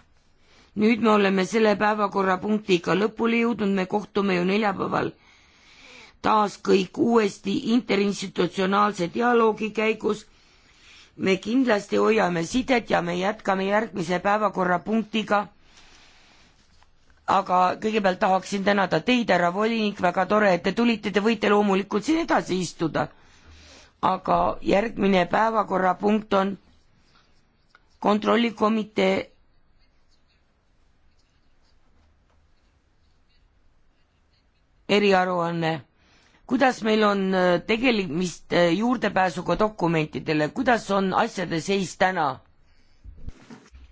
nüüd me oleme selle päevakorrapunktiga lõpule jõudnud, me kohtume ju neljapäeval taas kõik uuesti interinstitutsionaalse dialoogi käigus. me kindlasti hoiame sidet ja me jätkame järgmise päevakorrapunktiga aga kõigepealt tahaksin tänada teid, härra volinik, väga tore, et te tulite, te võite loomulikult siin edasi istuda. aga järgmine päevakorrapunkt on kontrollikomitee eriaruanne. kuidas meil on äh, tegelemist äh, juurdepääsuga dokumentidele, kuidas on asjade seis täna?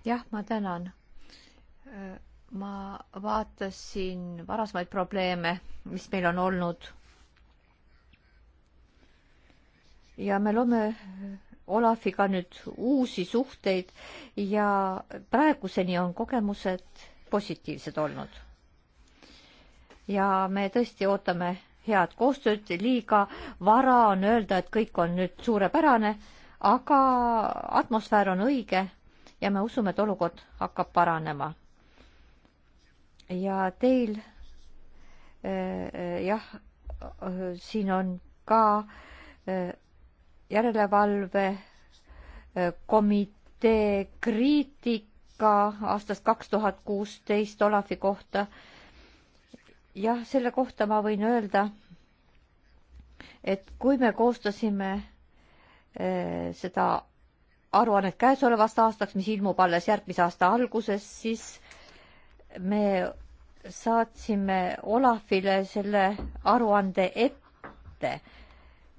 jah, ma tänan äh, ma vaatasin varasemaid probleeme, mis meil on olnud. ja me loome Olafiga nüüd uusi suhteid ja praeguseni on kogemused positiivsed olnud. ja me tõesti ootame head koostööd, liiga vara on öelda, et kõik on nüüd suurepärane, aga atmosfäär on õige ja me usume, et olukord hakkab paranema ja teil äh, äh, jah, siin on ka äh, järelevalve komitee kriitika aastast kaks tuhat kuusteist Olavi kohta. jah, selle kohta ma võin öelda, et kui me koostasime seda aruannet käesolevast aastaks, mis ilmub alles järgmise aasta alguses, siis me saatsime Olafile selle aruande ette,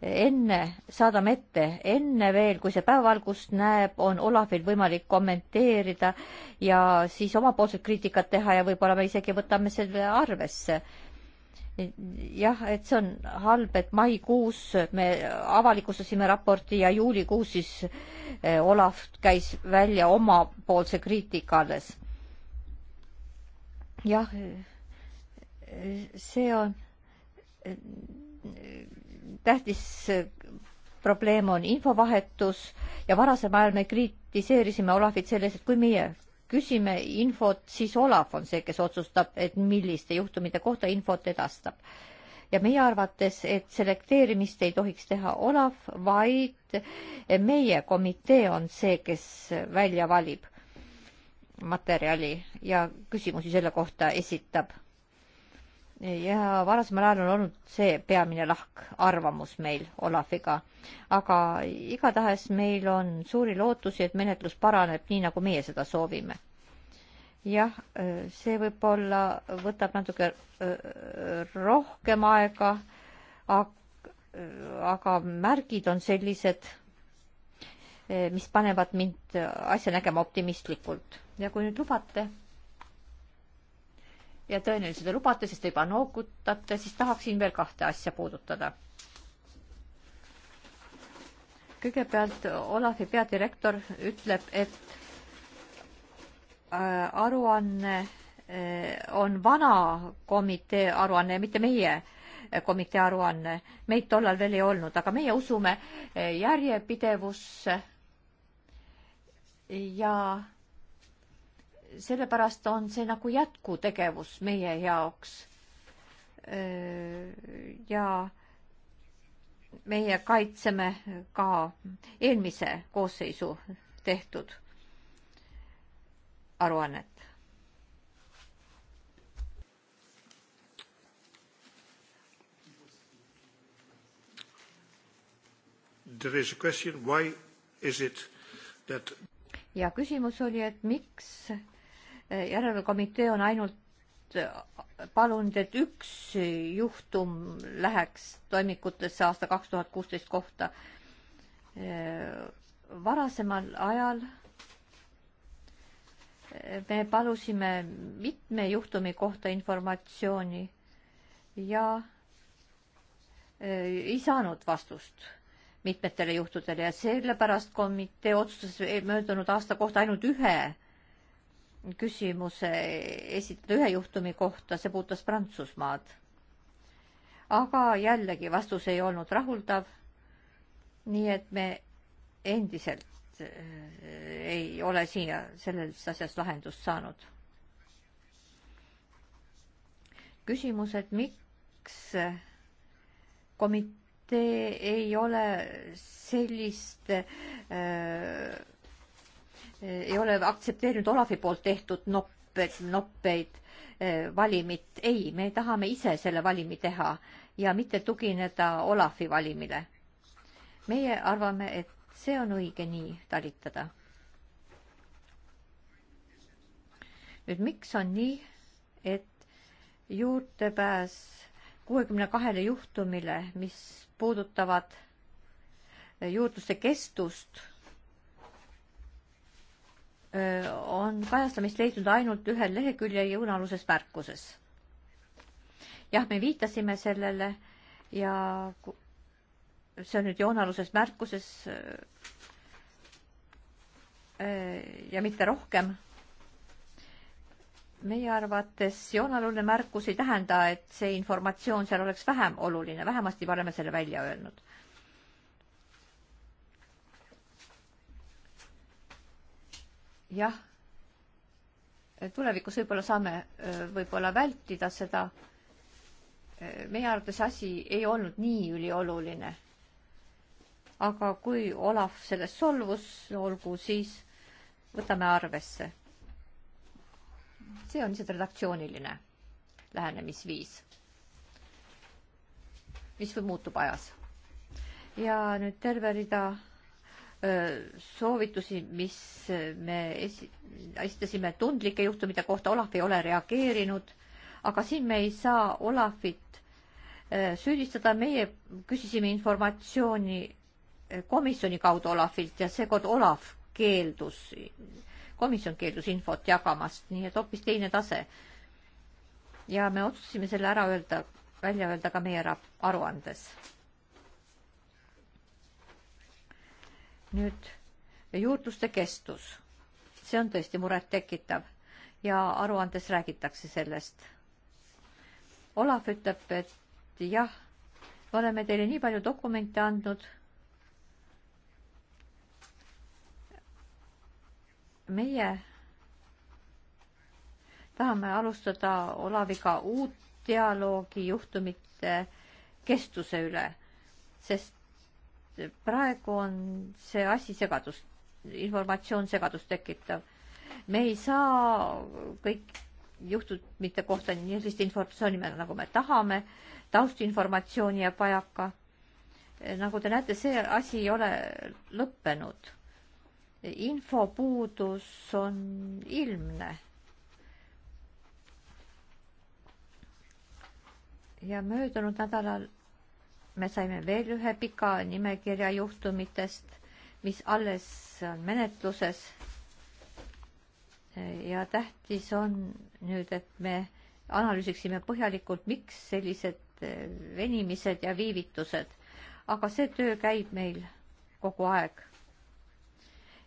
enne, saadame ette, enne veel, kui see päevavalgust näeb, on Olavil võimalik kommenteerida ja siis omapoolset kriitikat teha ja võib-olla me isegi võtame selle arvesse. jah, et see on halb, et maikuus me avalikustasime raporti ja juulikuus siis eh, Olav käis välja omapoolse kriitika alles jah, see on tähtis probleem on infovahetus ja varasem ajal me kritiseerisime Olavit selles, et kui meie küsime infot, siis Olav on see, kes otsustab, et milliste juhtumite kohta infot edastab. ja meie arvates, et selekteerimist ei tohiks teha Olav, vaid meie komitee on see, kes välja valib materjali ja küsimusi selle kohta esitab. ja varasemal ajal on olnud see peamine lahk arvamus meil Olafiga, aga igatahes meil on suuri lootusi, et menetlus paraneb nii, nagu meie seda soovime jah, äh, see võib-olla võtab natuke äh, rohkem aega, aga märgid on sellised, äh, mis panevad mind asja nägema optimistlikult ja kui nüüd lubate ja tõenäoliselt te lubate, sest te juba noogutate, siis tahaksin veel kahte asja puudutada. kõigepealt Olavi peadirektor ütleb, et äh, aruanne äh, on vana komitee aruanne ja mitte meie äh, komitee aruanne. meid tollal veel ei olnud, aga meie usume järjepidevusse ja sellepärast on see nagu jätkutegevus meie jaoks. ja meie kaitseme ka eelmise koosseisu tehtud aruannet. There is a question why is it that ja küsimus oli, et miks järelevalvekomitee on ainult palunud, et üks juhtum läheks toimikutesse aasta kaks tuhat kuusteist kohta. varasemal ajal me palusime mitme juhtumi kohta informatsiooni ja ei saanud vastust mitmetele juhtudele ja sellepärast komitee otsustas möödunud aasta kohta ainult ühe küsimuse esitada ühe juhtumi kohta, see puudutas Prantsusmaad. aga jällegi vastus ei olnud rahuldav. nii et me endiselt eh, ei ole siia sellest asjast lahendust saanud. küsimus, et miks komitee ei ole sellist öö, eh, ei ole aktsepteerinud Olavi poolt tehtud nopped, noppeid eh, valimit. ei, me tahame ise selle valimi teha ja mitte tugineda Olavi valimile. meie arvame, et see on õige nii talitada. nüüd miks on nii, et juurdepääs kuuekümne kahele juhtumile, mis puudutavad juurdluste kestust on kajastamist leidnud ainult ühel leheküljel jõunaaluses märkuses. jah, me viitasime sellele ja see on nüüd joonealuses märkuses ja mitte rohkem. meie arvates joonealune märkus ei tähenda, et see informatsioon seal oleks vähem oluline, vähemasti me oleme selle välja öelnud jah, eh, tulevikus võib-olla saame eh, võib-olla vältida seda. Eh, meie arvates asi ei olnud nii ülioluline. aga kui Olav selles solvus, olgu siis, võtame arvesse. see on lihtsalt redaktsiooniline lähenemisviis, mis muutub ajas. ja nüüd terve rida soovitusi, mis me esi-, esitasime tundlike juhtumite kohta, Olav ei ole reageerinud, aga siin me ei saa Olavit süüdistada, meie küsisime informatsiooni komisjoni kaudu Olavilt ja seekord Olav keeldus, komisjon keeldus infot jagamast, nii et hoopis teine tase. ja me otsustasime selle ära öelda, välja öelda ka meie aruandes nüüd juurdluste kestus, see on tõesti murettekitav ja aruandes räägitakse sellest. Olav ütleb, et jah, me oleme teile nii palju dokumente andnud. meie tahame alustada Olaviga uut dialoogi juhtumite kestuse üle, sest praegu on see asi segadus, informatsioon segadust tekitav. me ei saa kõik juhtumite kohta nii sellist informatsiooni, nagu me tahame, taustinformatsiooni jääb vajaka. nagu te näete, see asi ei ole lõppenud. infopuudus on ilmne. ja möödunud nädalal me saime veel ühe pika nimekirja juhtumitest, mis alles on menetluses. ja tähtis on nüüd, et me analüüsiksime põhjalikult, miks sellised eh, venimised ja viivitused, aga see töö käib meil kogu aeg.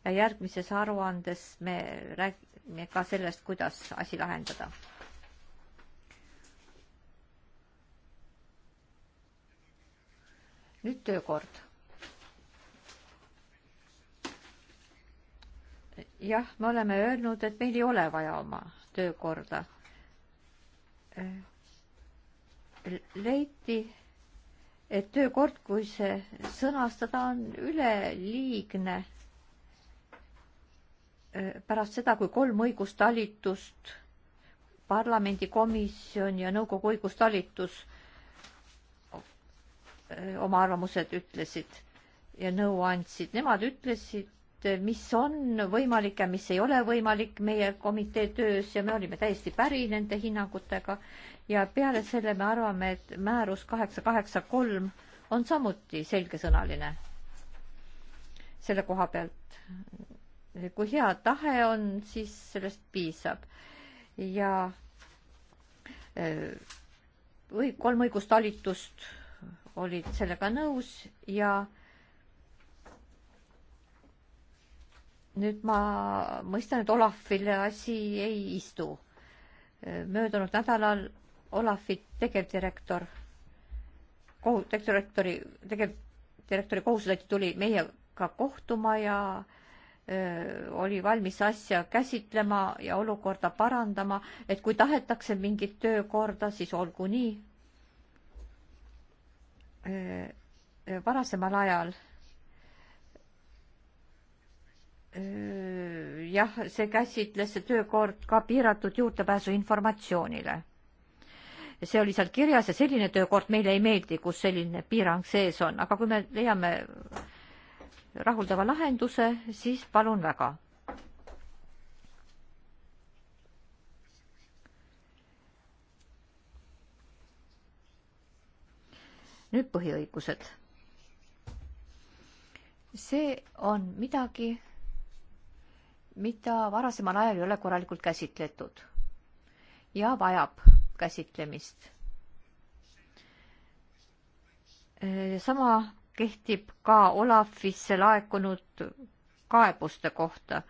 ja järgmises aruandes me räägime ka sellest, kuidas asi lahendada nüüd töökord. jah, me oleme öelnud, et meil ei ole vaja oma töökorda. leiti, et töökord, kui see sõnastada, on üleliigne. pärast seda, kui kolm õigustalitust, parlamendikomisjon ja nõukogu õigustalitus oma arvamused ütlesid ja nõu andsid, nemad ütlesid, mis on võimalik ja mis ei ole võimalik meie komitee töös ja me olime täiesti päri nende hinnangutega. ja peale selle me arvame, et määrus kaheksa kaheksa kolm on samuti selgesõnaline selle koha pealt. kui hea tahe on, siis sellest piisab ja või äh, kolm õigustalitust olid sellega nõus ja nüüd ma mõistan, et Olafile asi ei istu. möödunud nädalal Olafi tegevdirektor, kohu-, direktori, tegevdirektori kohusetäitja tuli meiega kohtuma ja öö, oli valmis asja käsitlema ja olukorda parandama, et kui tahetakse mingit töökorda, siis olgu nii varasemal ajal jah, see käsitles see töökord ka piiratud juurdepääsu informatsioonile. see oli seal kirjas ja selline töökord meile ei meeldi, kus selline piirang sees on, aga kui me leiame rahuldava lahenduse, siis palun väga. nüüd põhiõigused. see on midagi, mida varasemal ajal ei ole korralikult käsitletud ja vajab käsitlemist. sama kehtib ka Olafisse laekunud kaebuste kohta.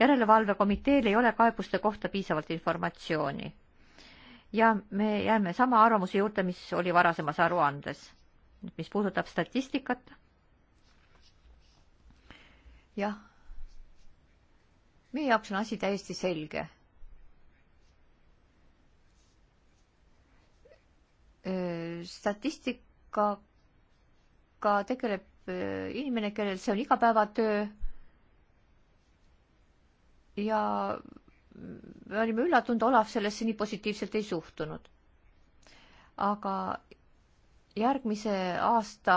järelevalvekomiteel ei ole kaebuste kohta piisavalt informatsiooni. ja me jääme sama arvamuse juurde, mis oli varasemas aruandes mis puudutab statistikat. jah, meie jaoks on asi täiesti selge. statistikaga tegeleb inimene, kellel see on igapäevatöö. ja me olime üllatunud, Olav sellesse nii positiivselt ei suhtunud. aga järgmise aasta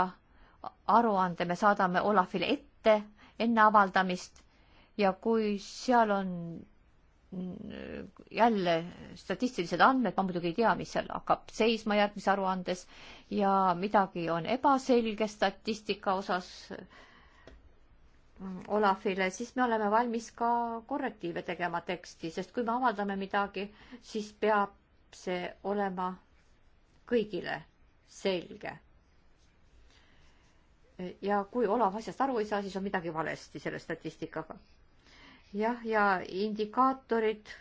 aruande me saadame Olafile ette, enne avaldamist ja kui seal on jälle statistilised andmed, ma muidugi ei tea, mis seal hakkab seisma järgmises aruandes ja midagi on ebaselge statistika osas Olafile, siis me oleme valmis ka korrektiive tegema teksti, sest kui me avaldame midagi, siis peab see olema kõigile selge. ja kui Olav asjast aru ei saa, siis on midagi valesti selle statistikaga. jah, ja indikaatorid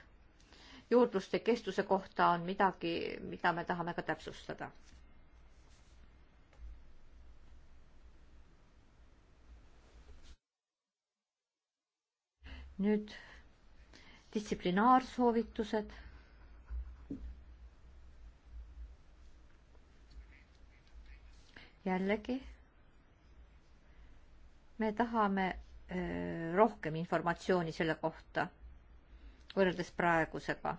juurdluste kestuse kohta on midagi, mida me tahame ka täpsustada. nüüd distsiplinaarsoovitused jällegi, me tahame äh, rohkem informatsiooni selle kohta võrreldes praegusega.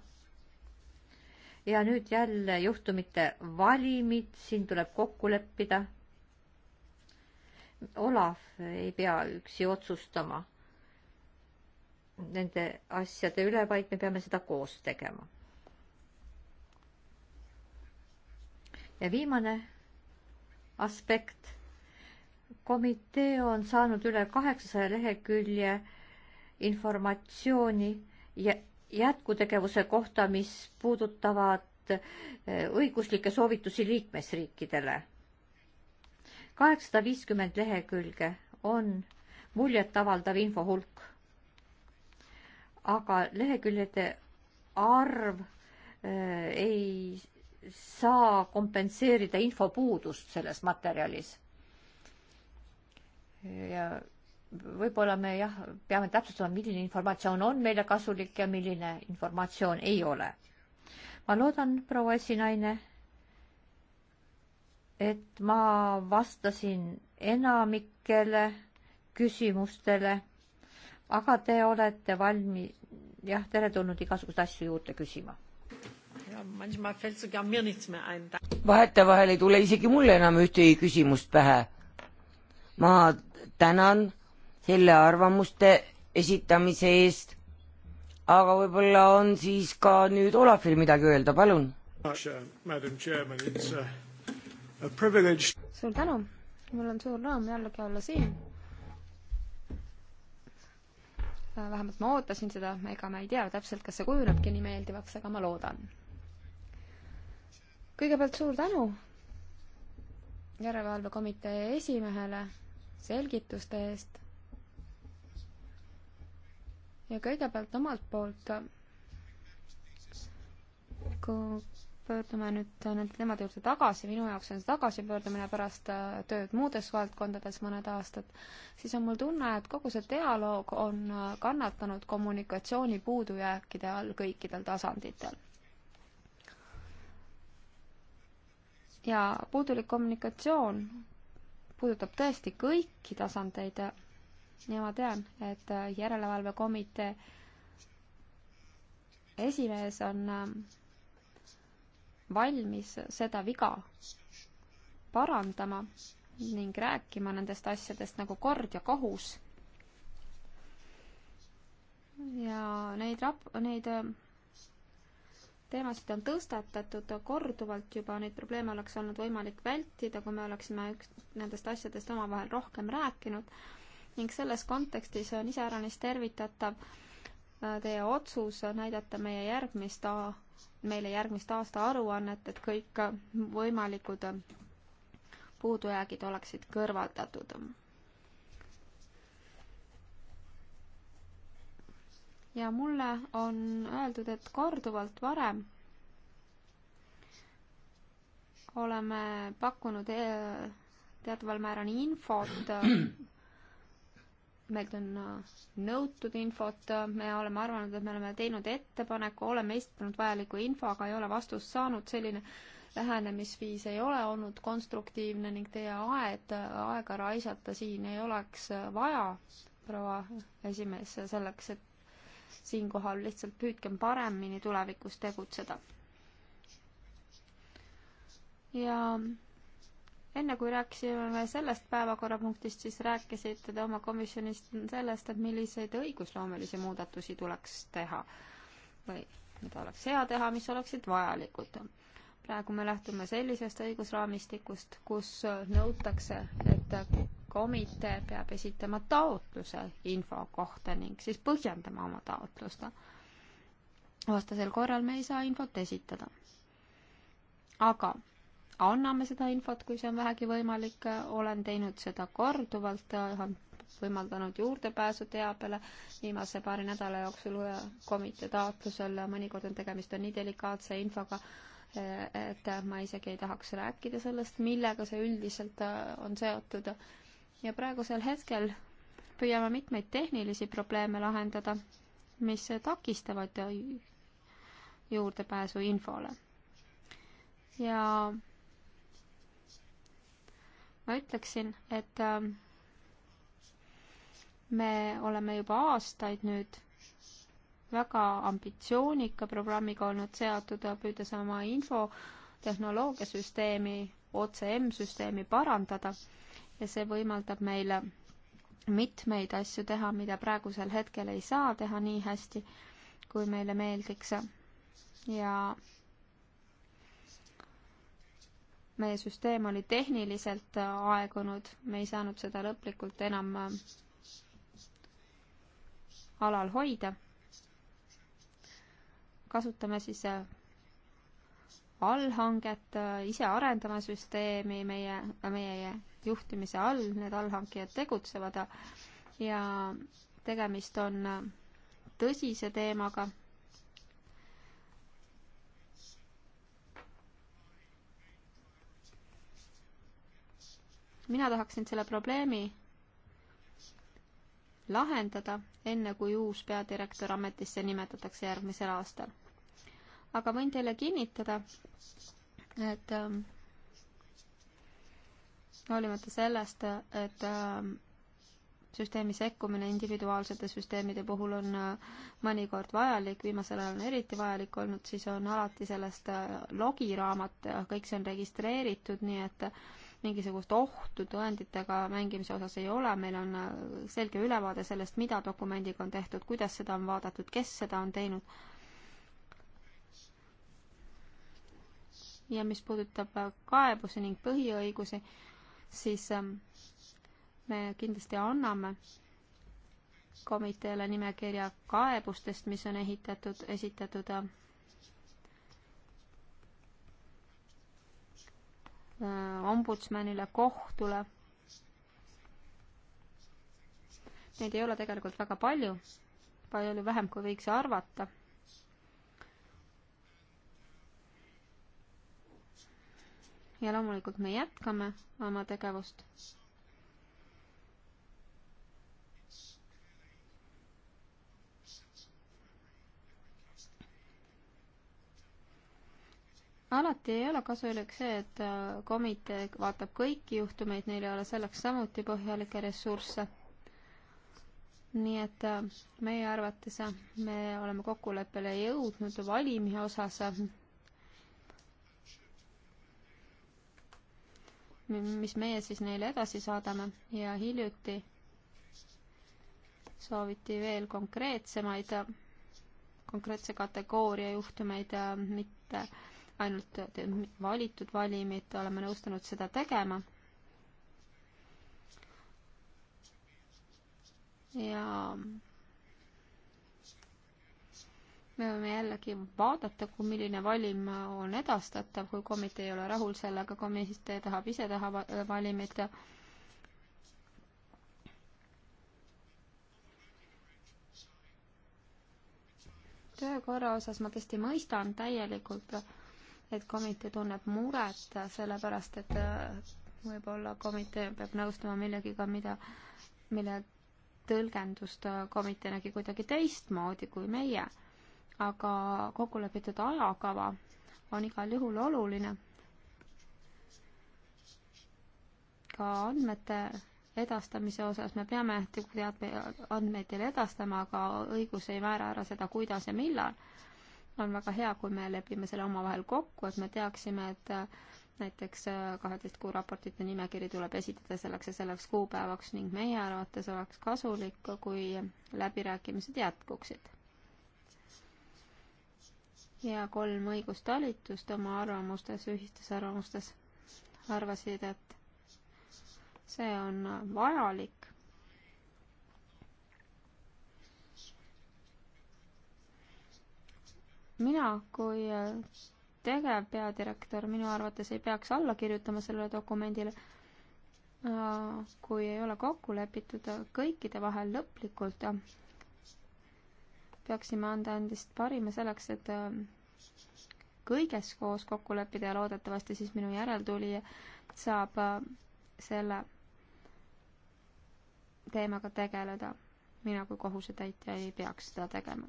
ja nüüd jälle juhtumite valimid, siin tuleb kokku leppida. Olav ei pea üksi otsustama nende asjade üle, vaid me peame seda koos tegema. ja viimane aspekt. komitee on saanud üle kaheksasaja lehekülje informatsiooni jätkutegevuse kohta, mis puudutavad eh, õiguslikke soovitusi liikmesriikidele. kaheksasada viiskümmend lehekülge on muljetavaldav infohulk. aga leheküljede arv äh, ei saa kompenseerida infopuudust selles materjalis. ja võib-olla me jah, peame täpsustama, milline informatsioon on meile kasulik ja milline informatsioon ei ole. ma loodan, proua esinaine, et ma vastasin enamikele küsimustele, aga te olete valmis, jah, teretulnud igasuguseid asju juurde küsima vahetevahel ei tule isegi mulle enam ühtegi küsimust pähe. ma tänan selle arvamuste esitamise eest, aga võib-olla on siis ka nüüd Olafil midagi öelda, palun. suur tänu, mul on suur rõõm jällegi olla siin vähemalt ma ootasin seda, ega ma ei tea täpselt, kas see kujunebki nii meeldivaks, aga ma loodan kõigepealt suur tänu järelevalvekomitee esimehele selgituste eest. ja kõigepealt omalt poolt, kui pöördume nüüd nende teemade juurde tagasi, minu jaoks on see tagasipöördumine pärast äh, tööd muudes valdkondades mõned aastad, siis on mul tunne, et kogu see dialoog on äh, kannatanud kommunikatsiooni puudujääkide all kõikidel tasanditel ja puudulik kommunikatsioon puudutab tõesti kõiki tasandeid ja ma tean, et järelevalvekomitee esimees on ähm, valmis seda viga parandama ning rääkima nendest asjadest nagu kord ja kohus. ja neid rap-, neid ähm, teemasid on tõstatatud korduvalt juba, neid probleeme oleks olnud võimalik vältida, kui me oleksime üks nendest asjadest omavahel rohkem rääkinud. ning selles kontekstis on iseäranis tervitatav äh, teie otsus näidata meie järgmist, meile järgmist aasta aruannet, et kõik võimalikud äh, puudujäägid oleksid kõrvaldatud ja mulle on öeldud, et korduvalt varem oleme pakkunud e teataval määral infot, meilt on eh, nõutud infot, me oleme arvanud, et me oleme teinud ettepaneku, oleme esitanud vajaliku info, aga ei ole vastust saanud, selline lähenemisviis ei ole olnud konstruktiivne ning teie aed, aega raisata siin ei oleks vaja, proua esimees, selleks, et siinkohal lihtsalt püüdkem paremini tulevikus tegutseda. ja enne kui rääkisime sellest päevakorrapunktist, siis rääkisite te oma komisjonist sellest, et milliseid õigusloomelisi muudatusi tuleks teha või mida oleks hea teha, mis oleksid vajalikud. praegu me lähtume sellisest õigusraamistikust, kus nõutakse, et komitee peab esitama taotluse info kohta ning siis põhjendama oma taotlust. vastasel korral me ei saa infot esitada. aga anname seda infot, kui see on vähegi võimalik, olen teinud seda korduvalt, võimaldanud juurdepääsu teabele viimase paari nädala jooksul komitee taotlusel, mõnikord on tegemist on nii delikaatse infoga, et ma isegi ei tahaks rääkida sellest, millega see üldiselt äh, on seotud ja praegusel hetkel püüame mitmeid tehnilisi probleeme lahendada, mis takistavad juurdepääsu infole. ja ma ütleksin, et ähm, me oleme juba aastaid nüüd väga ambitsioonika programmiga olnud seotud, püüdes oma infotehnoloogiasüsteemi, OCM-süsteemi parandada ja see võimaldab meile mitmeid asju teha, mida praegusel hetkel ei saa teha nii hästi, kui meile meeldiks. ja meie süsteem oli tehniliselt aegunud, me ei saanud seda lõplikult enam äh, alal hoida. kasutame siis äh, allhanget, äh, ise arendame süsteemi, meie, meie juhtimise all need allhankijad tegutsevad ja tegemist on tõsise teemaga. mina tahaksin selle probleemi lahendada, enne kui uus peadirektor ametisse nimetatakse järgmisel aastal. aga võin teile kinnitada, et ähm, hoolimata sellest, et ähm, süsteemi sekkumine individuaalsete süsteemide puhul on äh, mõnikord vajalik, viimasel ajal on eriti vajalik olnud, siis on alati sellest äh, logiraamat, kõik see on registreeritud, nii et äh, mingisugust ohtu tõenditega mängimise osas ei ole, meil on selge ülevaade sellest, mida dokumendiga on tehtud, kuidas seda on vaadatud, kes seda on teinud. ja mis puudutab kaebusi ning põhiõigusi, siis ähm, me kindlasti anname komiteele nimekirja kaebustest, mis on ehitatud, esitatud äh, ombudsmanile, kohtule. Neid ei ole tegelikult väga palju, palju vähem, kui võiks arvata ja loomulikult me jätkame oma tegevust. alati ei ole kasulik see, et äh, komitee vaatab kõiki juhtumeid, neil ei ole selleks samuti põhjalikke ressursse nii et äh, meie arvates äh, me oleme kokkuleppele jõudnud valimi osas mis meie siis neile edasi saadame ja hiljuti sooviti veel konkreetsemaid, konkreetse kategooria juhtumeid, mitte ainult valitud valimid, oleme nõustunud seda tegema. ja me võime jällegi vaadata, kui milline valim on edastatav, kui komitee ei ole rahul sellega, komitee tahab ise teha valimit. töökorra osas ma tõesti mõistan täielikult, et komitee tunneb muret, sellepärast et äh, võib-olla komitee peab nõustuma millegiga, mida, mille tõlgendust äh, komitee nägi kuidagi teistmoodi kui meie aga kokkulepitud ajakava on igal juhul oluline. ka andmete edastamise osas me peame teadme, andmeid teile edastama, aga õigus ei määra ära seda, kuidas ja millal. on väga hea, kui me lepime selle omavahel kokku, et me teaksime, et äh, näiteks äh, kaheteist kuu raportite nimekiri tuleb esitada selleks ja selleks kuupäevaks ning meie arvates oleks kasulik, kui läbirääkimised jätkuksid ja kolm õigustalitust oma arvamustes, ühistes arvamustes arvasid, et see on vajalik. mina kui äh, tegevpeadirektor minu arvates ei peaks alla kirjutama sellele dokumendile, äh, kui ei ole kokku lepitud kõikide vahel lõplikult peaksime anda endist parima selleks, et äh, kõiges koos kokku leppida ja loodetavasti siis minu järeltulija saab äh, selle teemaga tegeleda. mina kui kohusetäitja ei peaks seda tegema.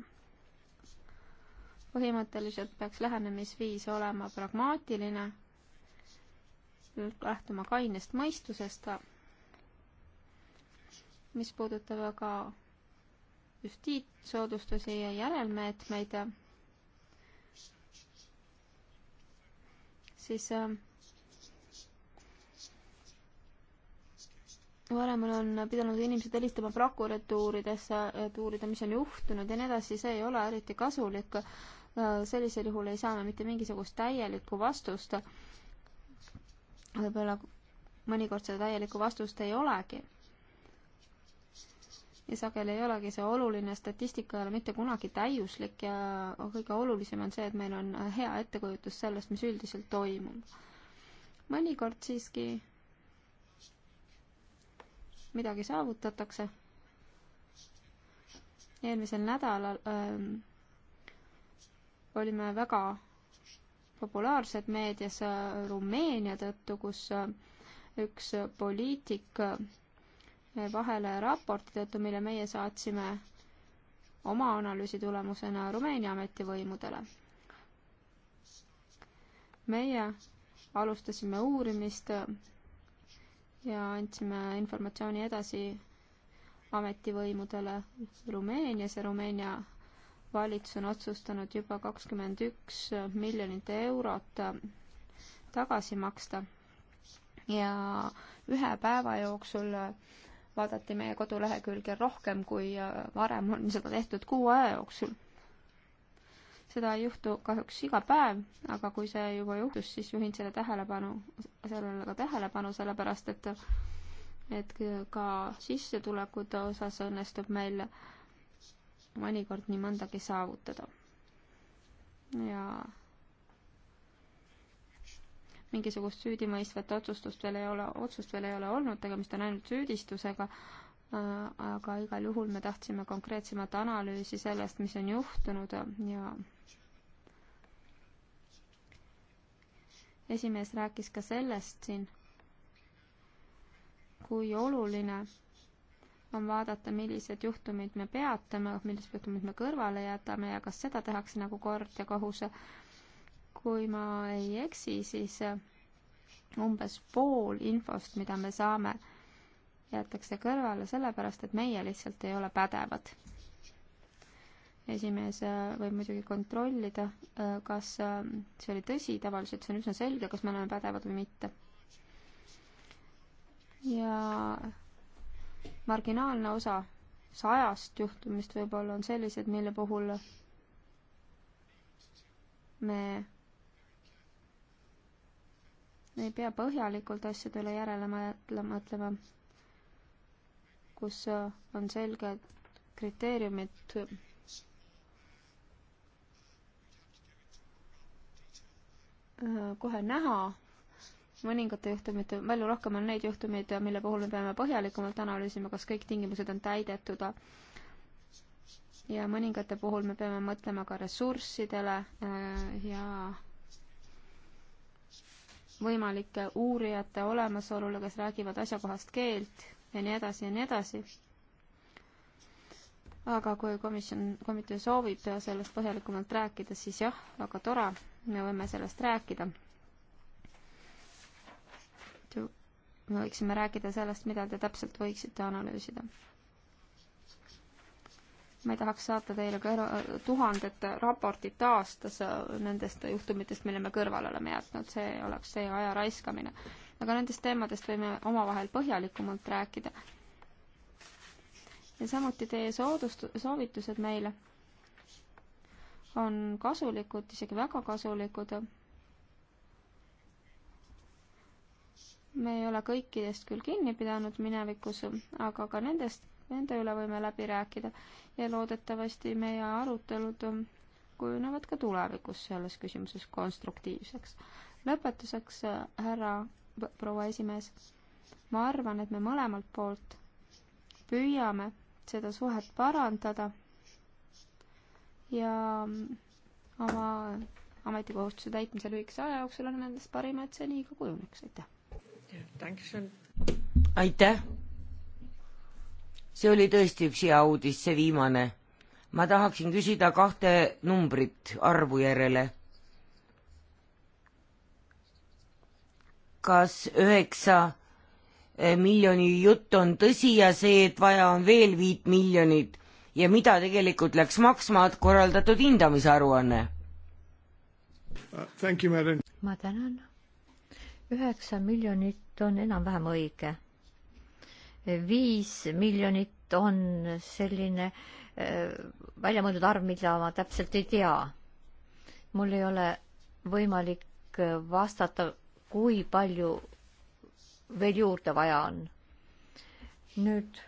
põhimõtteliselt peaks lähenemisviis olema pragmaatiline, lähtuma kainest mõistusest, mis puudutab aga justiitssoodustusi ja järelmeetmeid, siis äh, varem on pidanud inimesed helistama prokuratuuridesse, et äh, uurida, mis on juhtunud ja nii edasi, see ei ole eriti kasulik. Äh, sellisel juhul ei saa me mitte mingisugust täielikku vastust. võib-olla mõnikord seda täielikku vastust ei olegi ja sageli ei olegi see oluline, statistika ei ole mitte kunagi täiuslik ja kõige olulisem on see, et meil on hea ettekujutus sellest, mis üldiselt toimub. mõnikord siiski midagi saavutatakse. eelmisel nädalal öö, ähm, olime väga populaarsed meedias äh, Rumeenia tõttu, kus äh, üks poliitik öö, äh, vahele raporti tõttu, mille meie saatsime oma analüüsi tulemusena Rumeenia ametivõimudele. meie alustasime uurimist ja andsime informatsiooni edasi ametivõimudele Rumeenias ja Rumeenia valitsus on otsustanud juba kakskümmend üks miljonit eurot tagasi maksta ja ühe päeva jooksul vaadati meie kodulehekülge rohkem, kui äh, varem on seda tehtud kuu aja jooksul. seda ei juhtu kahjuks iga päev, aga kui see juba juhtus, siis juhin selle tähelepanu, sellele ka tähelepanu, sellepärast et et ka sissetulekute osas õnnestub meil mõnikord nii mõndagi saavutada. ja mingisugust süüdimõistvat otsustust veel ei ole, otsust veel ei ole olnud, tegemist on ainult süüdistusega, äh, aga igal juhul me tahtsime konkreetsemat analüüsi sellest, mis on juhtunud ja esimees rääkis ka sellest siin, kui oluline on vaadata, millised juhtumid me peatame, millised juhtumid me kõrvale jätame ja kas seda tehakse nagu kord ja kohus kui ma ei eksi, siis äh, umbes pool infost, mida me saame, jäetakse kõrvale sellepärast, et meie lihtsalt ei ole pädevad. esimees äh, võib muidugi kontrollida, äh, kas see oli tõsi, tavaliselt see on üsna selge, kas me oleme pädevad või mitte. ja marginaalne osa sajast juhtumist võib-olla on sellised, mille puhul me ei pea põhjalikult asjade üle järele mõtlema, kus äh, on selged kriteeriumid. Äh, kohe näha, mõningate juhtumite, palju rohkem on neid juhtumeid, mille puhul me peame põhjalikumalt analüüsima, kas kõik tingimused on täidetud. ja mõningate puhul me peame mõtlema ka ressurssidele äh, ja võimalike uurijate olemasolule, kes räägivad asjakohast keelt ja nii edasi ja nii edasi. aga kui komisjon, komitee soovib sellest põhjalikumalt rääkida, siis jah, väga tore, me võime sellest rääkida. me võiksime rääkida sellest, mida te täpselt võiksite analüüsida me tahaks saata teile ka äh, tuhandet raportit aastas äh, nendest juhtumitest, mille me kõrvale oleme jätnud, see oleks see aja raiskamine. aga nendest teemadest võime omavahel põhjalikumalt rääkida. ja samuti teie soodust-, soovitused meile on kasulikud, isegi väga kasulikud. me ei ole kõikidest küll kinni pidanud minevikus, aga ka nendest nende üle võime läbi rääkida ja loodetavasti meie arutelud kujunevad ka tulevikus selles küsimuses konstruktiivseks. lõpetuseks, härra proua esimees, ma arvan, et me mõlemalt poolt püüame seda suhet parandada ja oma ametikohustuse täitmise lühikese aja jooksul on nendest parim, et see nii ka kujuneks, aitäh! aitäh! see oli tõesti üks hea uudis, see viimane. ma tahaksin küsida kahte numbrit arvu järele. kas üheksa miljoni jutt on tõsi ja see, et vaja on veel viit miljonit ja mida tegelikult läks maksma korraldatud hindamisaruanne? ma tänan. üheksa miljonit on enam-vähem õige viis miljonit on selline eh, välja mõeldud arv, mida ma täpselt ei tea. mul ei ole võimalik eh, vastata, kui palju veel juurde vaja on. nüüd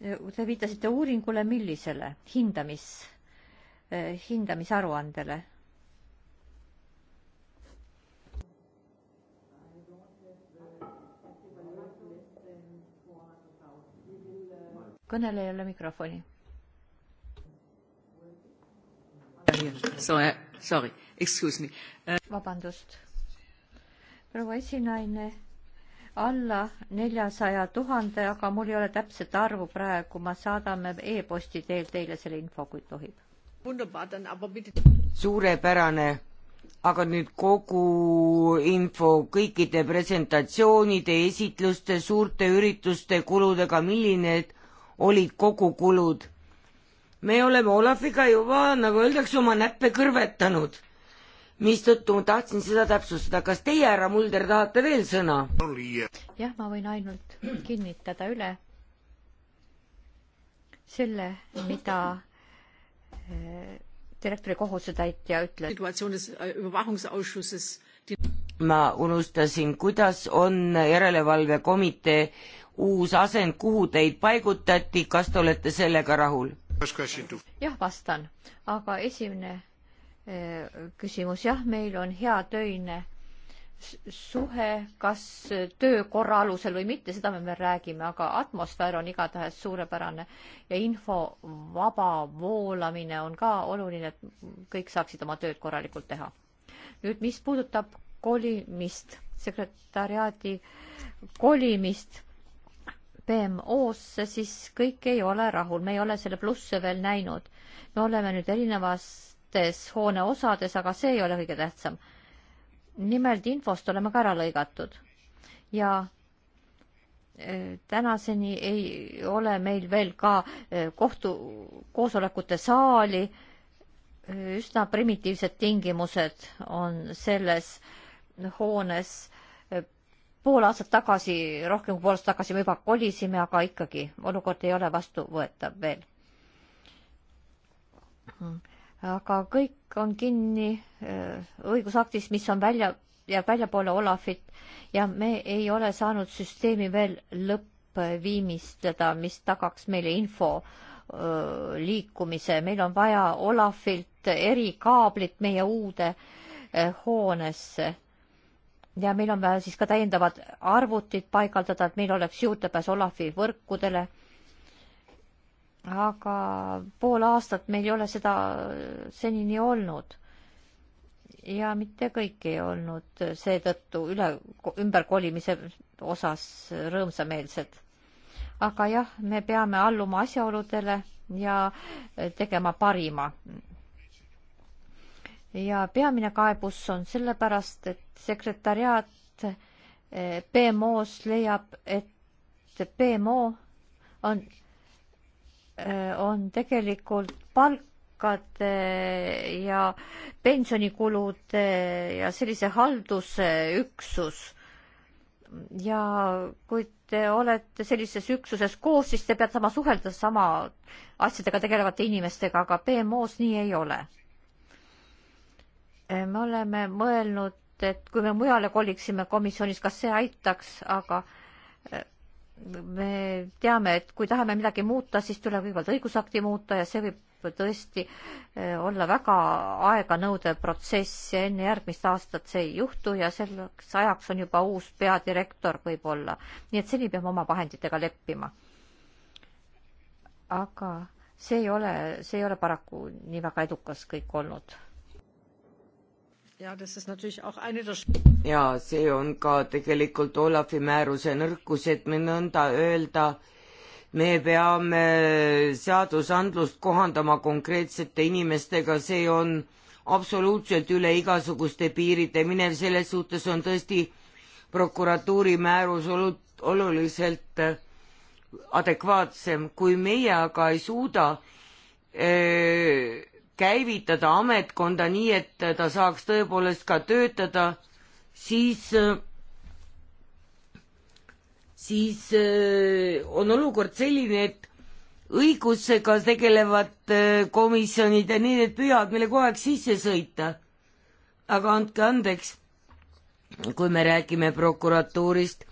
eh, te viitasite uuringule, millisele hindamis, hindamisaruandele kõnelejale mikrofoni. Sorry, excuse me. vabandust. proua esinaine, alla neljasaja tuhande, aga mul ei ole täpset arvu praegu, ma saadame e-posti teel teile selle info, kui tohib. suurepärane aga nüüd kogu info kõikide presentatsioonide, esitluste, suurte ürituste kuludega, milline olid kogukulud. me oleme Olafiga juba, nagu öeldakse, oma näppe kõrvetanud, mistõttu ma tahtsin seda täpsustada. kas teie, härra Mulder, tahate veel sõna? jah, ma võin ainult kinnitada üle selle, mida eh, direktori kohusetäitja ütles. Äh, ma unustasin, kuidas on järelevalvekomitee uus asend, kuhu teid paigutati, kas te olete sellega rahul? jah, vastan, aga esimene eh, küsimus, jah, meil on hea töine suhe, kas töökorra alusel või mitte, seda me veel räägime, aga atmosfäär on igatahes suurepärane ja info vaba voolamine on ka oluline, et kõik saaksid oma tööd korralikult teha. nüüd, mis puudutab kolimist, sekretariaadi kolimist PMO-sse, siis kõik ei ole rahul, me ei ole selle plusse veel näinud. me oleme nüüd erinevates hoone osades, aga see ei ole kõige tähtsam. nimelt infost oleme ka ära lõigatud ja äh, tänaseni ei ole meil veel ka äh, kohtu, koosolekute saali, üsna primitiivsed tingimused on selles hoones pool aastat tagasi, rohkem kui pool aastat tagasi me juba kolisime, aga ikkagi olukord ei ole vastuvõetav veel. aga kõik on kinni äh, õigusaktis, mis on välja, jääb väljapoole Olafit ja me ei ole saanud süsteemi veel lõppviimistleda, mis tagaks meile info öö, äh, liikumise, meil on vaja Olafilt erikaablit meie uude öö, äh, hoonesse ja meil on vaja siis ka täiendavad arvutid paigaldada, et meil oleks juurdepääs Olafi võrkudele. aga pool aastat meil ei ole seda senini olnud. ja mitte kõik ei olnud seetõttu üle, ümberkolimise osas rõõmsameelsed. aga jah, me peame alluma asjaoludele ja tegema parima ja peamine kaebus on sellepärast, et sekretariaat BMO-s eh, leiab, et BMO on, eh, on tegelikult palkade ja pensionikulude eh, ja sellise haldusüksus ja kui te olete sellises üksuses koos, siis te peate sama suhelda sama asjadega tegelevate inimestega, aga BMO-s nii ei ole. Eh, me oleme mõelnud, et kui me mujale koliksime komisjonis, kas see aitaks, aga eh, me teame, et kui tahame midagi muuta, siis tuleb kõigepealt õigusakti muuta ja see võib tõesti eh, olla väga aeganõudev protsess ja enne järgmist aastat see ei juhtu ja selleks ajaks on juba uus peadirektor võib-olla. nii et seni peame oma vahenditega leppima. aga see ei ole, see ei ole paraku nii väga edukas kõik olnud ja see on ka tegelikult Olavi määruse nõrkus, et me nõnda öelda, me peame seadusandlust kohandama konkreetsete inimestega, see on absoluutselt üle igasuguste piiride minev, selles suhtes on tõesti prokuratuuri määrus olnud oluliselt adekvaatsem, kui meie aga ei suuda öö, eh, käivitada ametkonda nii, et ta saaks tõepoolest ka töötada, siis, siis äh, on olukord selline, et õigusega tegelevad äh, komisjonid ja nii need püüavad meile kogu aeg sisse sõita. aga andke andeks, kui me räägime prokuratuurist,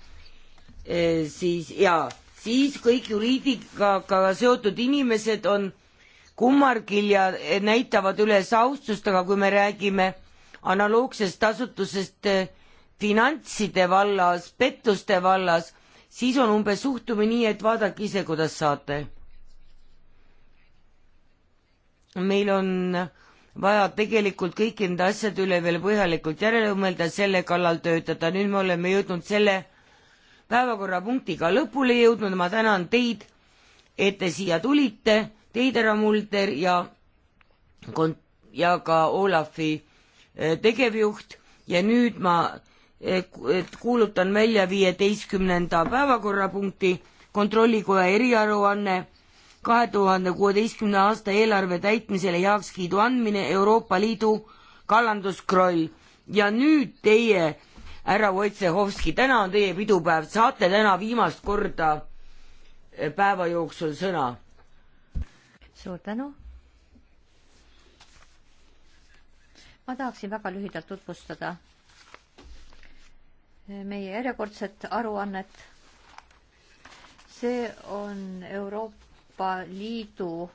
äh, siis jaa, siis kõik juriidikaga seotud inimesed on kummarkilja näitavad üles austust, aga kui me räägime analoogsest asutusest eh, finantside vallas, pettuste vallas, siis on umbes suhtumine nii, et vaadake ise, kuidas saate. meil on vaja tegelikult kõik need asjad üle veel põhjalikult järele mõelda, selle kallal töötada, nüüd me oleme jõudnud selle päevakorrapunktiga lõpule jõudnud, ma tänan teid, et te siia tulite Teidera Mulder ja kont-, ja ka Olafi äh, tegevjuht ja nüüd ma äh, kuulutan välja viieteistkümnenda päevakorrapunkti kontrollikoja eriaruanne kahe tuhande kuueteistkümne aasta eelarve täitmisele heakskiidu andmine Euroopa Liidu kalanduskroll ja nüüd teie, härra Wojciechowski, täna on teie pidupäev, saate täna viimast korda äh, päeva jooksul sõna suur tänu. ma tahaksin väga lühidalt tutvustada meie järjekordset aruannet. see on Euroopa Liidu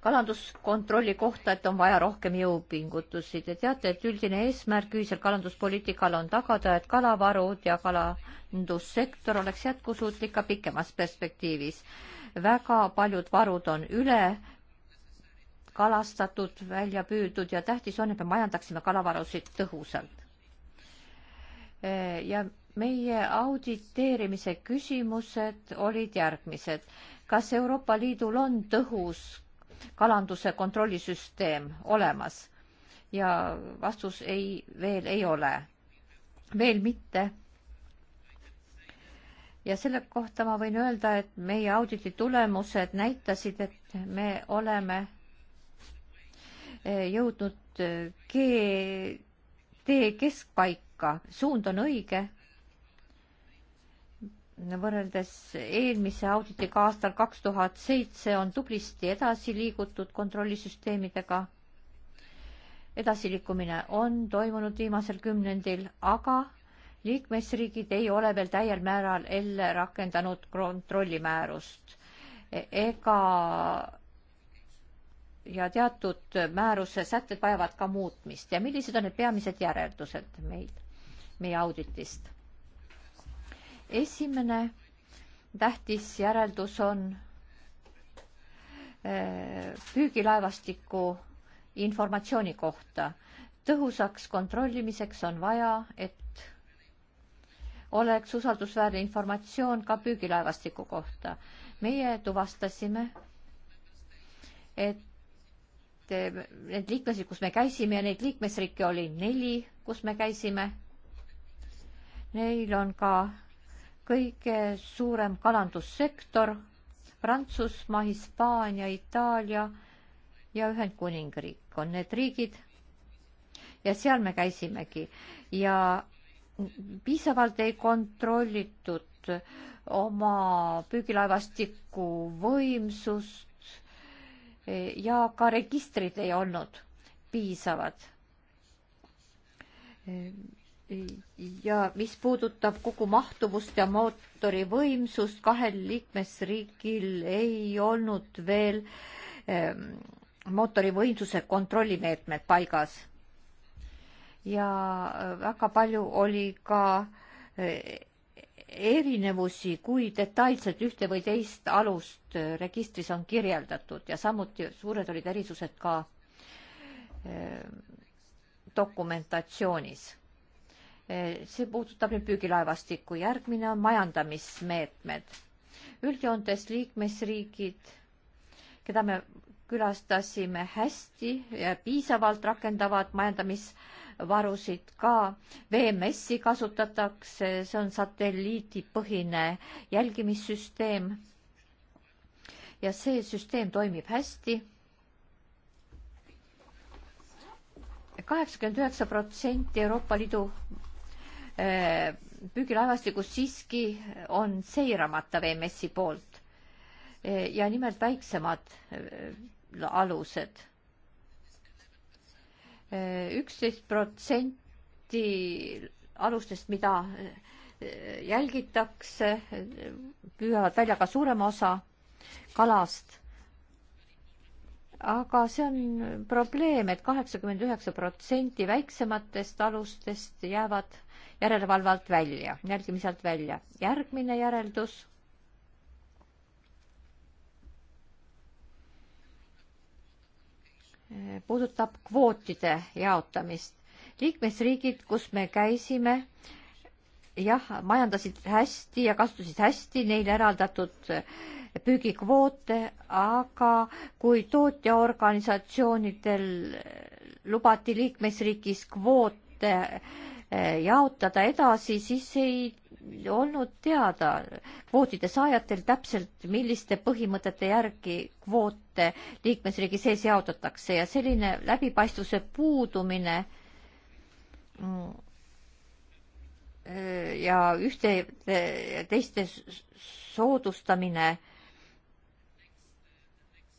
kalanduskontrolli kohta, et on vaja rohkem jõupingutusi. Te teate, et üldine eesmärk ühisel kalanduspoliitikal on tagada, et kalavarud ja kalandussektor oleks jätkusuutlik ka pikemas perspektiivis. väga paljud varud on üle kalastatud, välja püüdud ja tähtis on, et me majandaksime kalavarusid tõhusalt. Eh, ja meie auditeerimise küsimused olid järgmised. kas Euroopa Liidul on tõhus kalanduse kontrollisüsteem olemas? ja vastus ei, veel ei ole. veel mitte. ja selle kohta ma võin öelda, et meie auditi tulemused näitasid, et me oleme Eh, jõudnud eh, G tee keskpaika, suund on õige. võrreldes eelmise auditiga aastal kaks tuhat seitse on tublisti edasi liigutud kontrollisüsteemidega. edasiliikumine on toimunud viimasel kümnendil, aga liikmesriigid ei ole veel täiel määral ellu rakendanud kontrollimäärust e-, ega ja teatud määruse sätted vajavad ka muutmist ja millised on need peamised järeldused meil, meie auditist? esimene tähtis järeldus on äh, püügilaevastiku informatsiooni kohta. tõhusaks kontrollimiseks on vaja, et oleks usaldusväärne informatsioon ka püügilaevastiku kohta. meie tuvastasime, et et eh, need liikmesriigid, kus me käisime ja neid liikmesriike oli neli, kus me käisime, neil on ka kõige suurem kalandussektor Prantsusmaa, Hispaania, Itaalia ja Ühendkuningriik on need riigid. ja seal me käisimegi ja piisavalt ei kontrollitud oma püügilaevastiku võimsust, ja ka registrid ei olnud piisavad. ja mis puudutab kogu mahtuvust ja mootori võimsust, kahel liikmesriigil ei olnud veel ehm, mootori võimsuse kontrollimeetmed paigas. ja väga palju oli ka erinevusi, kui detailselt ühte või teist alust äh, registris on kirjeldatud ja samuti suured olid erisused ka äh, dokumentatsioonis. Äh, see puudutab nüüd püügilaevastikku, järgmine on majandamismeetmed. üldjoontes liikmesriigid, keda me külastasime hästi ja piisavalt rakendavad majandamis- varusid ka. VMS-i kasutatakse, see on satelliidipõhine jälgimissüsteem. ja see süsteem toimib hästi. kaheksakümmend üheksa protsenti Euroopa Liidu eh, püügilaevastikus siiski on seiramata VMS-i poolt eh, ja nimelt väiksemad eh, alused üksteist protsenti alustest, mida eh, jälgitakse, püüavad välja ka suurema osa kalast. aga see on probleem et, et kaheksakümmend üheksa protsenti väiksematest alustest jäävad järelevalve alt välja, jälgimiselt välja. järgmine järeldus puudutab kvootide jaotamist. liikmesriigid, kus me käisime, jah, majandasid hästi ja kasutasid hästi neile eraldatud püügikvoote, aga kui tootjaorganisatsioonidel lubati liikmesriigis kvoote eh, jaotada edasi, siis ei olnud teada kvootide saajatel täpselt, milliste põhimõtete järgi kvoote liikmesriigi sees jaotatakse ja selline läbipaistvuse puudumine mm, ja ühte ja teiste soodustamine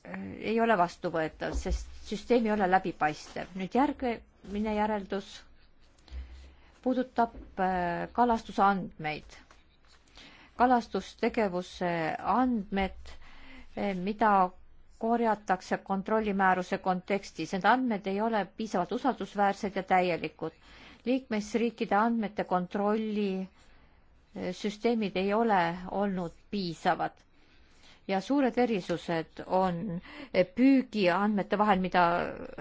mm, ei ole vastuvõetav, sest süsteem ei ole läbipaistev. nüüd järgmine järeldus puudutab äh, kalastuse andmeid, kalastustegevuse andmed, äh, mida korjatakse kontrollimääruse kontekstis, need andmed ei ole piisavalt usaldusväärsed ja täielikud. liikmesriikide andmete kontrolli äh, süsteemid ei ole olnud piisavad ja suured erisused on püügiandmete vahel, mida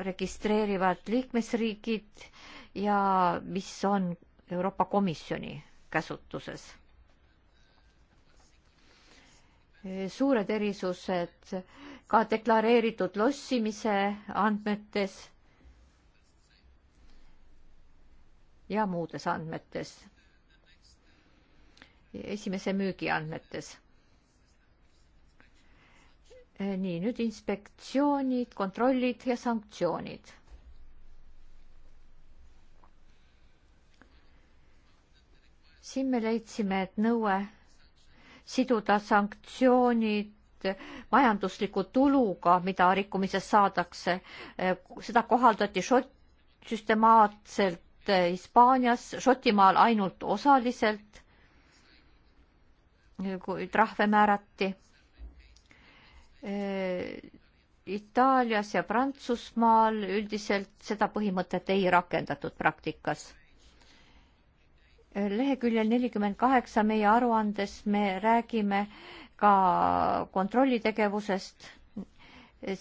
registreerivad liikmesriigid ja mis on Euroopa Komisjoni käsutuses. suured erisused ka deklareeritud lossimise andmetes ja muudes andmetes, esimese müügi andmetes nii, nüüd inspektsioonid, kontrollid ja sanktsioonid. siin me leidsime, et nõue siduda sanktsioonid majandusliku tuluga, mida rikkumisest saadakse, seda kohaldati šot-, süstemaatselt eh, Hispaanias, Šotimaal ainult osaliselt, kui trahve määrati. Eh, Itaalias ja Prantsusmaal üldiselt seda põhimõtet ei rakendatud praktikas leheküljel nelikümmend kaheksa meie aruandes me räägime ka kontrollitegevusest.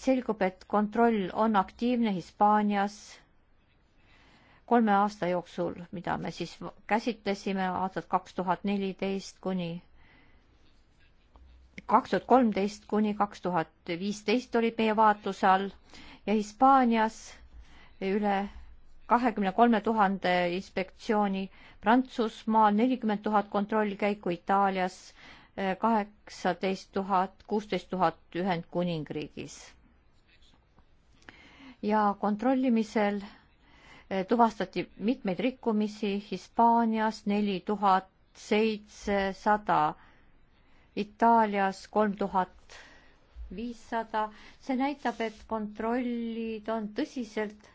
selgub, et kontroll on aktiivne Hispaanias kolme aasta jooksul, mida me siis käsitlesime aastat kaks tuhat neliteist kuni kaks tuhat kolmteist kuni kaks tuhat viisteist olid meie vaatluse all ja Hispaanias üle kahekümne kolme tuhande inspektsiooni Prantsusmaal, nelikümmend tuhat kontrollkäiku Itaalias, kaheksateist tuhat, kuusteist tuhat Ühendkuningriigis. ja kontrollimisel eh, tuvastati mitmeid rikkumisi Hispaanias neli tuhat seitsesada, Itaalias kolm tuhat viissada. see näitab, et kontrollid on tõsiselt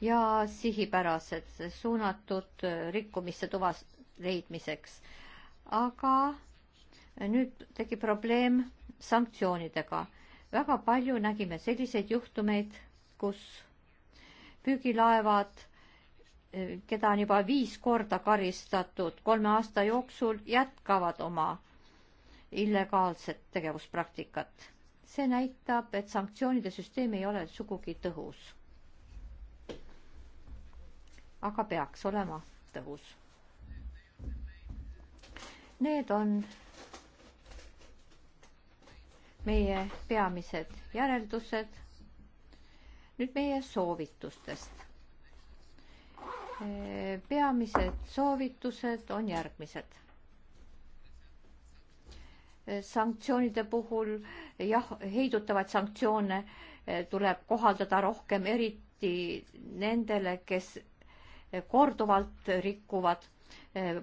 ja sihipärased, suunatud rikkumiste tuvas leidmiseks. aga nüüd tegi probleem sanktsioonidega. väga palju nägime selliseid juhtumeid, kus püügilaevad, keda on juba viis korda karistatud kolme aasta jooksul, jätkavad oma illegaalset tegevuspraktikat. see näitab, et sanktsioonide süsteem ei ole sugugi tõhus aga peaks olema tõhus. Need on meie peamised järeldused. nüüd meie soovitustest. peamised soovitused on järgmised. sanktsioonide puhul jah, heidutavaid sanktsioone tuleb kohaldada rohkem, eriti nendele, kes korduvalt rikuvad.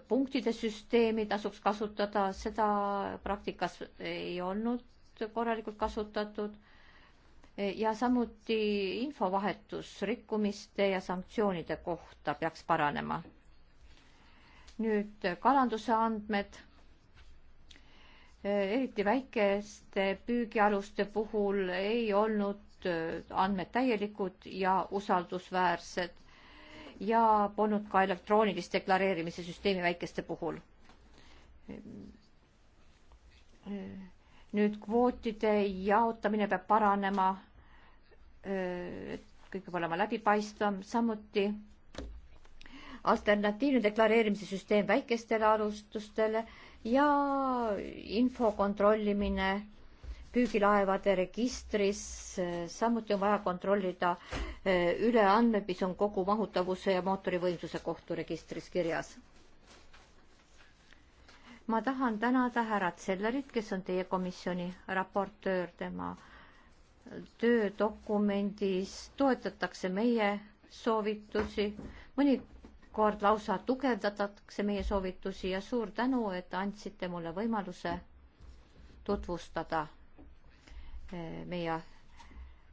punktide süsteemi tasuks kasutada, seda praktikas ei olnud korralikult kasutatud. ja samuti infovahetus rikkumiste ja sanktsioonide kohta peaks paranema. nüüd kalanduse andmed eriti väikeste püügialuste puhul ei olnud andmed täielikud ja usaldusväärsed ja polnud ka elektroonilist deklareerimise süsteemi väikeste puhul. nüüd kvootide jaotamine peab paranema, kõik peab olema läbipaistvam, samuti alternatiivne deklareerimise süsteem väikestele alustustele ja info kontrollimine püügilaevade registris, samuti on vaja kontrollida eh, üleandmed, mis on kogu mahutavuse ja mootorivõimsuse kohturegistris kirjas. ma tahan tänada härra Zellerit, kes on teie komisjoni raportöör, tema töödokumendis toetatakse meie soovitusi, mõnikord lausa tugevdatakse meie soovitusi ja suur tänu, et andsite mulle võimaluse tutvustada meie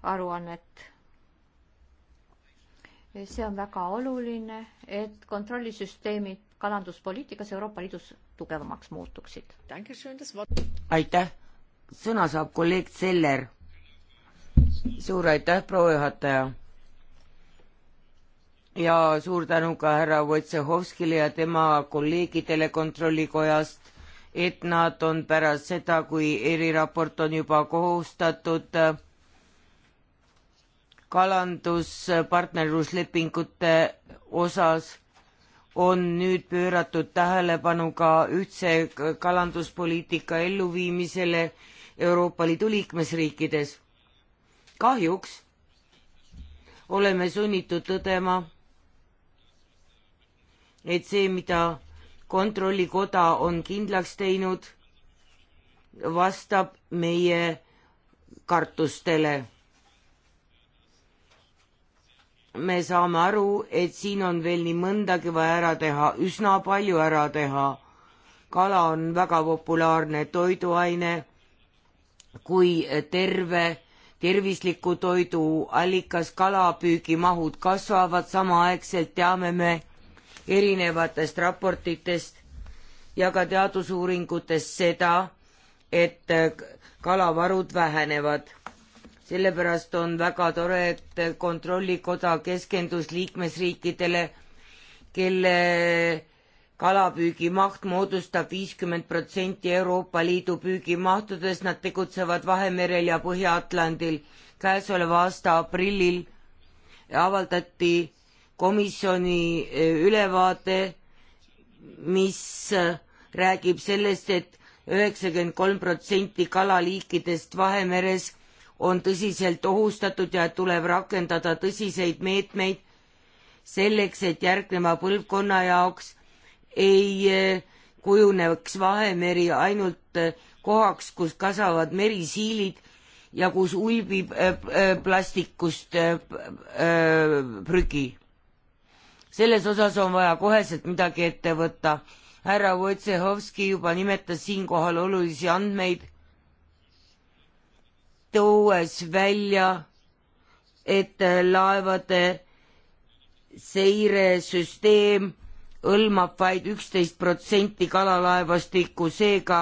aruannet. see on väga oluline, et kontrollisüsteemid kalanduspoliitikas Euroopa Liidus tugevamaks muutuksid. aitäh, sõna saab kolleeg Seller. suur aitäh, proua juhataja. ja suur tänu ka härra Wojtsehovskile ja tema kolleegidele Kontrollikojast et nad on pärast seda, kui eriraport on juba kohustatud kalanduspartnerluslepingute osas on nüüd pööratud tähelepanu ka ühtse kalanduspoliitika elluviimisele Euroopa Liidu liikmesriikides. kahjuks oleme sunnitud tõdema, et see, mida kontrollikoda on kindlaks teinud, vastab meie kartustele. me saame aru, et siin on veel nii mõndagi vaja ära teha, üsna palju ära teha. kala on väga populaarne toiduaine kui terve tervisliku toidu allikas kalapüügimahud kasvavad, samaaegselt teame me, erinevatest raportitest ja ka teadusuuringutest seda, et kalavarud vähenevad. sellepärast on väga tore, et Kontrollikoda keskendus liikmesriikidele, kelle kalapüügimaht moodustab viiskümmend protsenti Euroopa Liidu püügimahtudest, nad tegutsevad Vahemerel ja Põhja-Atlandil. käesoleva aasta aprillil avaldati komisjoni eh, ülevaade, mis eh, räägib sellest et, et üheksakümmend kolm protsenti kalaliikidest Vahemeres on tõsiselt ohustatud ja tuleb rakendada tõsiseid meetmeid selleks, et järgneva põlvkonna jaoks ei eh, kujuneks Vahemeri ainult kohaks, kus kasvavad merisiilid ja kus uibib plastikust prügi selles osas on vaja koheselt midagi ette võtta. härra Wojciechowski juba nimetas siinkohal olulisi andmeid, tuues välja, et laevade seiresüsteem hõlmab vaid üksteist protsenti kalalaevastikku, seega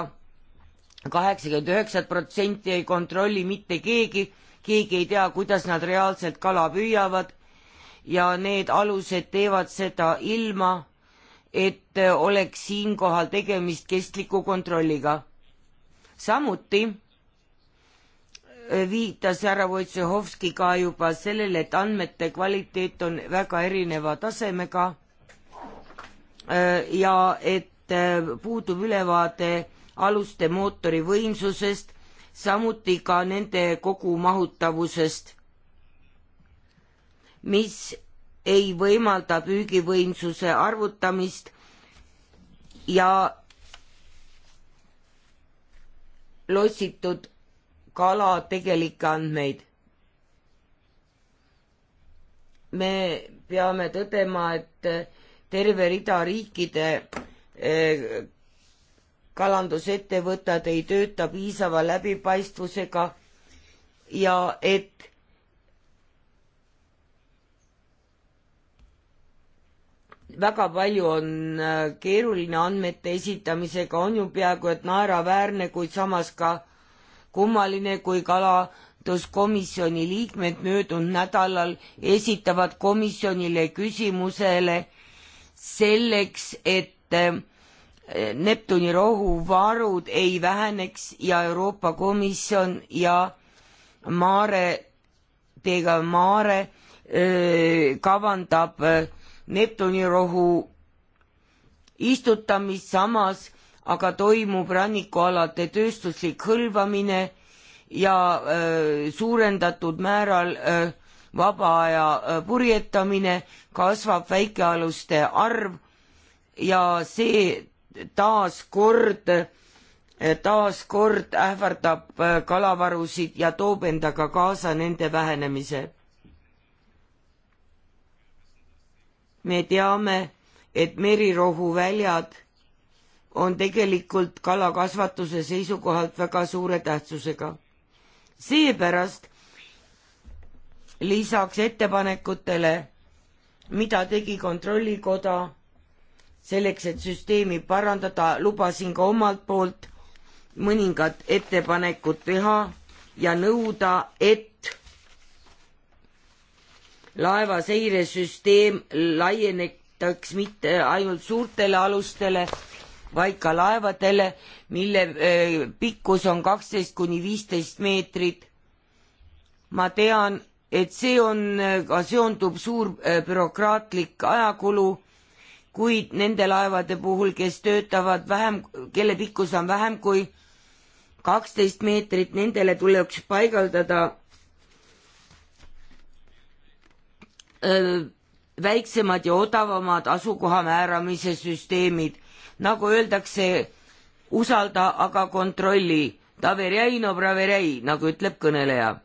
kaheksakümmend üheksa protsenti ei kontrolli mitte keegi, keegi ei tea, kuidas nad reaalselt kala püüavad ja need alused teevad seda ilma, et oleks siinkohal tegemist kestliku kontrolliga. samuti viitas härra Wojciechowski ka juba sellele, et andmete kvaliteet on väga erineva tasemega äh, ja et äh, puudub ülevaade aluste mootori võimsusest, samuti ka nende kogumahutavusest mis ei võimalda püügivõimsuse arvutamist ja lossitud kala tegelikke andmeid. me peame tõdema, et terve rida riikide eh, kalandusettevõtted ei tööta piisava läbipaistvusega ja et väga palju on äh, keeruline andmete esitamisega, on ju peaaegu et naeraväärne, kuid samas ka kummaline, kui kalanduskomisjoni liikmed möödunud nädalal esitavad komisjonile küsimusele selleks, et äh, Neptuni rohuvarud ei väheneks ja Euroopa Komisjon ja Maare, teiega Maare öö, äh, kavandab öö, Neptunirohu istutamist, samas aga toimub rannikualade tööstuslik hõlvamine ja öö, suurendatud määral öö, vaba aja purjetamine, kasvab väikealuste arv ja see taaskord, taaskord ähvardab kalavarusid ja toob endaga kaasa nende vähenemise me teame, et merirohuväljad on tegelikult kalakasvatuse seisukohalt väga suure tähtsusega. seepärast lisaks ettepanekutele, mida tegi Kontrollikoda selleks, et süsteemi parandada, lubasin ka omalt poolt mõningad ettepanekud teha ja nõuda, et laevaseiresüsteem laienetaks mitte ainult suurtele alustele, vaid ka laevadele, mille äh, pikkus on kaksteist kuni viisteist meetrit. ma tean, et see on, äh, ka seondub suur äh, bürokraatlik ajakulu, kuid nende laevade puhul, kes töötavad vähem, kelle pikkus on vähem kui kaksteist meetrit, nendele tuleks paigaldada väiksemad ja odavamad asukoha määramise süsteemid. nagu öeldakse, usalda, aga kontrolli. no nagu ütleb kõneleja.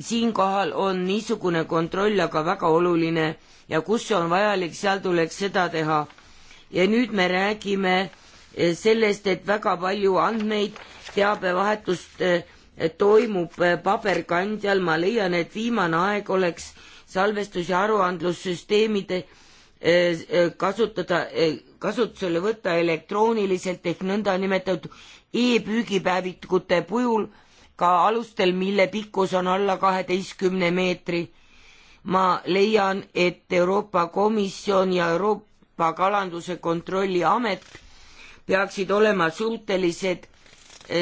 siinkohal on niisugune kontroll aga väga oluline ja kus on vajalik, seal tuleks seda teha. ja nüüd me räägime eh, sellest, et väga palju andmeid, teabevahetust eh, toimub äh, paberkandjal, ma leian, et viimane aeg oleks salvestus- ja aruandlussüsteemide äh, äh, kasutada, kasutusele võtta elektrooniliselt ehk nõndanimetatud e-prügipäevikute pujul ka alustel, mille pikkus on alla kaheteistkümne meetri. ma leian, et Euroopa Komisjon ja Euroopa Kalanduse Kontrolliamet peaksid olema suutelised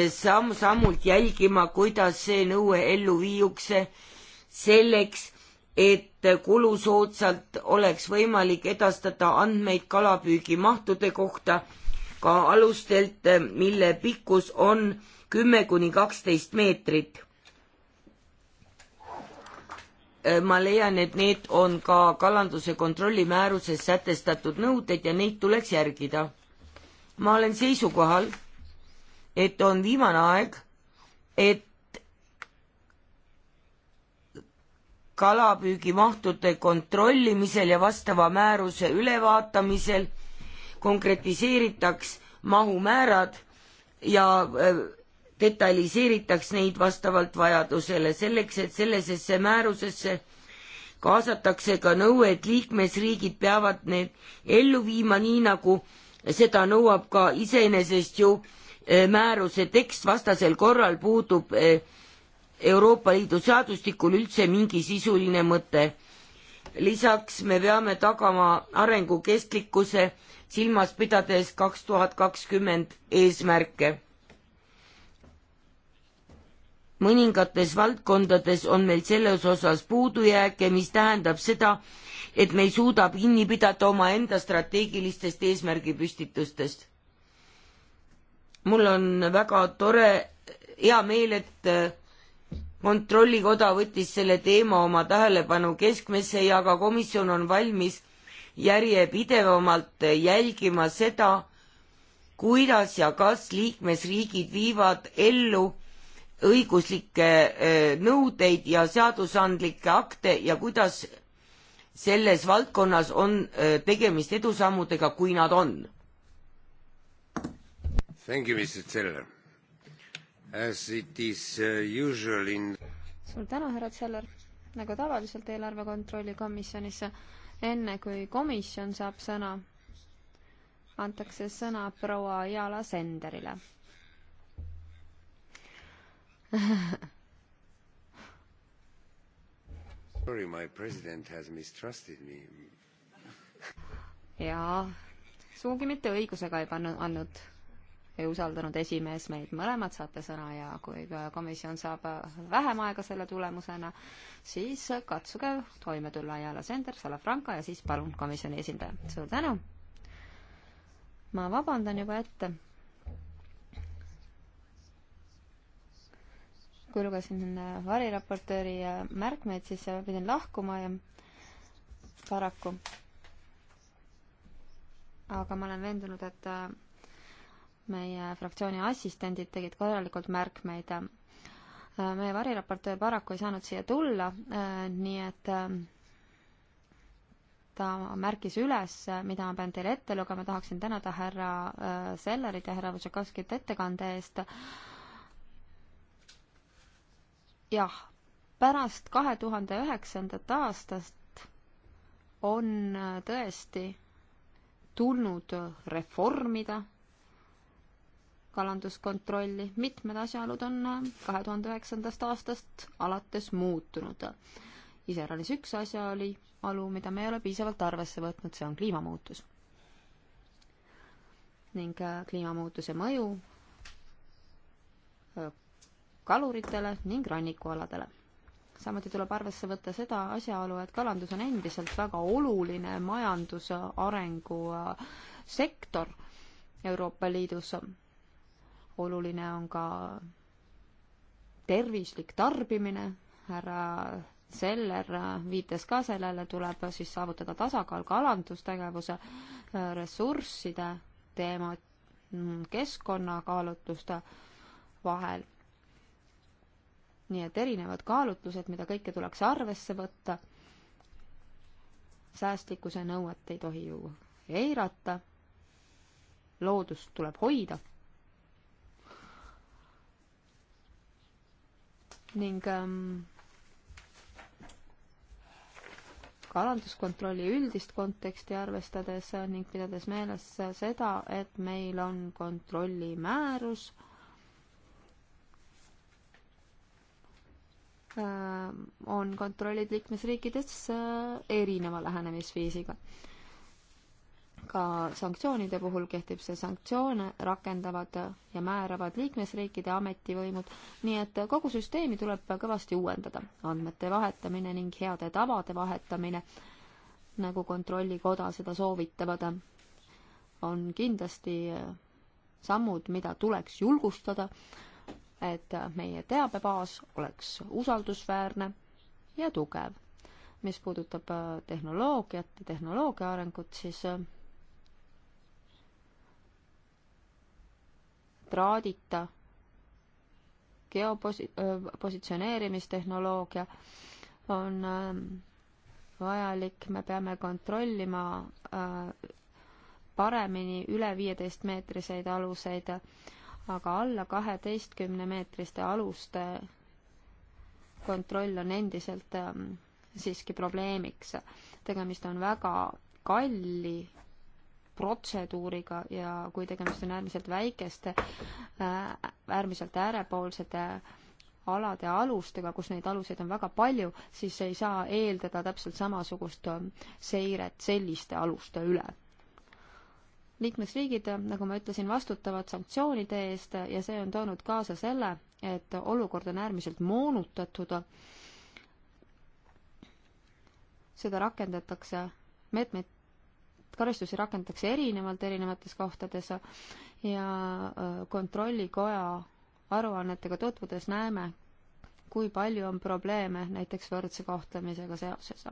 samm-sammult jälgima, kuidas see nõue ellu viiakse, selleks, et kulusoodsalt oleks võimalik edastada andmeid kalapüügimahtude kohta ka alustelt, mille pikkus on kümme kuni kaksteist meetrit. ma leian, et need on ka kalanduse kontrolli määruses sätestatud nõuded ja neid tuleks järgida. ma olen seisukohal et on viimane aeg, et kalapüügimahtude kontrollimisel ja vastava määruse ülevaatamisel konkretiseeritaks mahumäärad ja äh, detailiseeritaks neid vastavalt vajadusele, selleks et sellesesse määrusesse kaasatakse ka nõue, et liikmesriigid peavad need ellu viima, nii nagu seda nõuab ka iseenesest ju E, määruse tekst, vastasel korral puudub e, Euroopa Liidu seadustikul üldse mingi sisuline mõte. lisaks me peame tagama arengu kestlikkuse, silmas pidades kaks tuhat kakskümmend eesmärke. mõningates valdkondades on meil selles osas puudujääke, mis tähendab seda, et me ei suuda kinni pidada omaenda strateegilistest eesmärgipüstitustest mul on väga tore, hea meel, et äh, kontrollikoda võttis selle teema oma tähelepanu keskmesse ja ka komisjon on valmis järjepidevamalt jälgima seda, kuidas ja kas liikmesriigid viivad ellu õiguslikke äh, nõudeid ja seadusandlikke akte ja kuidas selles valdkonnas on äh, tegemist edusammudega, kui nad on Thank you, Mr Zeller. As it is uh, usual in suur tänu, härra Zeller. nagu tavaliselt eelarve kontrolli komisjonis, enne kui komisjon saab sõna, antakse sõna proua Jala Senderile Sorry, my president has mistrusted me. jaa, sugugi mitte õigusega ei pannud, andnud ei usaldanud esimees meid, mõlemad saate sõna ja kui komisjon saab vähem aega selle tulemusena, siis katsuge toime tulla Ayala Sender, Salafranca ja siis palun komisjoni esindaja. suur tänu! ma vabandan juba ette. kui lugesin äh, variraportööri äh, märkmeid, siis äh, pidin lahkuma ja paraku. aga ma olen veendunud, et meie fraktsiooni assistendid tegid korralikult märkmeid. Äh, meie variraportöör paraku ei saanud siia tulla, äh, nii et äh, ta märkis üles, mida ma pean teile ette lugema, tahaksin tänada härra Sellerit ja härra Vutšakovskit ettekande eest. jah, pärast kahe tuhande üheksandat aastast on tõesti tulnud reformida kalanduskontrolli. mitmed asjaolud on äh, kahe tuhande üheksandast aastast alates muutunud. iseäranis üks asjaolu, alu, mida me ei ole piisavalt arvesse võtnud, see on kliimamuutus. ning äh, kliimamuutuse mõju äh, kaluritele ning rannikualadele. samuti tuleb arvesse võtta seda asjaolu, et kalandus on endiselt väga oluline majanduse arengu sektor Euroopa Liidus oluline on ka tervislik tarbimine, härra Seller viitas ka sellele, tuleb siis saavutada tasakaal kalandustegevuse, äh, ressursside teema, mm, keskkonnakaalutluste vahel. nii et erinevad kaalutlused, mida kõike tuleks arvesse võtta. säästlikkuse nõuet ei tohi ju eirata. loodust tuleb hoida ning ähm, kalanduskontrolli üldist konteksti arvestades ning pidades meeles seda, et meil on kontrollimäärus ähm,, on kontrollid liikmesriikides äh, erineva lähenemisviisiga ka sanktsioonide puhul kehtib see, sanktsioone rakendavad ja määravad liikmesriikide ametivõimud, nii et kogu süsteemi tuleb kõvasti uuendada. andmete vahetamine ning heade tavade vahetamine, nagu Kontrollikoda seda soovitavad, on kindlasti sammud, mida tuleks julgustada, et meie teabebaas oleks usaldusväärne ja tugev. mis puudutab tehnoloogiat ja tehnoloogia arengut, siis traadita, geopositsioneerimistehnoloogia on ähm, vajalik, me peame kontrollima äh, paremini üle viieteistmeetriseid aluseid, aga alla kaheteistkümnemeetriste aluste kontroll on endiselt ähm, siiski probleemiks. tegemist on väga kalli protseduuriga ja kui tegemist on äärmiselt väikeste, äh, äärmiselt äärepoolsete alade alustega, kus neid aluseid on väga palju, siis ei saa eeldada täpselt samasugust äh, seiret selliste aluste üle. liikmesriigid, nagu ma ütlesin, vastutavad sanktsioonide eest ja see on toonud kaasa selle, et olukord on äärmiselt moonutatud. seda rakendatakse, meetmeid karistusi rakendatakse erinevalt erinevates kohtades ja kontrollikoja aruannetega tutvudes näeme, kui palju on probleeme näiteks võrdse kohtlemisega seoses.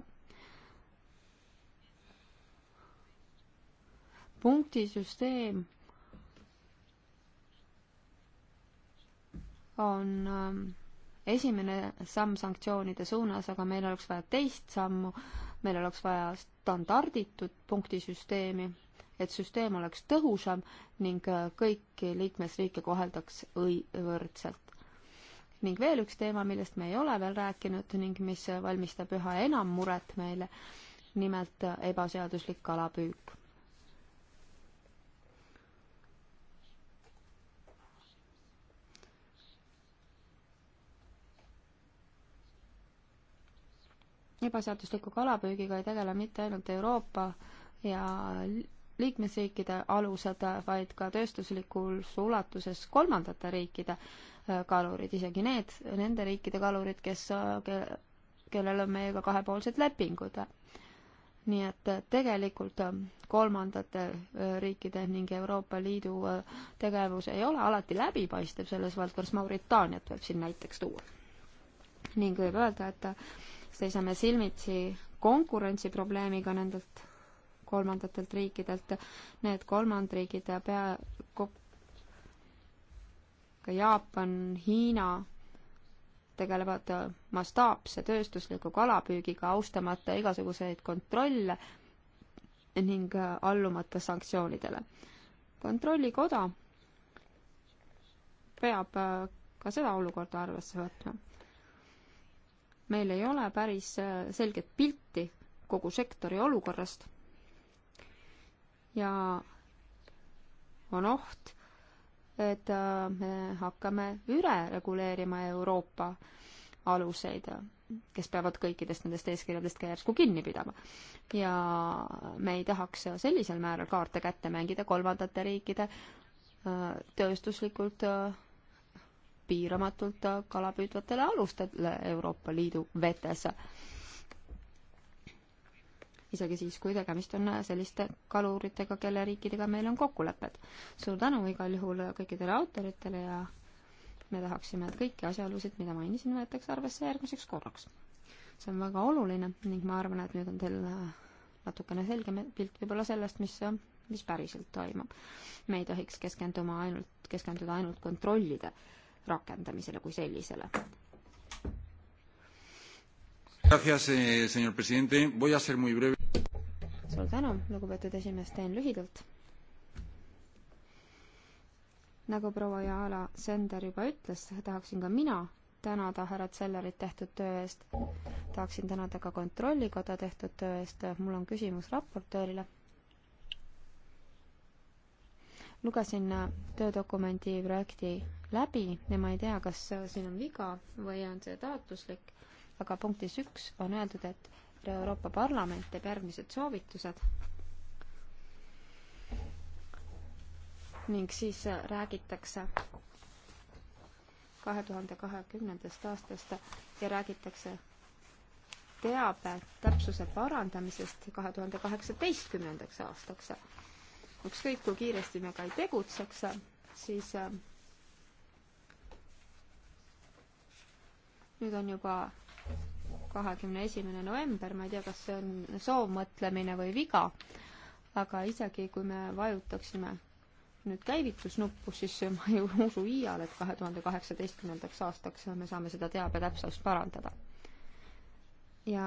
punktisüsteem on esimene samm sanktsioonide suunas, aga meil oleks vaja teist sammu, meil oleks vaja standarditud punktisüsteemi, et süsteem oleks tõhusam ning äh, kõiki liikmesriike koheldaks õi-, võrdselt. ning veel üks teema, millest me ei ole veel rääkinud ning mis valmistab üha enam muret meile, nimelt äh, ebaseaduslik kalapüük ebaseadusliku kalapüügiga ei tegele mitte ainult Euroopa ja liikmesriikide alused, vaid ka tööstuslikus ulatuses kolmandate riikide äh, kalurid, isegi need, nende riikide kalurid, kes, äh, kellel on meiega kahepoolsed lepingud. nii et äh, tegelikult kolmandate riikide ning Euroopa Liidu tegevus ei ole alati läbipaistev selles valdkonnas, Mauritaaniat võib siin näiteks tuua. ning võib öelda, et seisame silmitsi konkurentsiprobleemiga nendelt kolmandatelt riikidelt. Need kolmand riigid pea, ka Jaapan, Hiina tegelevad mastaapse tööstusliku kalapüügiga, austamata igasuguseid kontrolle ning allumata sanktsioonidele. kontrollikoda peab ka seda olukorda arvesse võtma meil ei ole päris äh, selget pilti kogu sektori olukorrast ja on oht, et äh, me hakkame üle reguleerima Euroopa aluseid, kes peavad kõikidest nendest eeskirjadest ka järsku kinni pidama. ja me ei tahaks sellisel määral kaarte kätte mängida kolmandate riikide äh, tööstuslikult piiramatult kalapüüdvatele alustele Euroopa Liidu vetes. isegi siis, kui tegemist on selliste kaluritega, kelle riikidega meil on kokkulepped. suur tänu igal juhul kõikidele autoritele ja me tahaksime, et kõiki asjaolusid, mida mainisin, võetakse arvesse järgmiseks korraks. see on väga oluline ning ma arvan, et nüüd on teil natukene selgem pilt võib-olla sellest, mis, mis päriselt toimub. me ei tohiks keskenduma ainult, keskenduda ainult kontrollide äh, rakendamisele kui sellisele. Eh, suur tänu, lugupeetud esimees, teen lühidalt. nagu proua Jaala Sender juba ütles, tahaksin ka mina tänada härra Zellerit tehtud töö eest. tahaksin tänada ka Kontrollikoda tehtud töö eest. mul on küsimus raportöörile. lugesin töödokumendi projekti läbi ja ma ei tea, kas siin on viga või on see taotluslik, aga punktis üks on öeldud, et Euroopa Parlament teeb järgmised soovitused. ning siis räägitakse kahe tuhande kahekümnendast aastast ja räägitakse teabe täpsuse parandamisest kahe tuhande kaheksateistkümnendaks aastaks. ükskõik kui kiiresti me ka ei tegutseks, siis äh, nüüd on juba kahekümne esimene november, ma ei tea, kas see on soovmõtlemine või viga, aga isegi kui me vajutaksime nüüd käivitusnuppu, siis ma ei usu iial, et kahe tuhande kaheksateistkümnendaks aastaks me saame seda teabe täpsust parandada. ja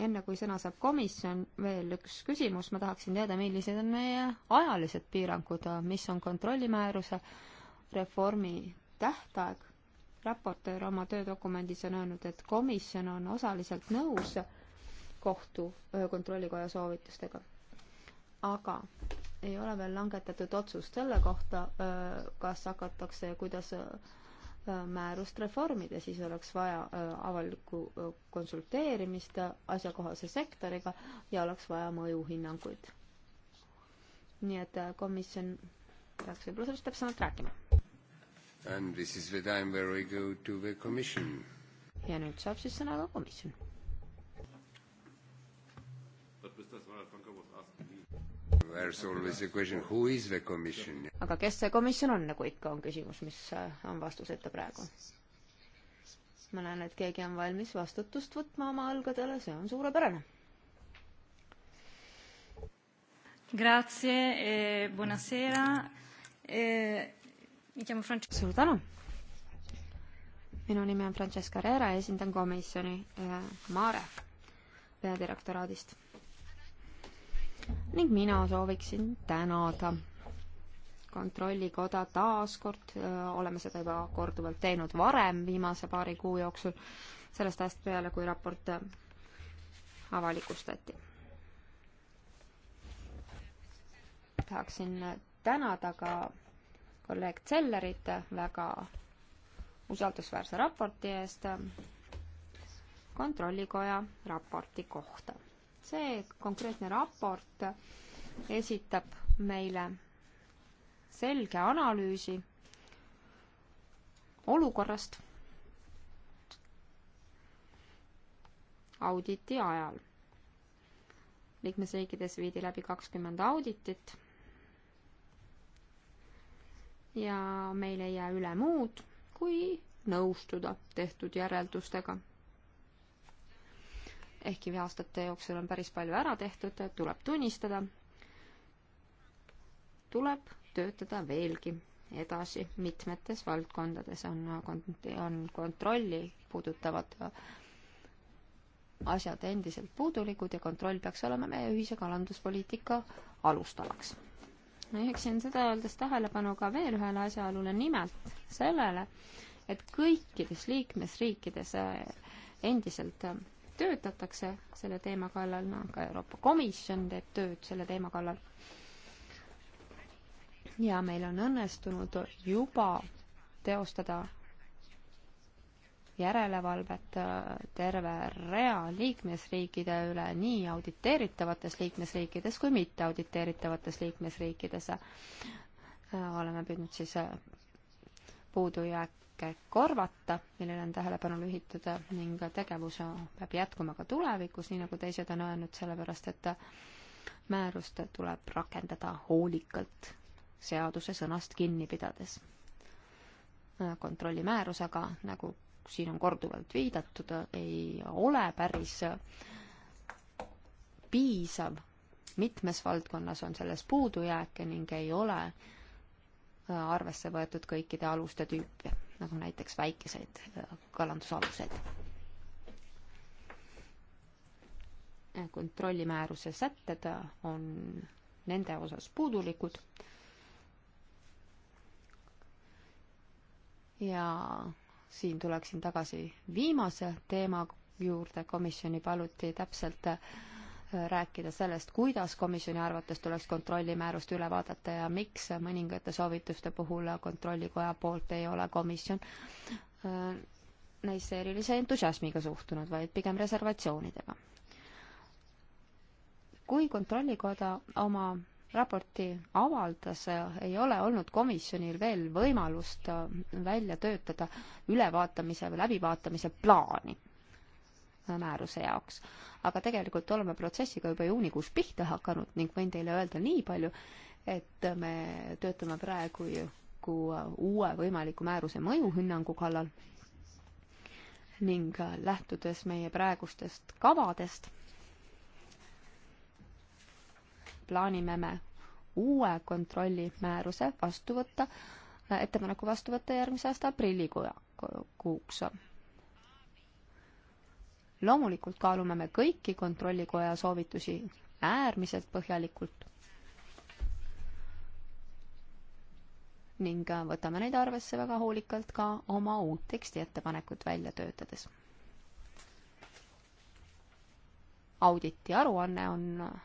enne kui sõna saab komisjon, veel üks küsimus, ma tahaksin teada, millised on meie ajalised piirangud, mis on kontrollimääruse reformi tähtaeg raportöör oma töödokumendis on öelnud, et komisjon on osaliselt nõus kohtu kontrollikoja soovitustega. aga ei ole veel langetatud otsust selle kohta, kas hakatakse ja kuidas määrust reformida, siis oleks vaja avalikku konsulteerimist asjakohase sektoriga ja oleks vaja mõjuhinnanguid. nii et komisjon peaks võib-olla sellest täpsemalt rääkima And this is the time where we go to the commission. ja nüüd saab siis sõna ka komisjon. aga kes see komisjon on, nagu ikka on küsimus, mis äh, on vastuseta praegu. ma näen, et keegi on valmis vastutust võtma oma õlgadele, see on suurepärane. Grazie e buonasera e suur tänu! minu nimi on Francesca Rera ja esindan komisjoni äh, Mare peadirektoraadist. ning mina sooviksin tänada kontrollikoda taas kord, äh, oleme seda juba korduvalt teinud varem viimase paari kuu jooksul, sellest ajast peale, kui raport äh, avalikustati. tahaksin tänada ka kolleeg Zellerit väga usaldusväärse raporti eest kontrollikoja raporti kohta. see konkreetne raport esitab meile selge analüüsi olukorrast auditi ajal. liikmesriikides viidi läbi kakskümmend auditit ja meil ei jää üle muud, kui nõustuda tehtud järeldustega. ehkki aastate jooksul on päris palju ära tehtud, tuleb tunnistada, tuleb töötada veelgi edasi mitmetes valdkondades, on, on kontrolli puudutavad asjad endiselt puudulikud ja kontroll peaks olema meie ühise kalanduspoliitika alustalaks ma juhiksin seda öeldes tähelepanu ka veel ühele asjaolule, nimelt sellele, et kõikides liikmesriikides eh, endiselt eh, töötatakse selle teema kallal, no ka Euroopa Komisjon teeb tööd selle teema kallal. ja meil on õnnestunud juba teostada järelevalvet äh, terve rea liikmesriikide üle, nii auditeeritavates liikmesriikides kui mitte auditeeritavates liikmesriikides. Äh, oleme püüdnud siis äh, puudujääke korvata, millele on tähelepanu lühitud ning tegevus peab jätkuma ka tulevikus, nii nagu teised on öelnud, sellepärast et määrust tuleb rakendada hoolikalt, seaduse sõnast kinni pidades kontrollimäärusega, nagu siin on korduvalt viidatud, ei ole päris piisav. mitmes valdkonnas on selles puudujääke ning ei ole arvesse võetud kõikide aluste tüüpi, nagu näiteks väikeseid äh, kalandusaluseid. kontrollimääruse sätted on nende osas puudulikud ja siin tuleksin tagasi viimase teema juurde, komisjoni paluti täpselt äh, rääkida sellest, kuidas komisjoni arvates tuleks kontrollimäärust üle vaadata ja miks mõningate soovituste puhul kontrollikoja poolt ei ole komisjon äh, neisse erilise entusiasmiga suhtunud, vaid pigem reservatsioonidega. kui kontrollikoda oma raporti avaldas, ei ole olnud komisjonil veel võimalust välja töötada ülevaatamise või läbivaatamise plaani määruse jaoks. aga tegelikult oleme protsessiga juba juunikuus pihta hakanud ning võin teile öelda nii palju, et me töötame praegu uue võimaliku määruse mõjuhinnangu kallal ning lähtudes meie praegustest kavadest plaanime me uue kontrollimääruse vastu võtta, ettepaneku vastu võtta järgmise aasta aprillikuuks. loomulikult kaalume me kõiki kontrollikoja soovitusi äärmiselt põhjalikult ning võtame neid arvesse väga hoolikalt ka oma uut tekstiettepanekut välja töötades. auditi aruanne on, on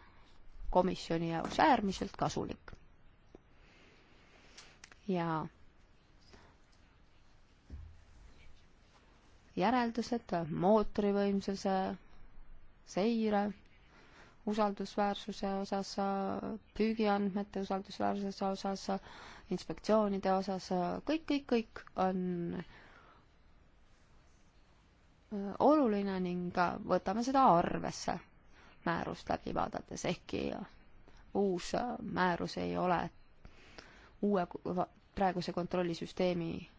komisjoni jaoks äärmiselt kasulik. ja järeldused, mootorivõimsuse seire, usaldusväärsuse osas, püügiandmete usaldusväärsuse osas, inspektsioonide osas, kõik, kõik, kõik on oluline ning võtame seda arvesse määrust läbi vaadates, ehkki uus määrus ei ole uue, praeguse kontrollisüsteemi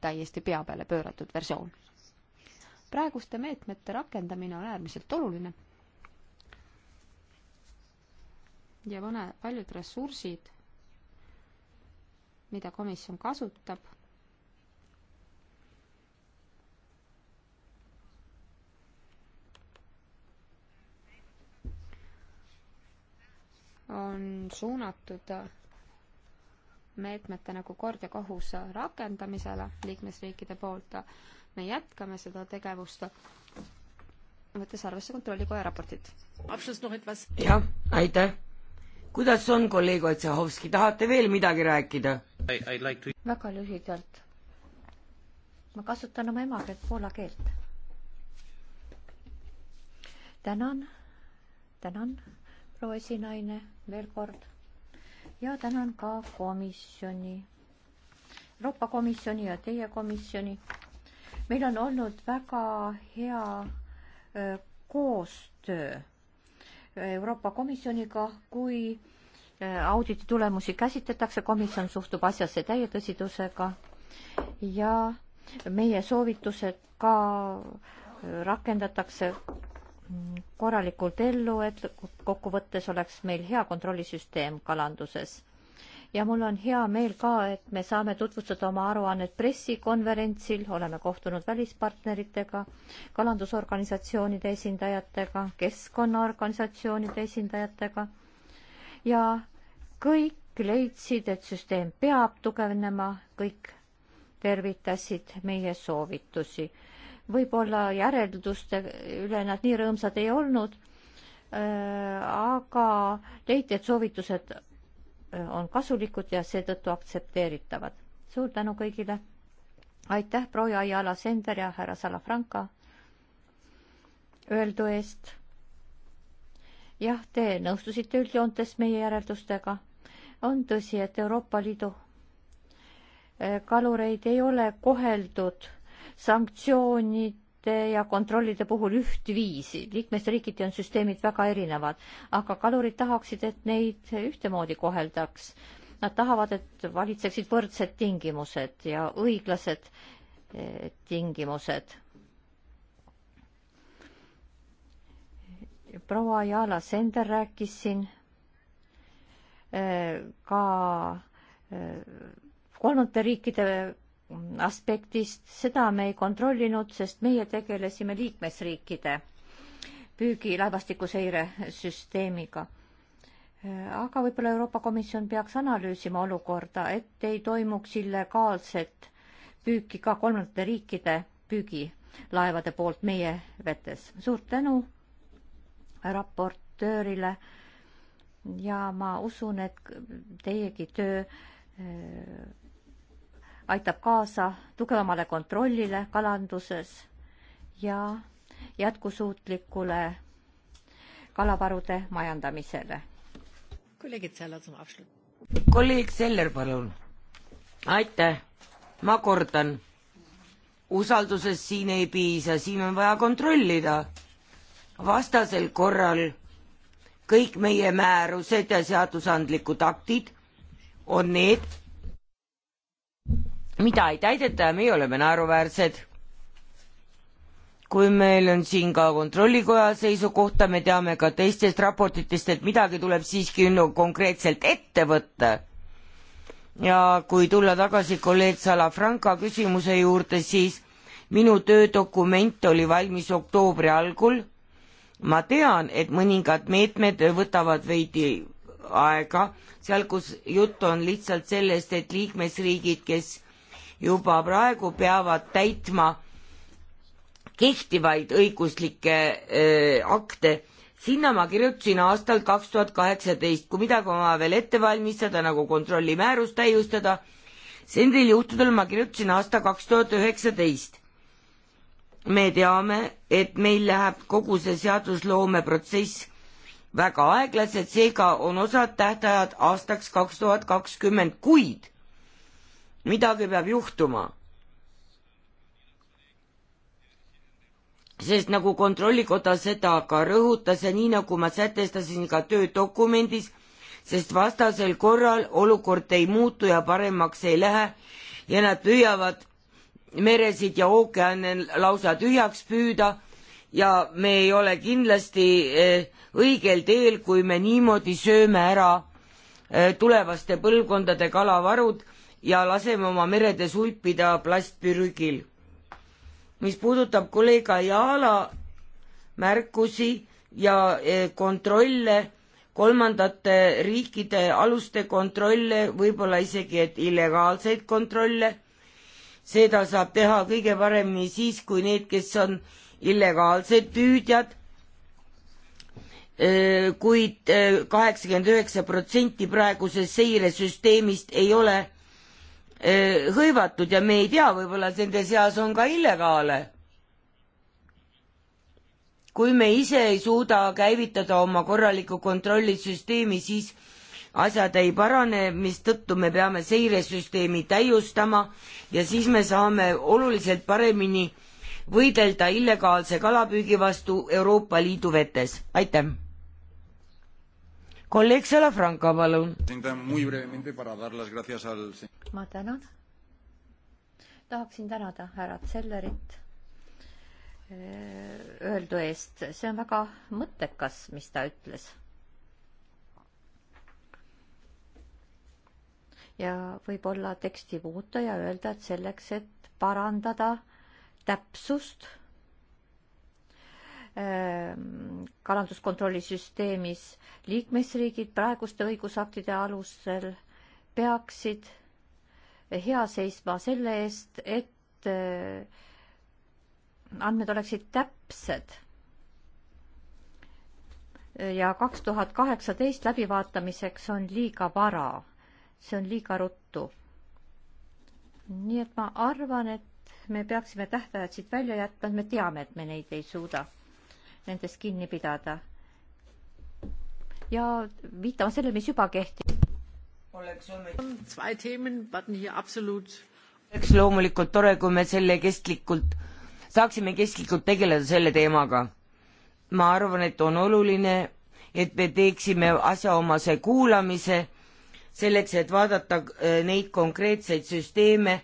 täiesti pea peale pööratud versioon. praeguste meetmete rakendamine on äärmiselt oluline ja vana, paljud ressursid, mida komisjon kasutab, on suunatud meetmete nagu kord ja kohus rakendamisele liikmesriikide poolt. me jätkame seda tegevust, võttes arvesse Kontrollikoja raportit. jah, aitäh. kuidas on, kolleeg Otsahovski, tahate veel midagi rääkida? Like to... väga lühidalt. ma kasutan oma emakeelt, poola keelt. tänan, tänan proua esinaine veel kord ja tänan ka komisjoni, Euroopa Komisjoni ja teie komisjoni. meil on olnud väga hea öö, koostöö Euroopa Komisjoniga, kui auditi tulemusi käsitletakse, komisjon suhtub asjasse täie tõsidusega ja meie soovitused ka rakendatakse korralikult ellu, et kokkuvõttes oleks meil hea kontrollisüsteem kalanduses. ja mul on hea meel ka, et me saame tutvustada oma aruannet pressikonverentsil, oleme kohtunud välispartneritega, kalandusorganisatsioonide esindajatega, keskkonnaorganisatsioonide esindajatega ja kõik leidsid, et süsteem peab tugevnema, kõik tervitasid meie soovitusi võib-olla järelduste üle nad nii rõõmsad ei olnud, äh, aga leiti, et soovitused äh, on kasulikud ja seetõttu aktsepteeritavad. suur tänu kõigile. aitäh, proua Ayala Sender ja härra Salafranca öeldu eest. jah, te nõustusite üldjoontes meie järeldustega. on tõsi, et Euroopa Liidu äh, kalureid ei ole koheldud sanktsioonide ja kontrollide puhul ühtviisi. liikmesriigiti on süsteemid väga erinevad, aga kalurid tahaksid, et neid ühtemoodi koheldaks. Nad tahavad, et valitseksid võrdsed tingimused ja õiglased eh, tingimused. proua Jaala Sender rääkis siin eh, ka eh, kolmandate riikide aspektist, seda me ei kontrollinud, sest meie tegelesime liikmesriikide püügilaevastiku seiresüsteemiga. aga võib-olla Euroopa Komisjon peaks analüüsima olukorda, et ei toimuks illegaalset püüki ka kolmandate riikide püügilaevade poolt meie vetes. suur tänu raportöörile ja ma usun, et teiegi töö aitab kaasa tugevamale kontrollile kalanduses ja jätkusuutlikule kalavarude majandamisele. kolleeg Seller, palun. aitäh, ma kordan, usaldusest siin ei piisa, siin on vaja kontrollida. vastasel korral kõik meie määrused ja seadusandlikud aktid on need, mida ei täideta ja meie oleme naeruväärsed. kui meil on siin ka kontrollikoja seisukohta, me teame ka teistest raportitest, et midagi tuleb siiski no, konkreetselt ette võtta. ja kui tulla tagasi kolleeg Salafranca küsimuse juurde, siis minu töödokument oli valmis oktoobri algul. ma tean, et mõningad meetmed võtavad veidi aega, seal kus jutt on lihtsalt sellest, et liikmesriigid, kes juba praegu peavad täitma kehtivaid õiguslikke öö, äh, akte. sinna ma kirjutasin aastal kaks tuhat kaheksateist, kui midagi on vaja veel ette valmistada, nagu kontrollimäärus täiustada, nendel juhtudel ma kirjutasin aasta kaks tuhat üheksateist me teame, et meil läheb kogu see seadusloome protsess väga aeglaselt, seega on osad tähtajad aastaks kaks tuhat kakskümmend, kuid midagi peab juhtuma. sest nagu Kontrollikoda seda ka rõhutas ja nii nagu ma sätestasin ka töödokumendis, sest vastasel korral olukord ei muutu ja paremaks ei lähe ja nad püüavad meresid ja ookeane lausa tühjaks püüda ja me ei ole kindlasti eh, õigel teel, kui me niimoodi sööme ära eh, tulevaste põlvkondade kalavarud ja laseme oma meredes hulpida plastprügil. mis puudutab kolleeg Ayala märkusi ja eh, kontrolle, kolmandate riikide aluste kontrolle, võib-olla isegi, et illegaalseid kontrolle, seda saab teha kõige paremini siis, kui need, kes on illegaalsed püüdjad eh, kuid eh, kaheksakümmend üheksa protsenti praegusest seiresüsteemist ei ole Eh, hõivatud ja me ei tea, võib-olla nende seas on ka illegaale. kui me ise ei suuda käivitada oma korralikku kontrollisüsteemi, siis asjad ei parane, mistõttu me peame seiresüsteemi täiustama ja siis me saame oluliselt paremini võidelda illegaalse kalapüügi vastu Euroopa Liidu vetes. aitäh! kolleeg Salafranca, palun. ma tänan. tahaksin tänada härra Zellerit eh, öeldu eest, see on väga mõttekas, mis ta ütles. ja võib-olla teksti muuta ja öelda, et selleks, et parandada täpsust Ähm, kalanduskontrollisüsteemis liikmesriigid praeguste õigusaktide alusel peaksid hea seisma selle eest, et äh, andmed oleksid täpsed. ja kaks tuhat kaheksateist läbivaatamiseks on liiga vara, see on liiga ruttu. nii et ma arvan, et me peaksime tähtajad siit välja jätma, me teame, et me neid ei suuda nendest kinni pidada. ja viitama sellele, mis juba kehtib. oleks loomulikult tore, kui me selle kestlikult, saaksime kestlikult tegeleda selle teemaga. ma arvan, et on oluline, et me teeksime asjaomase kuulamise selleks, et vaadata äh, neid konkreetseid süsteeme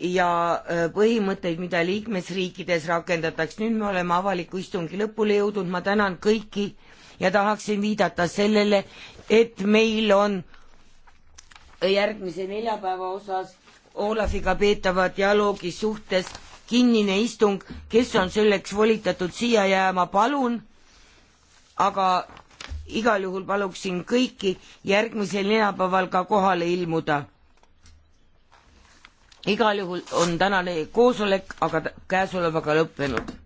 ja äh, põhimõtteid, mida liikmesriikides rakendatakse. nüüd me oleme avaliku istungi lõpule jõudnud, ma tänan kõiki ja tahaksin viidata sellele, et meil on järgmise neljapäeva osas Olafiga peetava dialoogi suhtes kinnine istung, kes on selleks volitatud siia jääma, palun, aga igal juhul paluksin kõiki järgmisel neljapäeval ka kohale ilmuda igal juhul on tänane koosolek aga käesolevaga lõppenud.